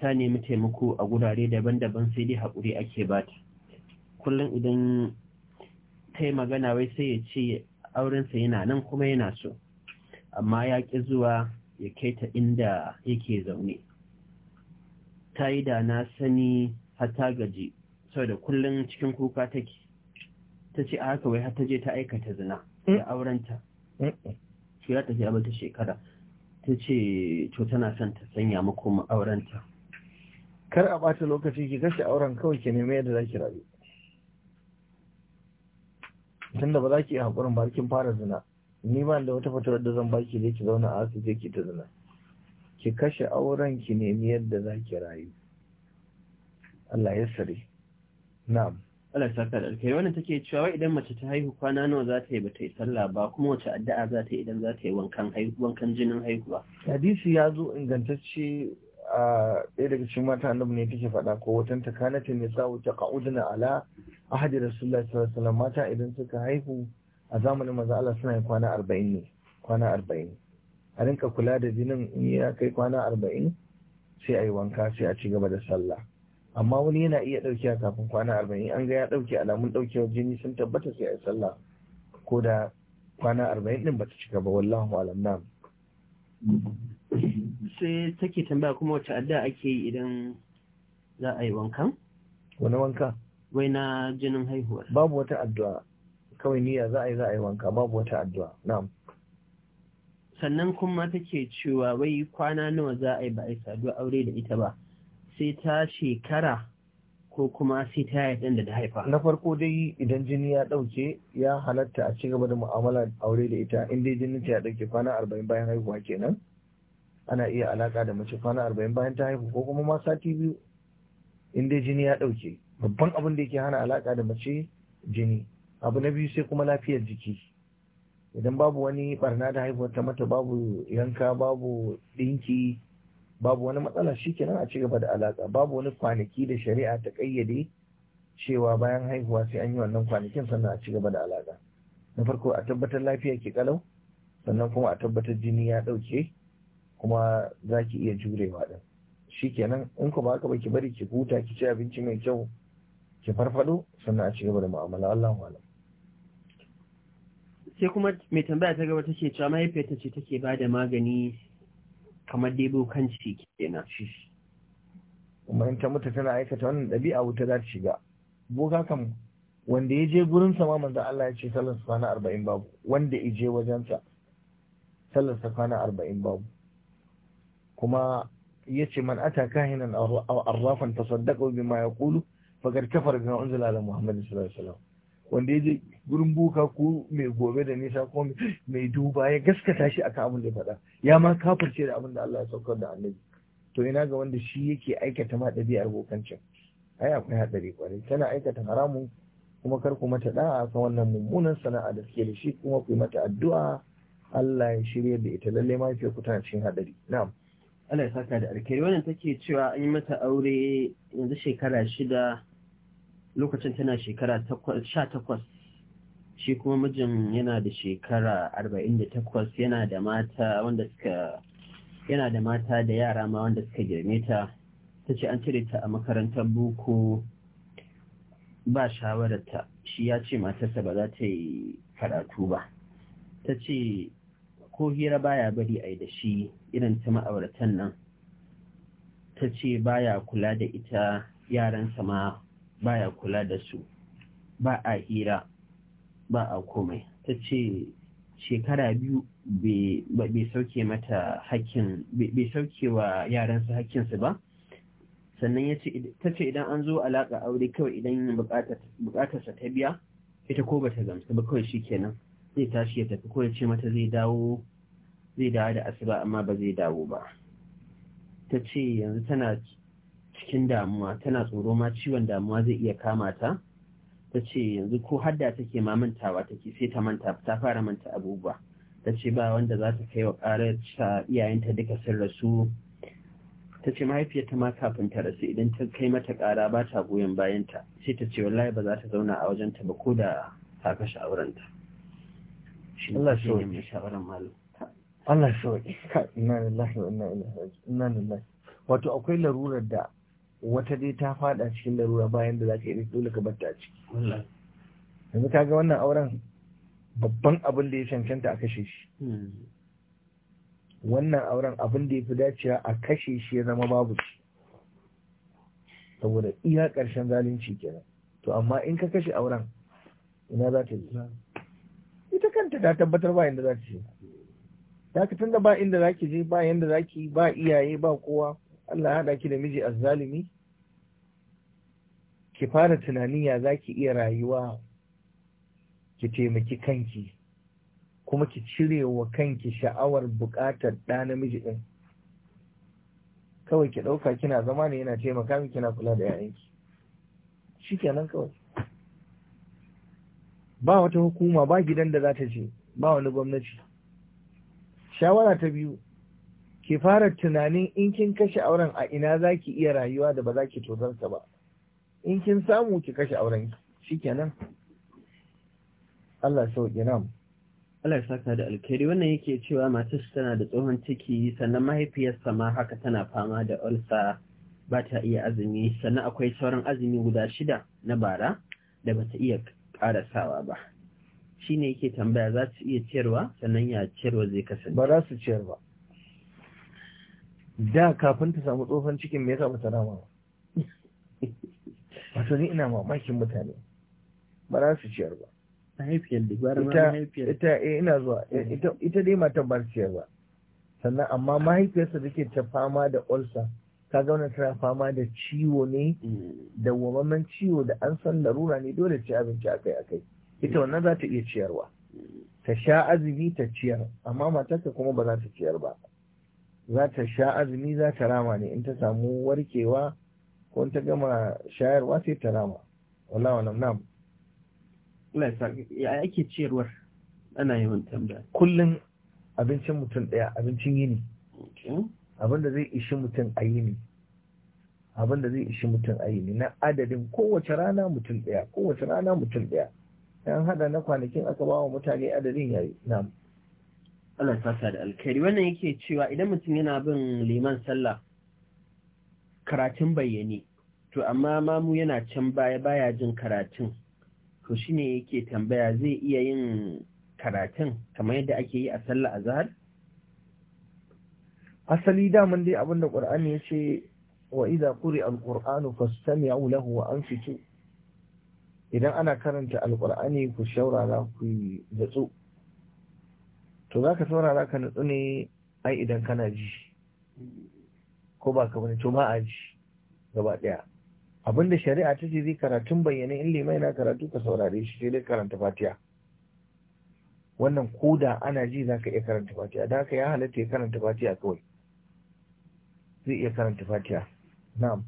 ta nemi taimako a gurare daban-daban sai dai haƙuri ake bata kullum idan ta yi magana wai sai ya ce aurensa yana nan kuma yana so amma ya ƙi zuwa ya kai ta inda yake zaune ta yi da na sani har ta gaji saboda kullum cikin kuka take ta ce a haka wai har ta je ta aikata zina da mm. aurenta mm. shi ya tafi abata shekara ta ce to tana son ta sanya muku aurenta kar a bata lokaci ki kashe auren kawai ki nemi yadda za ki rayu da ba za ki yi ba kin fara zina ni ba da wata fatawar da zan baki da ki zauna a asibiti ki ta zina ki kashe auren ki nemi yadda za ki rayu Allah ya sare na'am Allah ya saka da alkai wannan take cewa idan mace ta haihu kwana nawa za ta yi ba ta yi sallah ba kuma wace addu'a za ta yi idan za ta yi wankan haihuwa wankan jinin haihuwa hadisi ya zo ingantacce a ɗaya daga cikin mata annabi ne take faɗa ko watan ta kana ta ne sawo ta qa'udna ala ahadi rasulullahi sallallahu alaihi wasallam mata idan suka haihu a zamanin manzo Allah suna yin kwana 40 ne kwana 40 a rinka kula da jinin in ya kai kwana arba'in sai a yi wanka sai a ci gaba da sallah amma wani yana iya ɗauke kafin kwana arba'in an ga ya ɗauke alamun ɗaukewar jini sun tabbata sai a yi sallah ko da kwana arba'in ɗin bata cika ba wallahu alam nam sai take tambaya kuma wace addu'a ake yi idan za a yi wankan wani wanka wai na jinin haihuwa babu wata addu'a kawai niyya za a yi za a yi wanka babu wata addu'a na'am sannan kuma take cewa wai kwana nawa za a yi ba a sadu saduwa aure da ita ba sai ta shekara ko kuma sai ta yi da ta haifa. Na farko dai idan jini ya dauke ya halatta a ci gaba da mu'amala aure da ita inda jini ta ya kwana arba'in bayan haihuwa kenan ana iya alaka da mace kwana arba'in bayan ta haihu ko kuma ma sati biyu inda jini ya dauke babban abin da yake hana alaka da mace jini abu na biyu sai kuma lafiyar jiki idan babu wani barna da haihuwar ta mata babu yanka babu dinki babu wani matsala shikenan a ci gaba da alaka babu wani kwanaki da shari'a ta kayyade cewa bayan haihuwa sai an yi wannan kwanakin sannan a ci gaba da alaka na farko a tabbatar lafiya ke kalau sannan kuma a tabbatar jini ya dauke kuma za ki iya jurewa din shikenan in ku ba haka ba ki bari ki huta ki ci abinci mai kyau ki farfado sannan a ci gaba da mu'amala Allahu a'lam sai kuma mai tambaya ta gaba take cewa mahaifiyarta ce take ba da magani kamar dai bokanci kenan kuma in ta mutu tana aikata wannan ɗabi'a wuta za ta shiga boka kam wanda ya je gurin sama manzo Allah ya ce sallar kwana arba'in babu wanda ya je wajen wajensa sallar sa kwana arba'in babu kuma ya ce man ata kahinan arrafan tasaddaqu bima yaqulu faqad kafara bima unzila ala muhammadin sallallahu alaihi wasallam wanda ya je gurin buka ko mai gobe da nisa ko mai duba ya gaskata shi akan abin da ya faɗa ya ma kafirce da abin da Allah ya saukar da annabi to ina ga wanda shi yake aikata ma ɗabi'ar bokancin ai akwai hatsari kwarai tana aikata haramun kuma kar ku mata da'a kan wannan mummunan sana'a da suke da shi kuma ku mata addu'a Allah ya shirya da ita lalle ma ku kuta cikin haɗari na'am Allah ya saka da alkhairi wannan take cewa an yi mata aure yanzu shekara shida lokacin tana shekara sha takwas shi kuma mijin yana da shekara arba'in da takwas yana da mata wanda suka yana da mata da yara ma wanda suka girme ta ta ce an cire ta a makarantar boko ba shawararta shi ya ce matarsa ba za ta yi karatu ba ta ce ko hira baya bari a yi da shi irin ta ma'auratan nan ta ce baya kula da ita yaransa ma baya kula da su ba a hira ba a komai ta ce shekara biyu bai sauke mata hakkin bai sauke wa yaransu hakkinsu ba sannan ta ce idan an zo alaƙa aure kawai idan buƙatarsa ta biya ita ko bata gamsu ba kawai shi kenan zai tashi ya tafi ko ya ce mata zai dawo zai dawo da asuba amma ba zai dawo ba ta ce yanzu tana cikin damuwa tana tsoro ma ciwon damuwa zai iya kama ta ta ce yanzu ko hadda take ma mantawa take sai ta manta ta fara manta abubuwa ta ce ba wanda za ta kai wa ƙarar iyayenta duka sun rasu ta ce mahaifiyarta ma kafin ta rasu idan ta kai mata ƙara ba ta goyon bayanta sai ta ce wallahi ba za ta zauna a wajenta ba ko da ta kashe aurenta Allah shi ne mai shawarar malu Allah shi ne wa wato akwai larurar da wata dai ta fada cikin larura bayan da za ka yi dole ka batta a ciki yanzu ka ga wannan auren babban abin da ya cancanta a kashe shi hmm. wannan auren abin da ya fi dacewa a kashe shi ya zama babu shi saboda iya ƙarshen zalunci kenan to amma in ka kashe auren ina za ta yi ita kanta ta tabbatar ba inda za ta je ta ka tunda ba inda za ki je ba yanda za ki ba iyaye ba kowa Allah ya haɗa ki da miji azzalimi ki fara tunanin ya za ki iya rayuwa ki taimaki kanki kuma ki cire wa kanki sha'awar buƙatar ɗa namiji ɗin kawai ki ɗauka kina zama ne yana taimaka min kina kula da yayanki shi kenan kawai ba wata hukuma ba gidan da za ta ce ba wani gwamnati shawara ta biyu ki fara tunanin in kin kashe auren a ina za ki iya rayuwa da ba za ki tozarta ba in kin samu ki kashe auren shikenan Allah sauke namu Allah ya saka da alkhairi wannan yake cewa matarsa tana da tsohon ciki sannan mahaifiyarsa ma haka tana fama da ulsa ba ta iya azumi sannan akwai sauran azumi guda shida na bara da ba ta iya karasawa ba shi ne yake tambaya za su iya ciyarwa sannan ya ciyarwa zai kasance ba za su ciyar ba da kafin ta samu tsohon cikin me ya ba ta wato ni ina mamakin mutane ba za su ciyar ba ita eh, ina zuwa eh, eh. ita dai mata ba su ciyar ba sannan amma mahaifiyarsa da ke ta fama da ulsa ka gauna tana fama da ciwo ne hmm. da wamanman ciwo da an san larura ne dole ci abinci a akai akai ita wannan za ta iya ciyarwa ta sha azumi ta ciyar amma matarka kuma ba za ta ciyar ba za ta sha azumi za ta rama ne in ta samu warkewa ko ta gama shayarwa sai ta nama, wala wala nam Allah ya ya ake ciyarwar ana yawan tambaya kullun abincin mutum daya abincin yini abin da zai ishi mutum a yini abin da zai ishi mutum a yini na adadin kowace rana mutum daya kowace rana mutum daya Yan hada na kwanakin aka ba wa mutane adadin yayi na'am Allah ya fasa da alkhairi wannan yake cewa idan mutum yana bin liman sallah karatun bayyane to amma mamu yana can baya baya jin karatun to shine yake tambaya zai iya yin karatun kamar yadda ake yi a sallah azhar asali daman dai abinda qur'ani ce wa idza quri alqur'anu fastami'u lahu wa ansitu idan ana karanta alqur'ani ku shaurara ku zatsu to zaka saurara ka nutsu ne ai idan kana ji ko ba ka wani to ba a ji gaba daya abinda shari'a ta ce zai karatun bayyana in limai na karatu ka saurare shi sai dai karanta fatiha wannan koda ana ji za ka iya karanta fatiha da haka ya halatta ya karanta fatiha kawai zai iya karanta fatiha na'am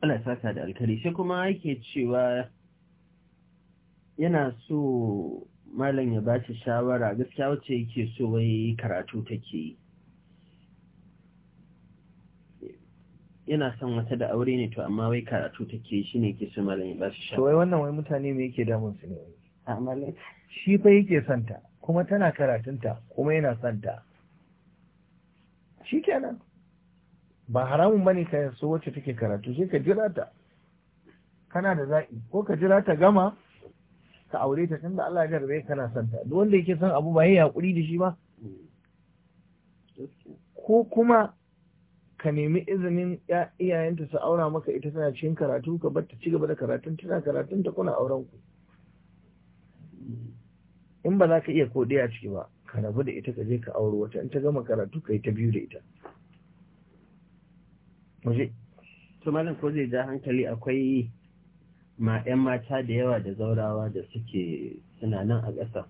ana saka da alkali sai kuma yake cewa yana so malam ya ba shi shawara gaskiya wacce yake so wai karatu take yi yana son wata da aure ne to amma wai karatu take shi ne ke su malami ba shi to wai wannan wai mutane me yake damun su ne wai shi fa yake son ta kuma tana karatunta kuma yana son ta shikenan ba haramun bane ka so wacce take karatu sai ka jira ta kana da za'i ko ka jira ta gama ka aure ta tunda Allah ya jarabe kana son ta duk wanda yake son abu ba yayi hakuri da shi ba mm. ko kuma ka nemi izinin iyayenta su aura maka ita tana cikin karatu ka bar ta ci gaba da karatun tana karatun ta kuna auren ku in ba za ka iya ko a ciki ba ka rabu da ita ka je ka auro wata in ta gama karatu ka yi ta biyu da ita waje to malam ko zai ja hankali akwai ma yan mata da yawa da zaurawa da suke suna nan a ƙasa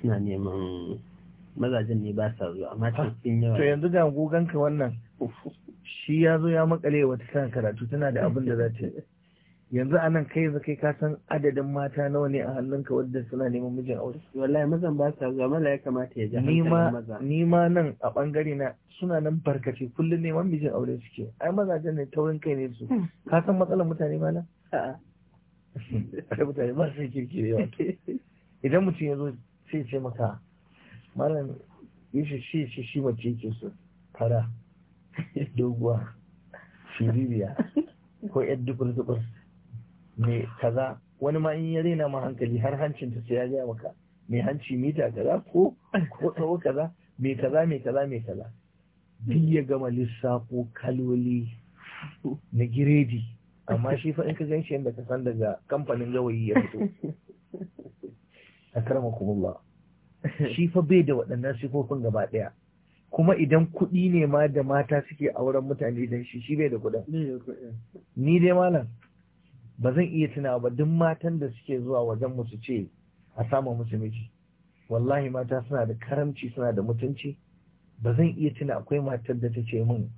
suna neman mazajen ne ba sa zuwa amma sun yawa to yanzu ga ka wannan shi ya zo ya makale wata tana karatu tana da abin da za ta yanzu a nan kai kai ka san adadin mata nawa ne a hannunka wadda suna neman mijin aure wallahi mazan ba sa zama la ya kamata ya ji maza ni ma nan a bangare na suna nan barkace kullum neman mijin aure suke ai mazajen ne taurin kai ne su ka san matsalar mutane ma nan a'a mutane ba su kirki da yawa idan mutum ya zo sai ce maka malam yashi shi shi mace yake so fara doguwa shiririya ko yar dukur-dukur mai kaza wani ma in ya rena ma hankali har hancin ta sai ya gaya maka mai hanci mita kaza ko ko tsawo kaza mai kaza mai kaza mai kaza duk ya gama lissafo kaloli na giredi amma shi fa in ka gan shi yadda ka san daga kamfanin gawayi ya fito a karama kuma shi fa bai da waɗannan sifofin gaba ɗaya kuma idan kuɗi ne ma da mata suke auren mutane don shi shi bai da kuɗin ni dai malam ba zan iya tunawa ba duk matan da suke zuwa wajen musu ce a sama musu miji wallahi mata suna da karamci suna da mutunci ba zan iya tuna akwai matar da ta ce min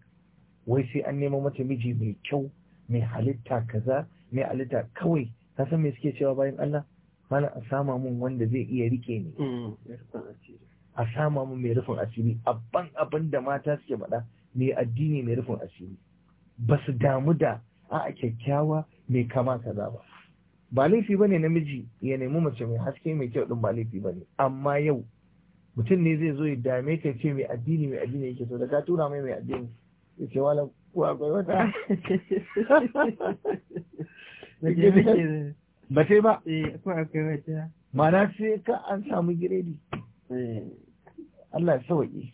wai sai an nemo mata miji mai kyau mai halitta kaza mai halitta kawai ka san me suke cewa bayan Allah mana a sama mun wanda zai iya rike ni mm. a sama mu mai rufin asiri abban abin da mata suke faɗa mai addini mai rufin asiri ba su damu da a kyakkyawa mai kama kaza ba ba laifi bane namiji ya nemi mace mai haske mai kyau din ba laifi bane amma yau mutum ne zai zo ya dame ka ce mai addini mai addini yake so da ka tura mai mai addini ya ce wala ko akwai wata ba sai ba eh, mana sai ka an samu giredi eh. Allah ya sauke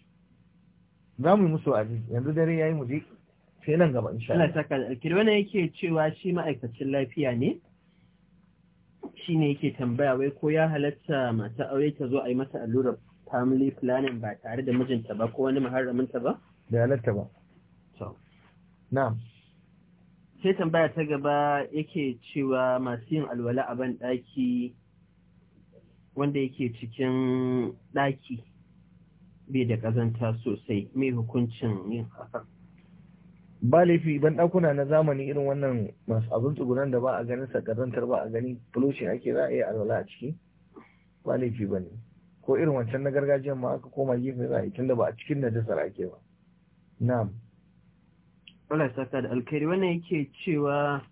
za mu yi musu aji yanzu dare yayi mu je sai nan gaba insha Allah saka alkiri wannan yake cewa shi ma'aikacin lafiya ne shi ne yake tambaya wai ko ya halatta mata aure ta zo a yi mata allurar family planning ba tare da mijinta ba ko wani ta ba da halatta ba to na'am sai tambaya ta gaba yake cewa masu yin alwala a ban daki wanda yake cikin ɗaki bai da ƙazanta sosai mai hukuncin yin hakan ba laifi ban ɗakuna na zamani irin wannan masu abin tsugunan da ba a ganin sa ƙazantar ba a gani fulushin ake za a yi alwala a ciki ba laifi ba ne ko irin wancan na gargajiyan ma aka koma gefe za a yi tunda ba a cikin najasar ake ba na'am wala saka da alkhairi wannan yake cewa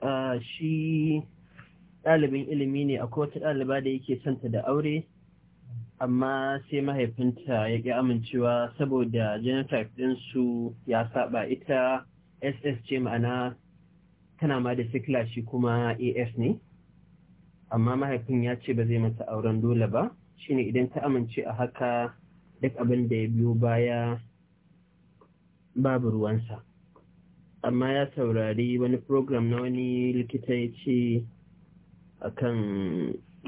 ah, shi ɗalibin ilimi ne akwai wata ɗaliba da yake santa da aure amma sai mahaifinta ya ƙi amincewa saboda genotype su ya saba ita ss ce ma'ana tana ma da sikila shi kuma as ne amma mahaifin ya ce ba zai mata auren dole ba shine idan ta amince a haka duk abin da ya biyo baya babu ruwansa amma ya saurari wani program na wani likita ya ce akan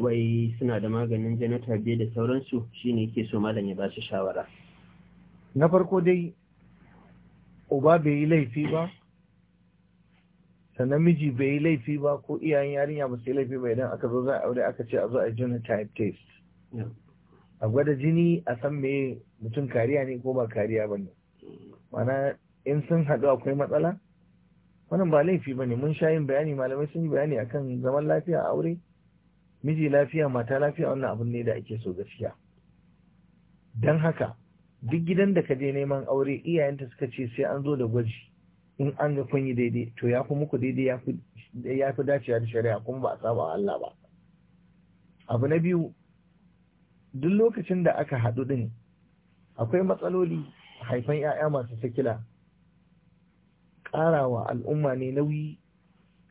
wai suna da maganin janata biyu da sauransu shine yake so malam ya ba shi shawara na farko dai uba bai yi laifi ba sannan miji bai yi laifi ba ko iyayen yarinya ba su yi laifi ba idan aka zo za a aure aka ce a zo a genotype test a gwada jini a san me mutum kariya ne ko ba kariya ba ne mana in sun haɗu akwai matsala wannan ba laifi ba ne mun sha yin bayani malamai sun yi bayani akan zaman lafiya a aure miji lafiya mata lafiya wannan abun ne da ake so gaskiya don haka duk gidan da ka je neman aure iyayenta suka ce sai an zo da gwaji in an ga kun yi daidai to ya fi muku daidai ya fi dacewa da shari'a kuma ba a saba Allah ba abu na biyu duk lokacin da aka haɗu ɗin akwai matsaloli haifan 'ya'ya masu sakila ƙarawa al'umma ne nauyi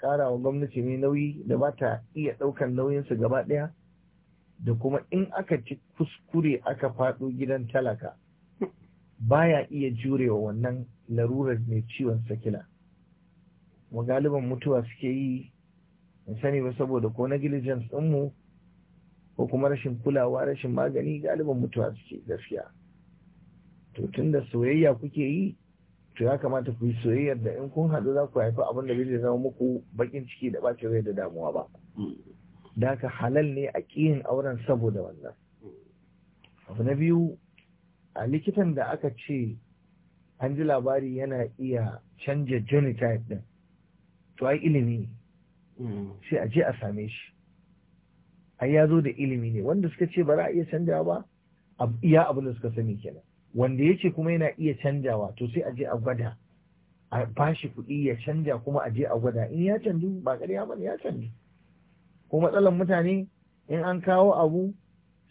kara wa gwamnati ne nauyi da ba ta iya ɗaukan nauyinsu gaba ɗaya da kuma in aka ci kuskure aka faɗo gidan talaka baya iya jurewa wannan larurar mai ciwon sakila mu galiban mutuwa suke yi in sani ba saboda ko negligence ɗinmu ko kuma rashin kulawa rashin magani galiban mutuwa suke gaskiya to tunda soyayya kuke yi to ya kamata ku yi soyayyar da in kun haɗu za ku haifi abin da zai zama muku bakin ciki da ɓacin rai da damuwa ba da haka halal ne a ƙiyin auren saboda wannan abu na biyu a likitan da aka ce an ji labari yana iya canja genotype din to ai ilimi ne sai a je a same shi ai ya zo da ilimi ne wanda suka ce ba za a iya canja ba iya abin da suka sani kenan wanda yake kuma yana iya canjawa to sai a je a gwada a bashi kuɗi ya canja kuma a je a gwada in ya canji? ba ƙarya ba ya canji? ko matsalan mutane in an kawo abu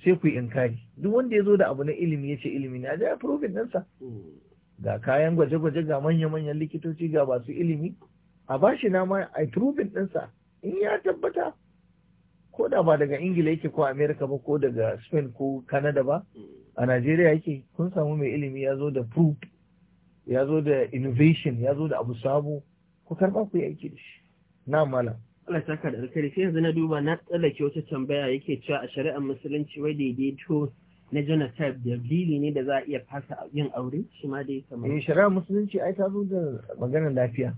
sai ku inkari duk wanda ya zo da abu na ilimi ya ce ilimi na a je a profit ɗinsa ga kayan gwaje-gwaje ga manya-manyan likitoci ga su ilimi a bashi na ma a probin ɗinsa in ya tabbata ko da ba daga ingila yake ko amerika ba ko daga spain ko canada ba a Najeriya yake kun samu mai ilimi ya zo da proof ya zo da innovation ya zo da abu sabo ku karba ku yi aiki da shi na mala Allah saka da alkhairi sai yanzu na duba na tsallake wata tambaya yake cewa a shari'ar musulunci wai daidaito na genotype dalili ne da za a iya fasa yin aure shi ma dai kamar eh shari'ar musulunci ai ta zo da maganar lafiya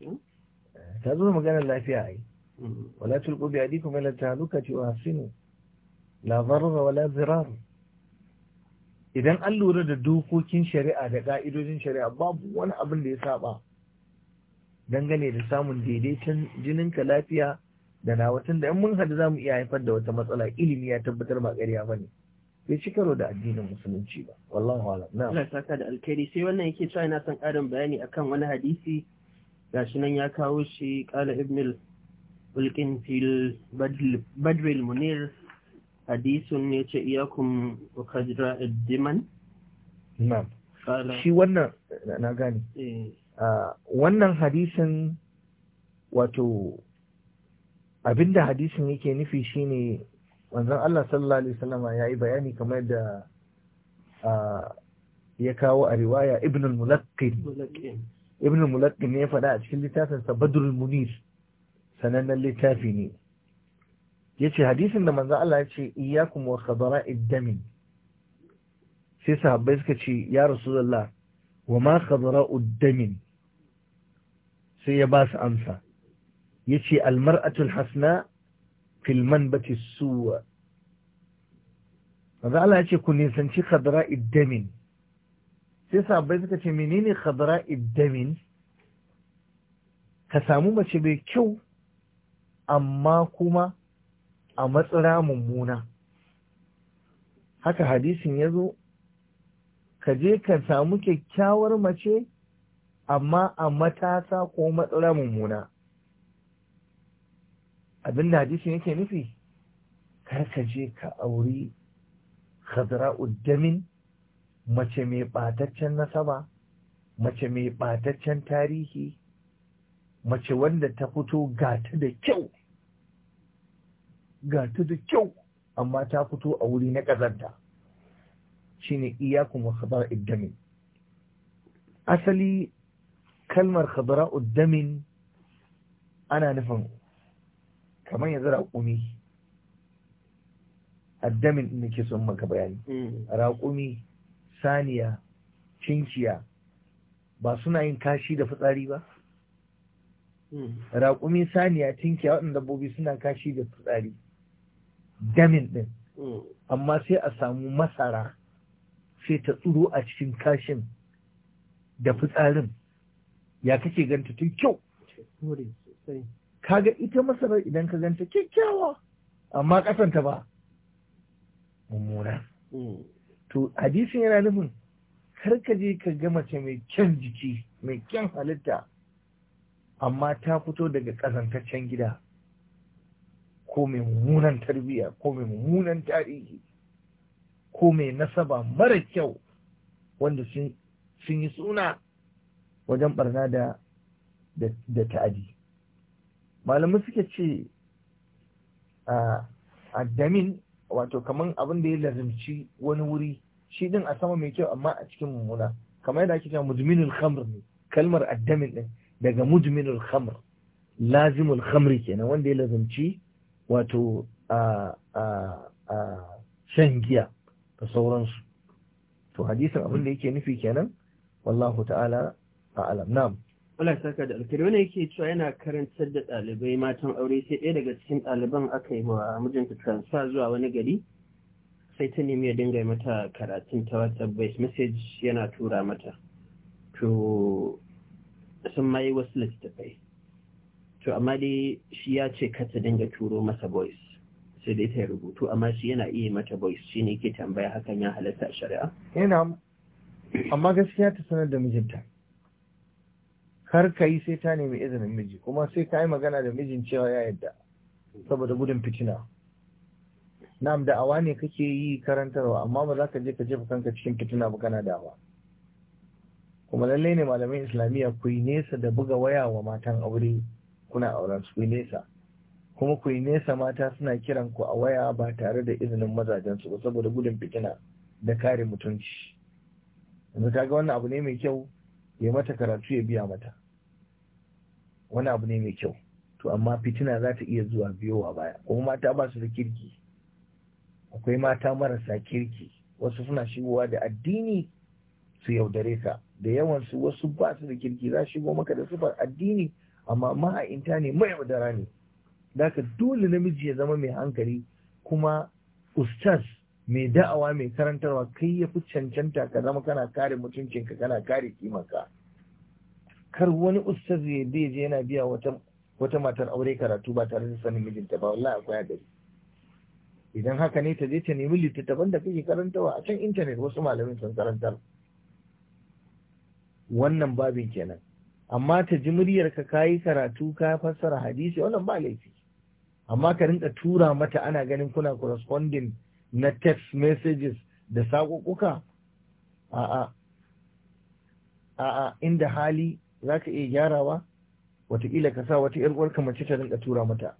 eh, ta zo da maganar lafiya ai mm-hmm. wala tulqu bi adikum ila tahluka wa hasinu la darra wala zirar idan an lura da dokokin shari'a da ƙa'idojin shari'a babu wani abin da ya saba dangane da samun daidaiton jininka lafiya da na watan da mun hadu za mu iya haifar da wata matsala ilimi ya tabbatar ba ƙarya ba ne bai ci karo da addinin musulunci ba wallahu ala na Allah saka da alkhairi sai wannan yake cewa yana son ƙarin bayani akan wani hadisi gashi nan ya kawo shi qala ibn al-bulqin fil badr munir hadisun ya ce iyakun kajira diman? Na'am. Shi wannan na gani. Eh. Ah, wannan hadisin wato abinda hadisin yake nufi shine wanzan Allah sallallahu Alaihi wasallama ya yi bayani kamar da ah, ya kawo a riwaya Ibn al-Mulaqqin. Ibn mulaqqin ne ya faɗa a cikin littafinsa Badrul Munir sanannen littafi ne. yace hadisin da manzo Allah ya ce iyyakum wa khadara'id dami sai sahabbai suka ce ya rasulullah wa ma khadara'ud dami sai ya ba su amsa yace almar'atul hasna fil manbati suwa manzo Allah ya ce ku nisanci khadara'id dami sai sahabbai suka ce menene khadara'id dami ka samu mace mai kyau amma kuma a matsira mummuna haka hadisin ya zo ka je ka samu kyakkyawar mace amma a matasa ko matsira mummuna abin da hadisin yake nufi kar ka je ka auri khazra'uddamin mace mai ɓataccen nasaba mace mai ɓataccen tarihi mace wanda ta fito gata da kyau ga ta da kyau amma ta fito a wuri na ƙazanta ne iyakun wa khaba'id iddamin asali kalmar khabara'ud iddamin ana nufin kamar yanzu raƙumi addamin ne ke son maka bayani mm. raƙumi saniya cinciya ba suna yin kashi da fitsari ba mm. raƙumi saniya cinkiya waɗanda dabbobi suna kashi da fitsari damin ɗin hmm. amma sai a samu masara sai ta tsuro a cikin kashin da fitsarin ya kake ganta tun kyau kaga ita masarar idan ka ganta kyakkyawa amma kasanta ba mummuna hmm. to hadisin yana nufin kar ka je ka ga mace mai kyan jiki mai kyan halitta amma ta fito daga ƙazantaccen gida ko mai mummunan tarbiyya ko mai mummunan tarihi ko mai nasaba mara kyau wanda sun yi suna wajen barna da da ta'adi malamai suka ce a addamin wato kaman abin da ya lazimci wani wuri shi din a sama mai kyau amma a cikin mummuna kamar yadda ake cewa mujminul khamr ne kalmar addamin din daga mujminul khamr lazimul khamri kenan wanda ya lazimci wato a shan giya da sauransu to hadisin abin da yake nufi kenan wallahu ta'ala a alam nam wala saka da alkari wani yake cewa yana karantar da ɗalibai matan aure sai ɗaya daga cikin ɗaliban aka yi wa mijinta transfer zuwa wani gari sai ta nemi ya dinga mata karatun ta whatsapp voice message yana tura mata to sun ma yi wasu littattafai to amma dai shi ya ce kar dinga turo masa voice sai dai ta rubutu amma shi yana iya mata voice shi ne ke tambaya hakan ya halatta a shari'a Ina. amma gaskiya ta sanar da mijinta kar ka yi sai ta nemi izinin miji kuma sai ka yi magana da mijin cewa ya yadda saboda gudun fitina na'am da'awa ne kake yi karantarwa amma ba za ka je ka jefa kanka cikin fitina ba kana da'awa kuma lallai ne malamin islamiyya ku yi nesa da buga waya wa matan aure kuna auren su nesa kuma ku yi nesa mata suna kiran ku a waya ba tare da izinin mazajen su ba saboda gudun fitina da kare mutunci yanzu kaga wannan abu ne mai kyau ya mata karatu ya biya mata wani abu ne mai kyau to amma fitina za ta iya zuwa biyowa baya kuma mata ba su da kirki akwai mata marasa kirki wasu suna shigowa da addini su yaudare ka da yawan su wasu ba su da kirki za shigo maka da sufar addini amma ma'a'inta ne mai madara ne daga dole namiji ya zama mai hankali kuma ustaz mai da'awa mai karantarwa kai ya fi cancanta ka zama kana kare mutuncinka kana kare kimanka kar wani ustaz ya je yana biya wata matar aure karatu ba tare da sanin mijinta ba wallahi akwai hadari idan haka ne ta je ta nemi littattafan da kake karantawa a can intanet wasu malamin sun karantar wannan babin kenan amma ta ji muryarka ka yi karatu ka fassara hadisi wannan ba laifi amma ka rinka tura mata ana ganin kuna corresponding na text messages da saƙoƙuka a'a a'a inda hali za ka iya gyarawa wataƙila ka sa wata ‘yar uwarka mace ta rinka tura mata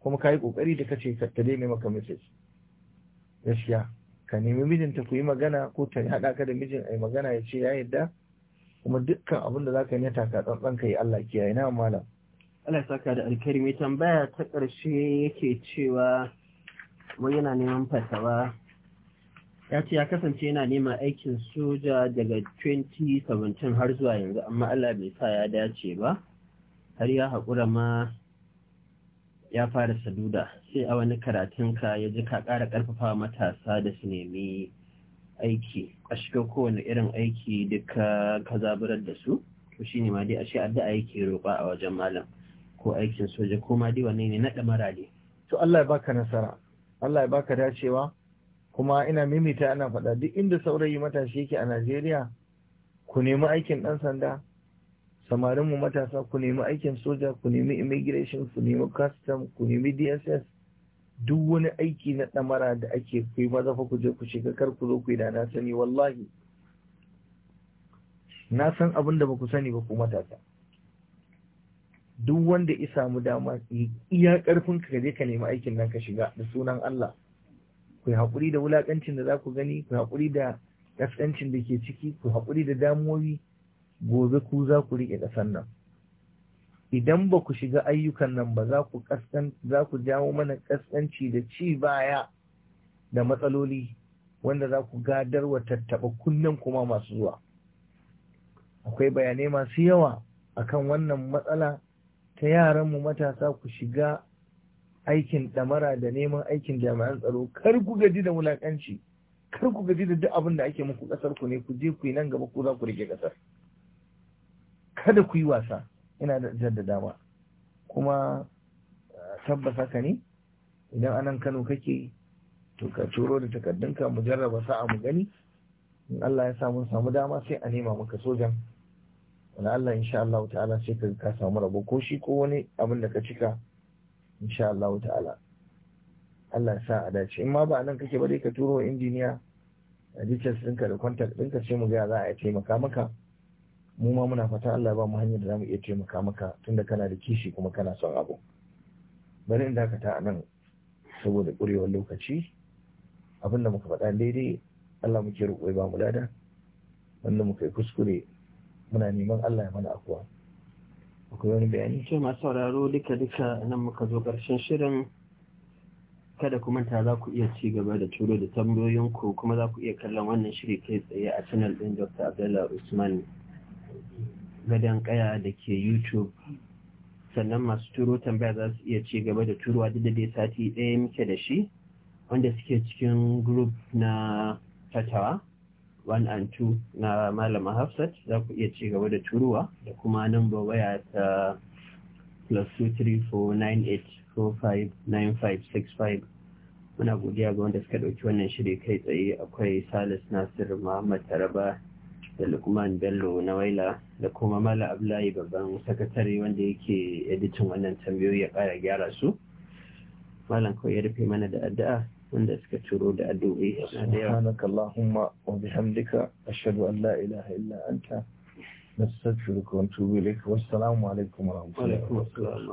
kuma ka yi ƙoƙari da kace ta daina maka message gaskiya ka nemi mijinta ku yi magana ko ta haɗa ka da mijin a magana ya ce ya yadda. kuma dukkan abin da zaka yi na taka ka yi Allah ke yi na malam Allah saka da alkari mai tambaya ta ƙarshe yake cewa wai yana neman fasawa ya ce ya kasance yana neman aikin soja daga 2017 har zuwa yanzu amma Allah bai sa ya dace ba har ya haƙura ma ya fara saduda sai a wani karatunka ya ji ka ƙara ƙarfafa matasa da su nemi aiki a cikin kowane irin aiki duka ka zaburar da su to shine ma dai ashe addu'a yake roƙa a wajen malam ko aikin soja ko ma dai wanne ne na ɗamara ne to Allah ya baka nasara Allah ya baka dacewa kuma ina mimita ana faɗa duk inda saurayi matashi yake a Najeriya ku nemi aikin ɗan sanda samarinmu matasa ku nemi aikin soja ku nemi immigration ku nemi custom ku nemi dss duk wani aiki na ɗamara da ake kai maza fa ku je ku shiga kar ku zo ku da na sani wallahi na san abin da ba ku sani ba ku matasa duk wanda ya samu dama iya karfin ka je ka nemi aikin nan ka shiga da sunan Allah ku haƙuri da wulakancin da za ku gani ku haƙuri da kaskancin da ke ciki ku haƙuri da damuwoyi gobe ku za ku riƙe ƙasar nan idan ba ku shiga ayyukan nan ba za ku kaskan jawo mana kaskanci da ci baya da matsaloli wanda za ku gadar wa tattaɓa kunnen kuma masu zuwa akwai bayanai masu yawa akan wannan matsala ta yaran mu matasa ku shiga aikin ɗamara da neman aikin jami'an tsaro kar ku gaji da wulaƙanci kar ku gaji da duk abin da ake muku ƙasar ku ne ku je ku yi nan gaba ko za ku rike ƙasar kada ku yi wasa ina da jadda dama kuma eh, tabbas haka ne idan anan Kano kake to ka turo da takardunka mu jarraba sa'a mu gani in Allah ya sa mun samu dama sai a nema maka sojan wani Allah insha Allah ta'ala sai ka ka samu rabo ko shi ko wani abin da ka cika insha Allah ta'ala Allah ya sa a dace in ma ba nan kake ba dai ka turo injiniya eh, a jikin ɗinka da contact ɗinka sai mu ga za a taimaka maka mu ma muna fata Allah ba mu hanyar da zamu iya taimaka maka tunda kana da kishi kuma kana son abu bari in dakata a nan saboda ƙurewar lokaci abinda muka faɗa daidai Allah muke roƙo ba mu lada wanda muka yi kuskure muna neman Allah ya mana akuwa akwai wani bayani ce masu sauraro duka duka nan muka zo ƙarshen shirin kada ku manta za ku iya ci gaba da turo da tambayoyinku kuma za ku iya kallon wannan shiri kai tsaye a channel ɗin Dr. Abdullah Usman gadon kaya da ke youtube sannan masu turo tambaya za su iya ci gaba da turuwa duk da dai sati ɗaya muke da shi wanda suke cikin group na tatawa 1 and 2 na malama hafsat za ku iya ci gaba da turuwa da kuma nan ba waya ta plus five muna godiya ga wanda suka ɗauki wannan shiri kai tsaye akwai salis nasir muhammad taraba da lukman bello na waila da kuma mala ablayi babban sakatare wanda yake editin wannan tambayoyi ya kara gyara su malam kawai ya rufe mana da addu'a wanda suka turo da addu'o'i subhanaka allahumma wa bihamdika ashhadu an la ilaha illa anta nastaghfiruka wa natubu ilayk wa assalamu alaikum wa rahmatullahi wa barakatuh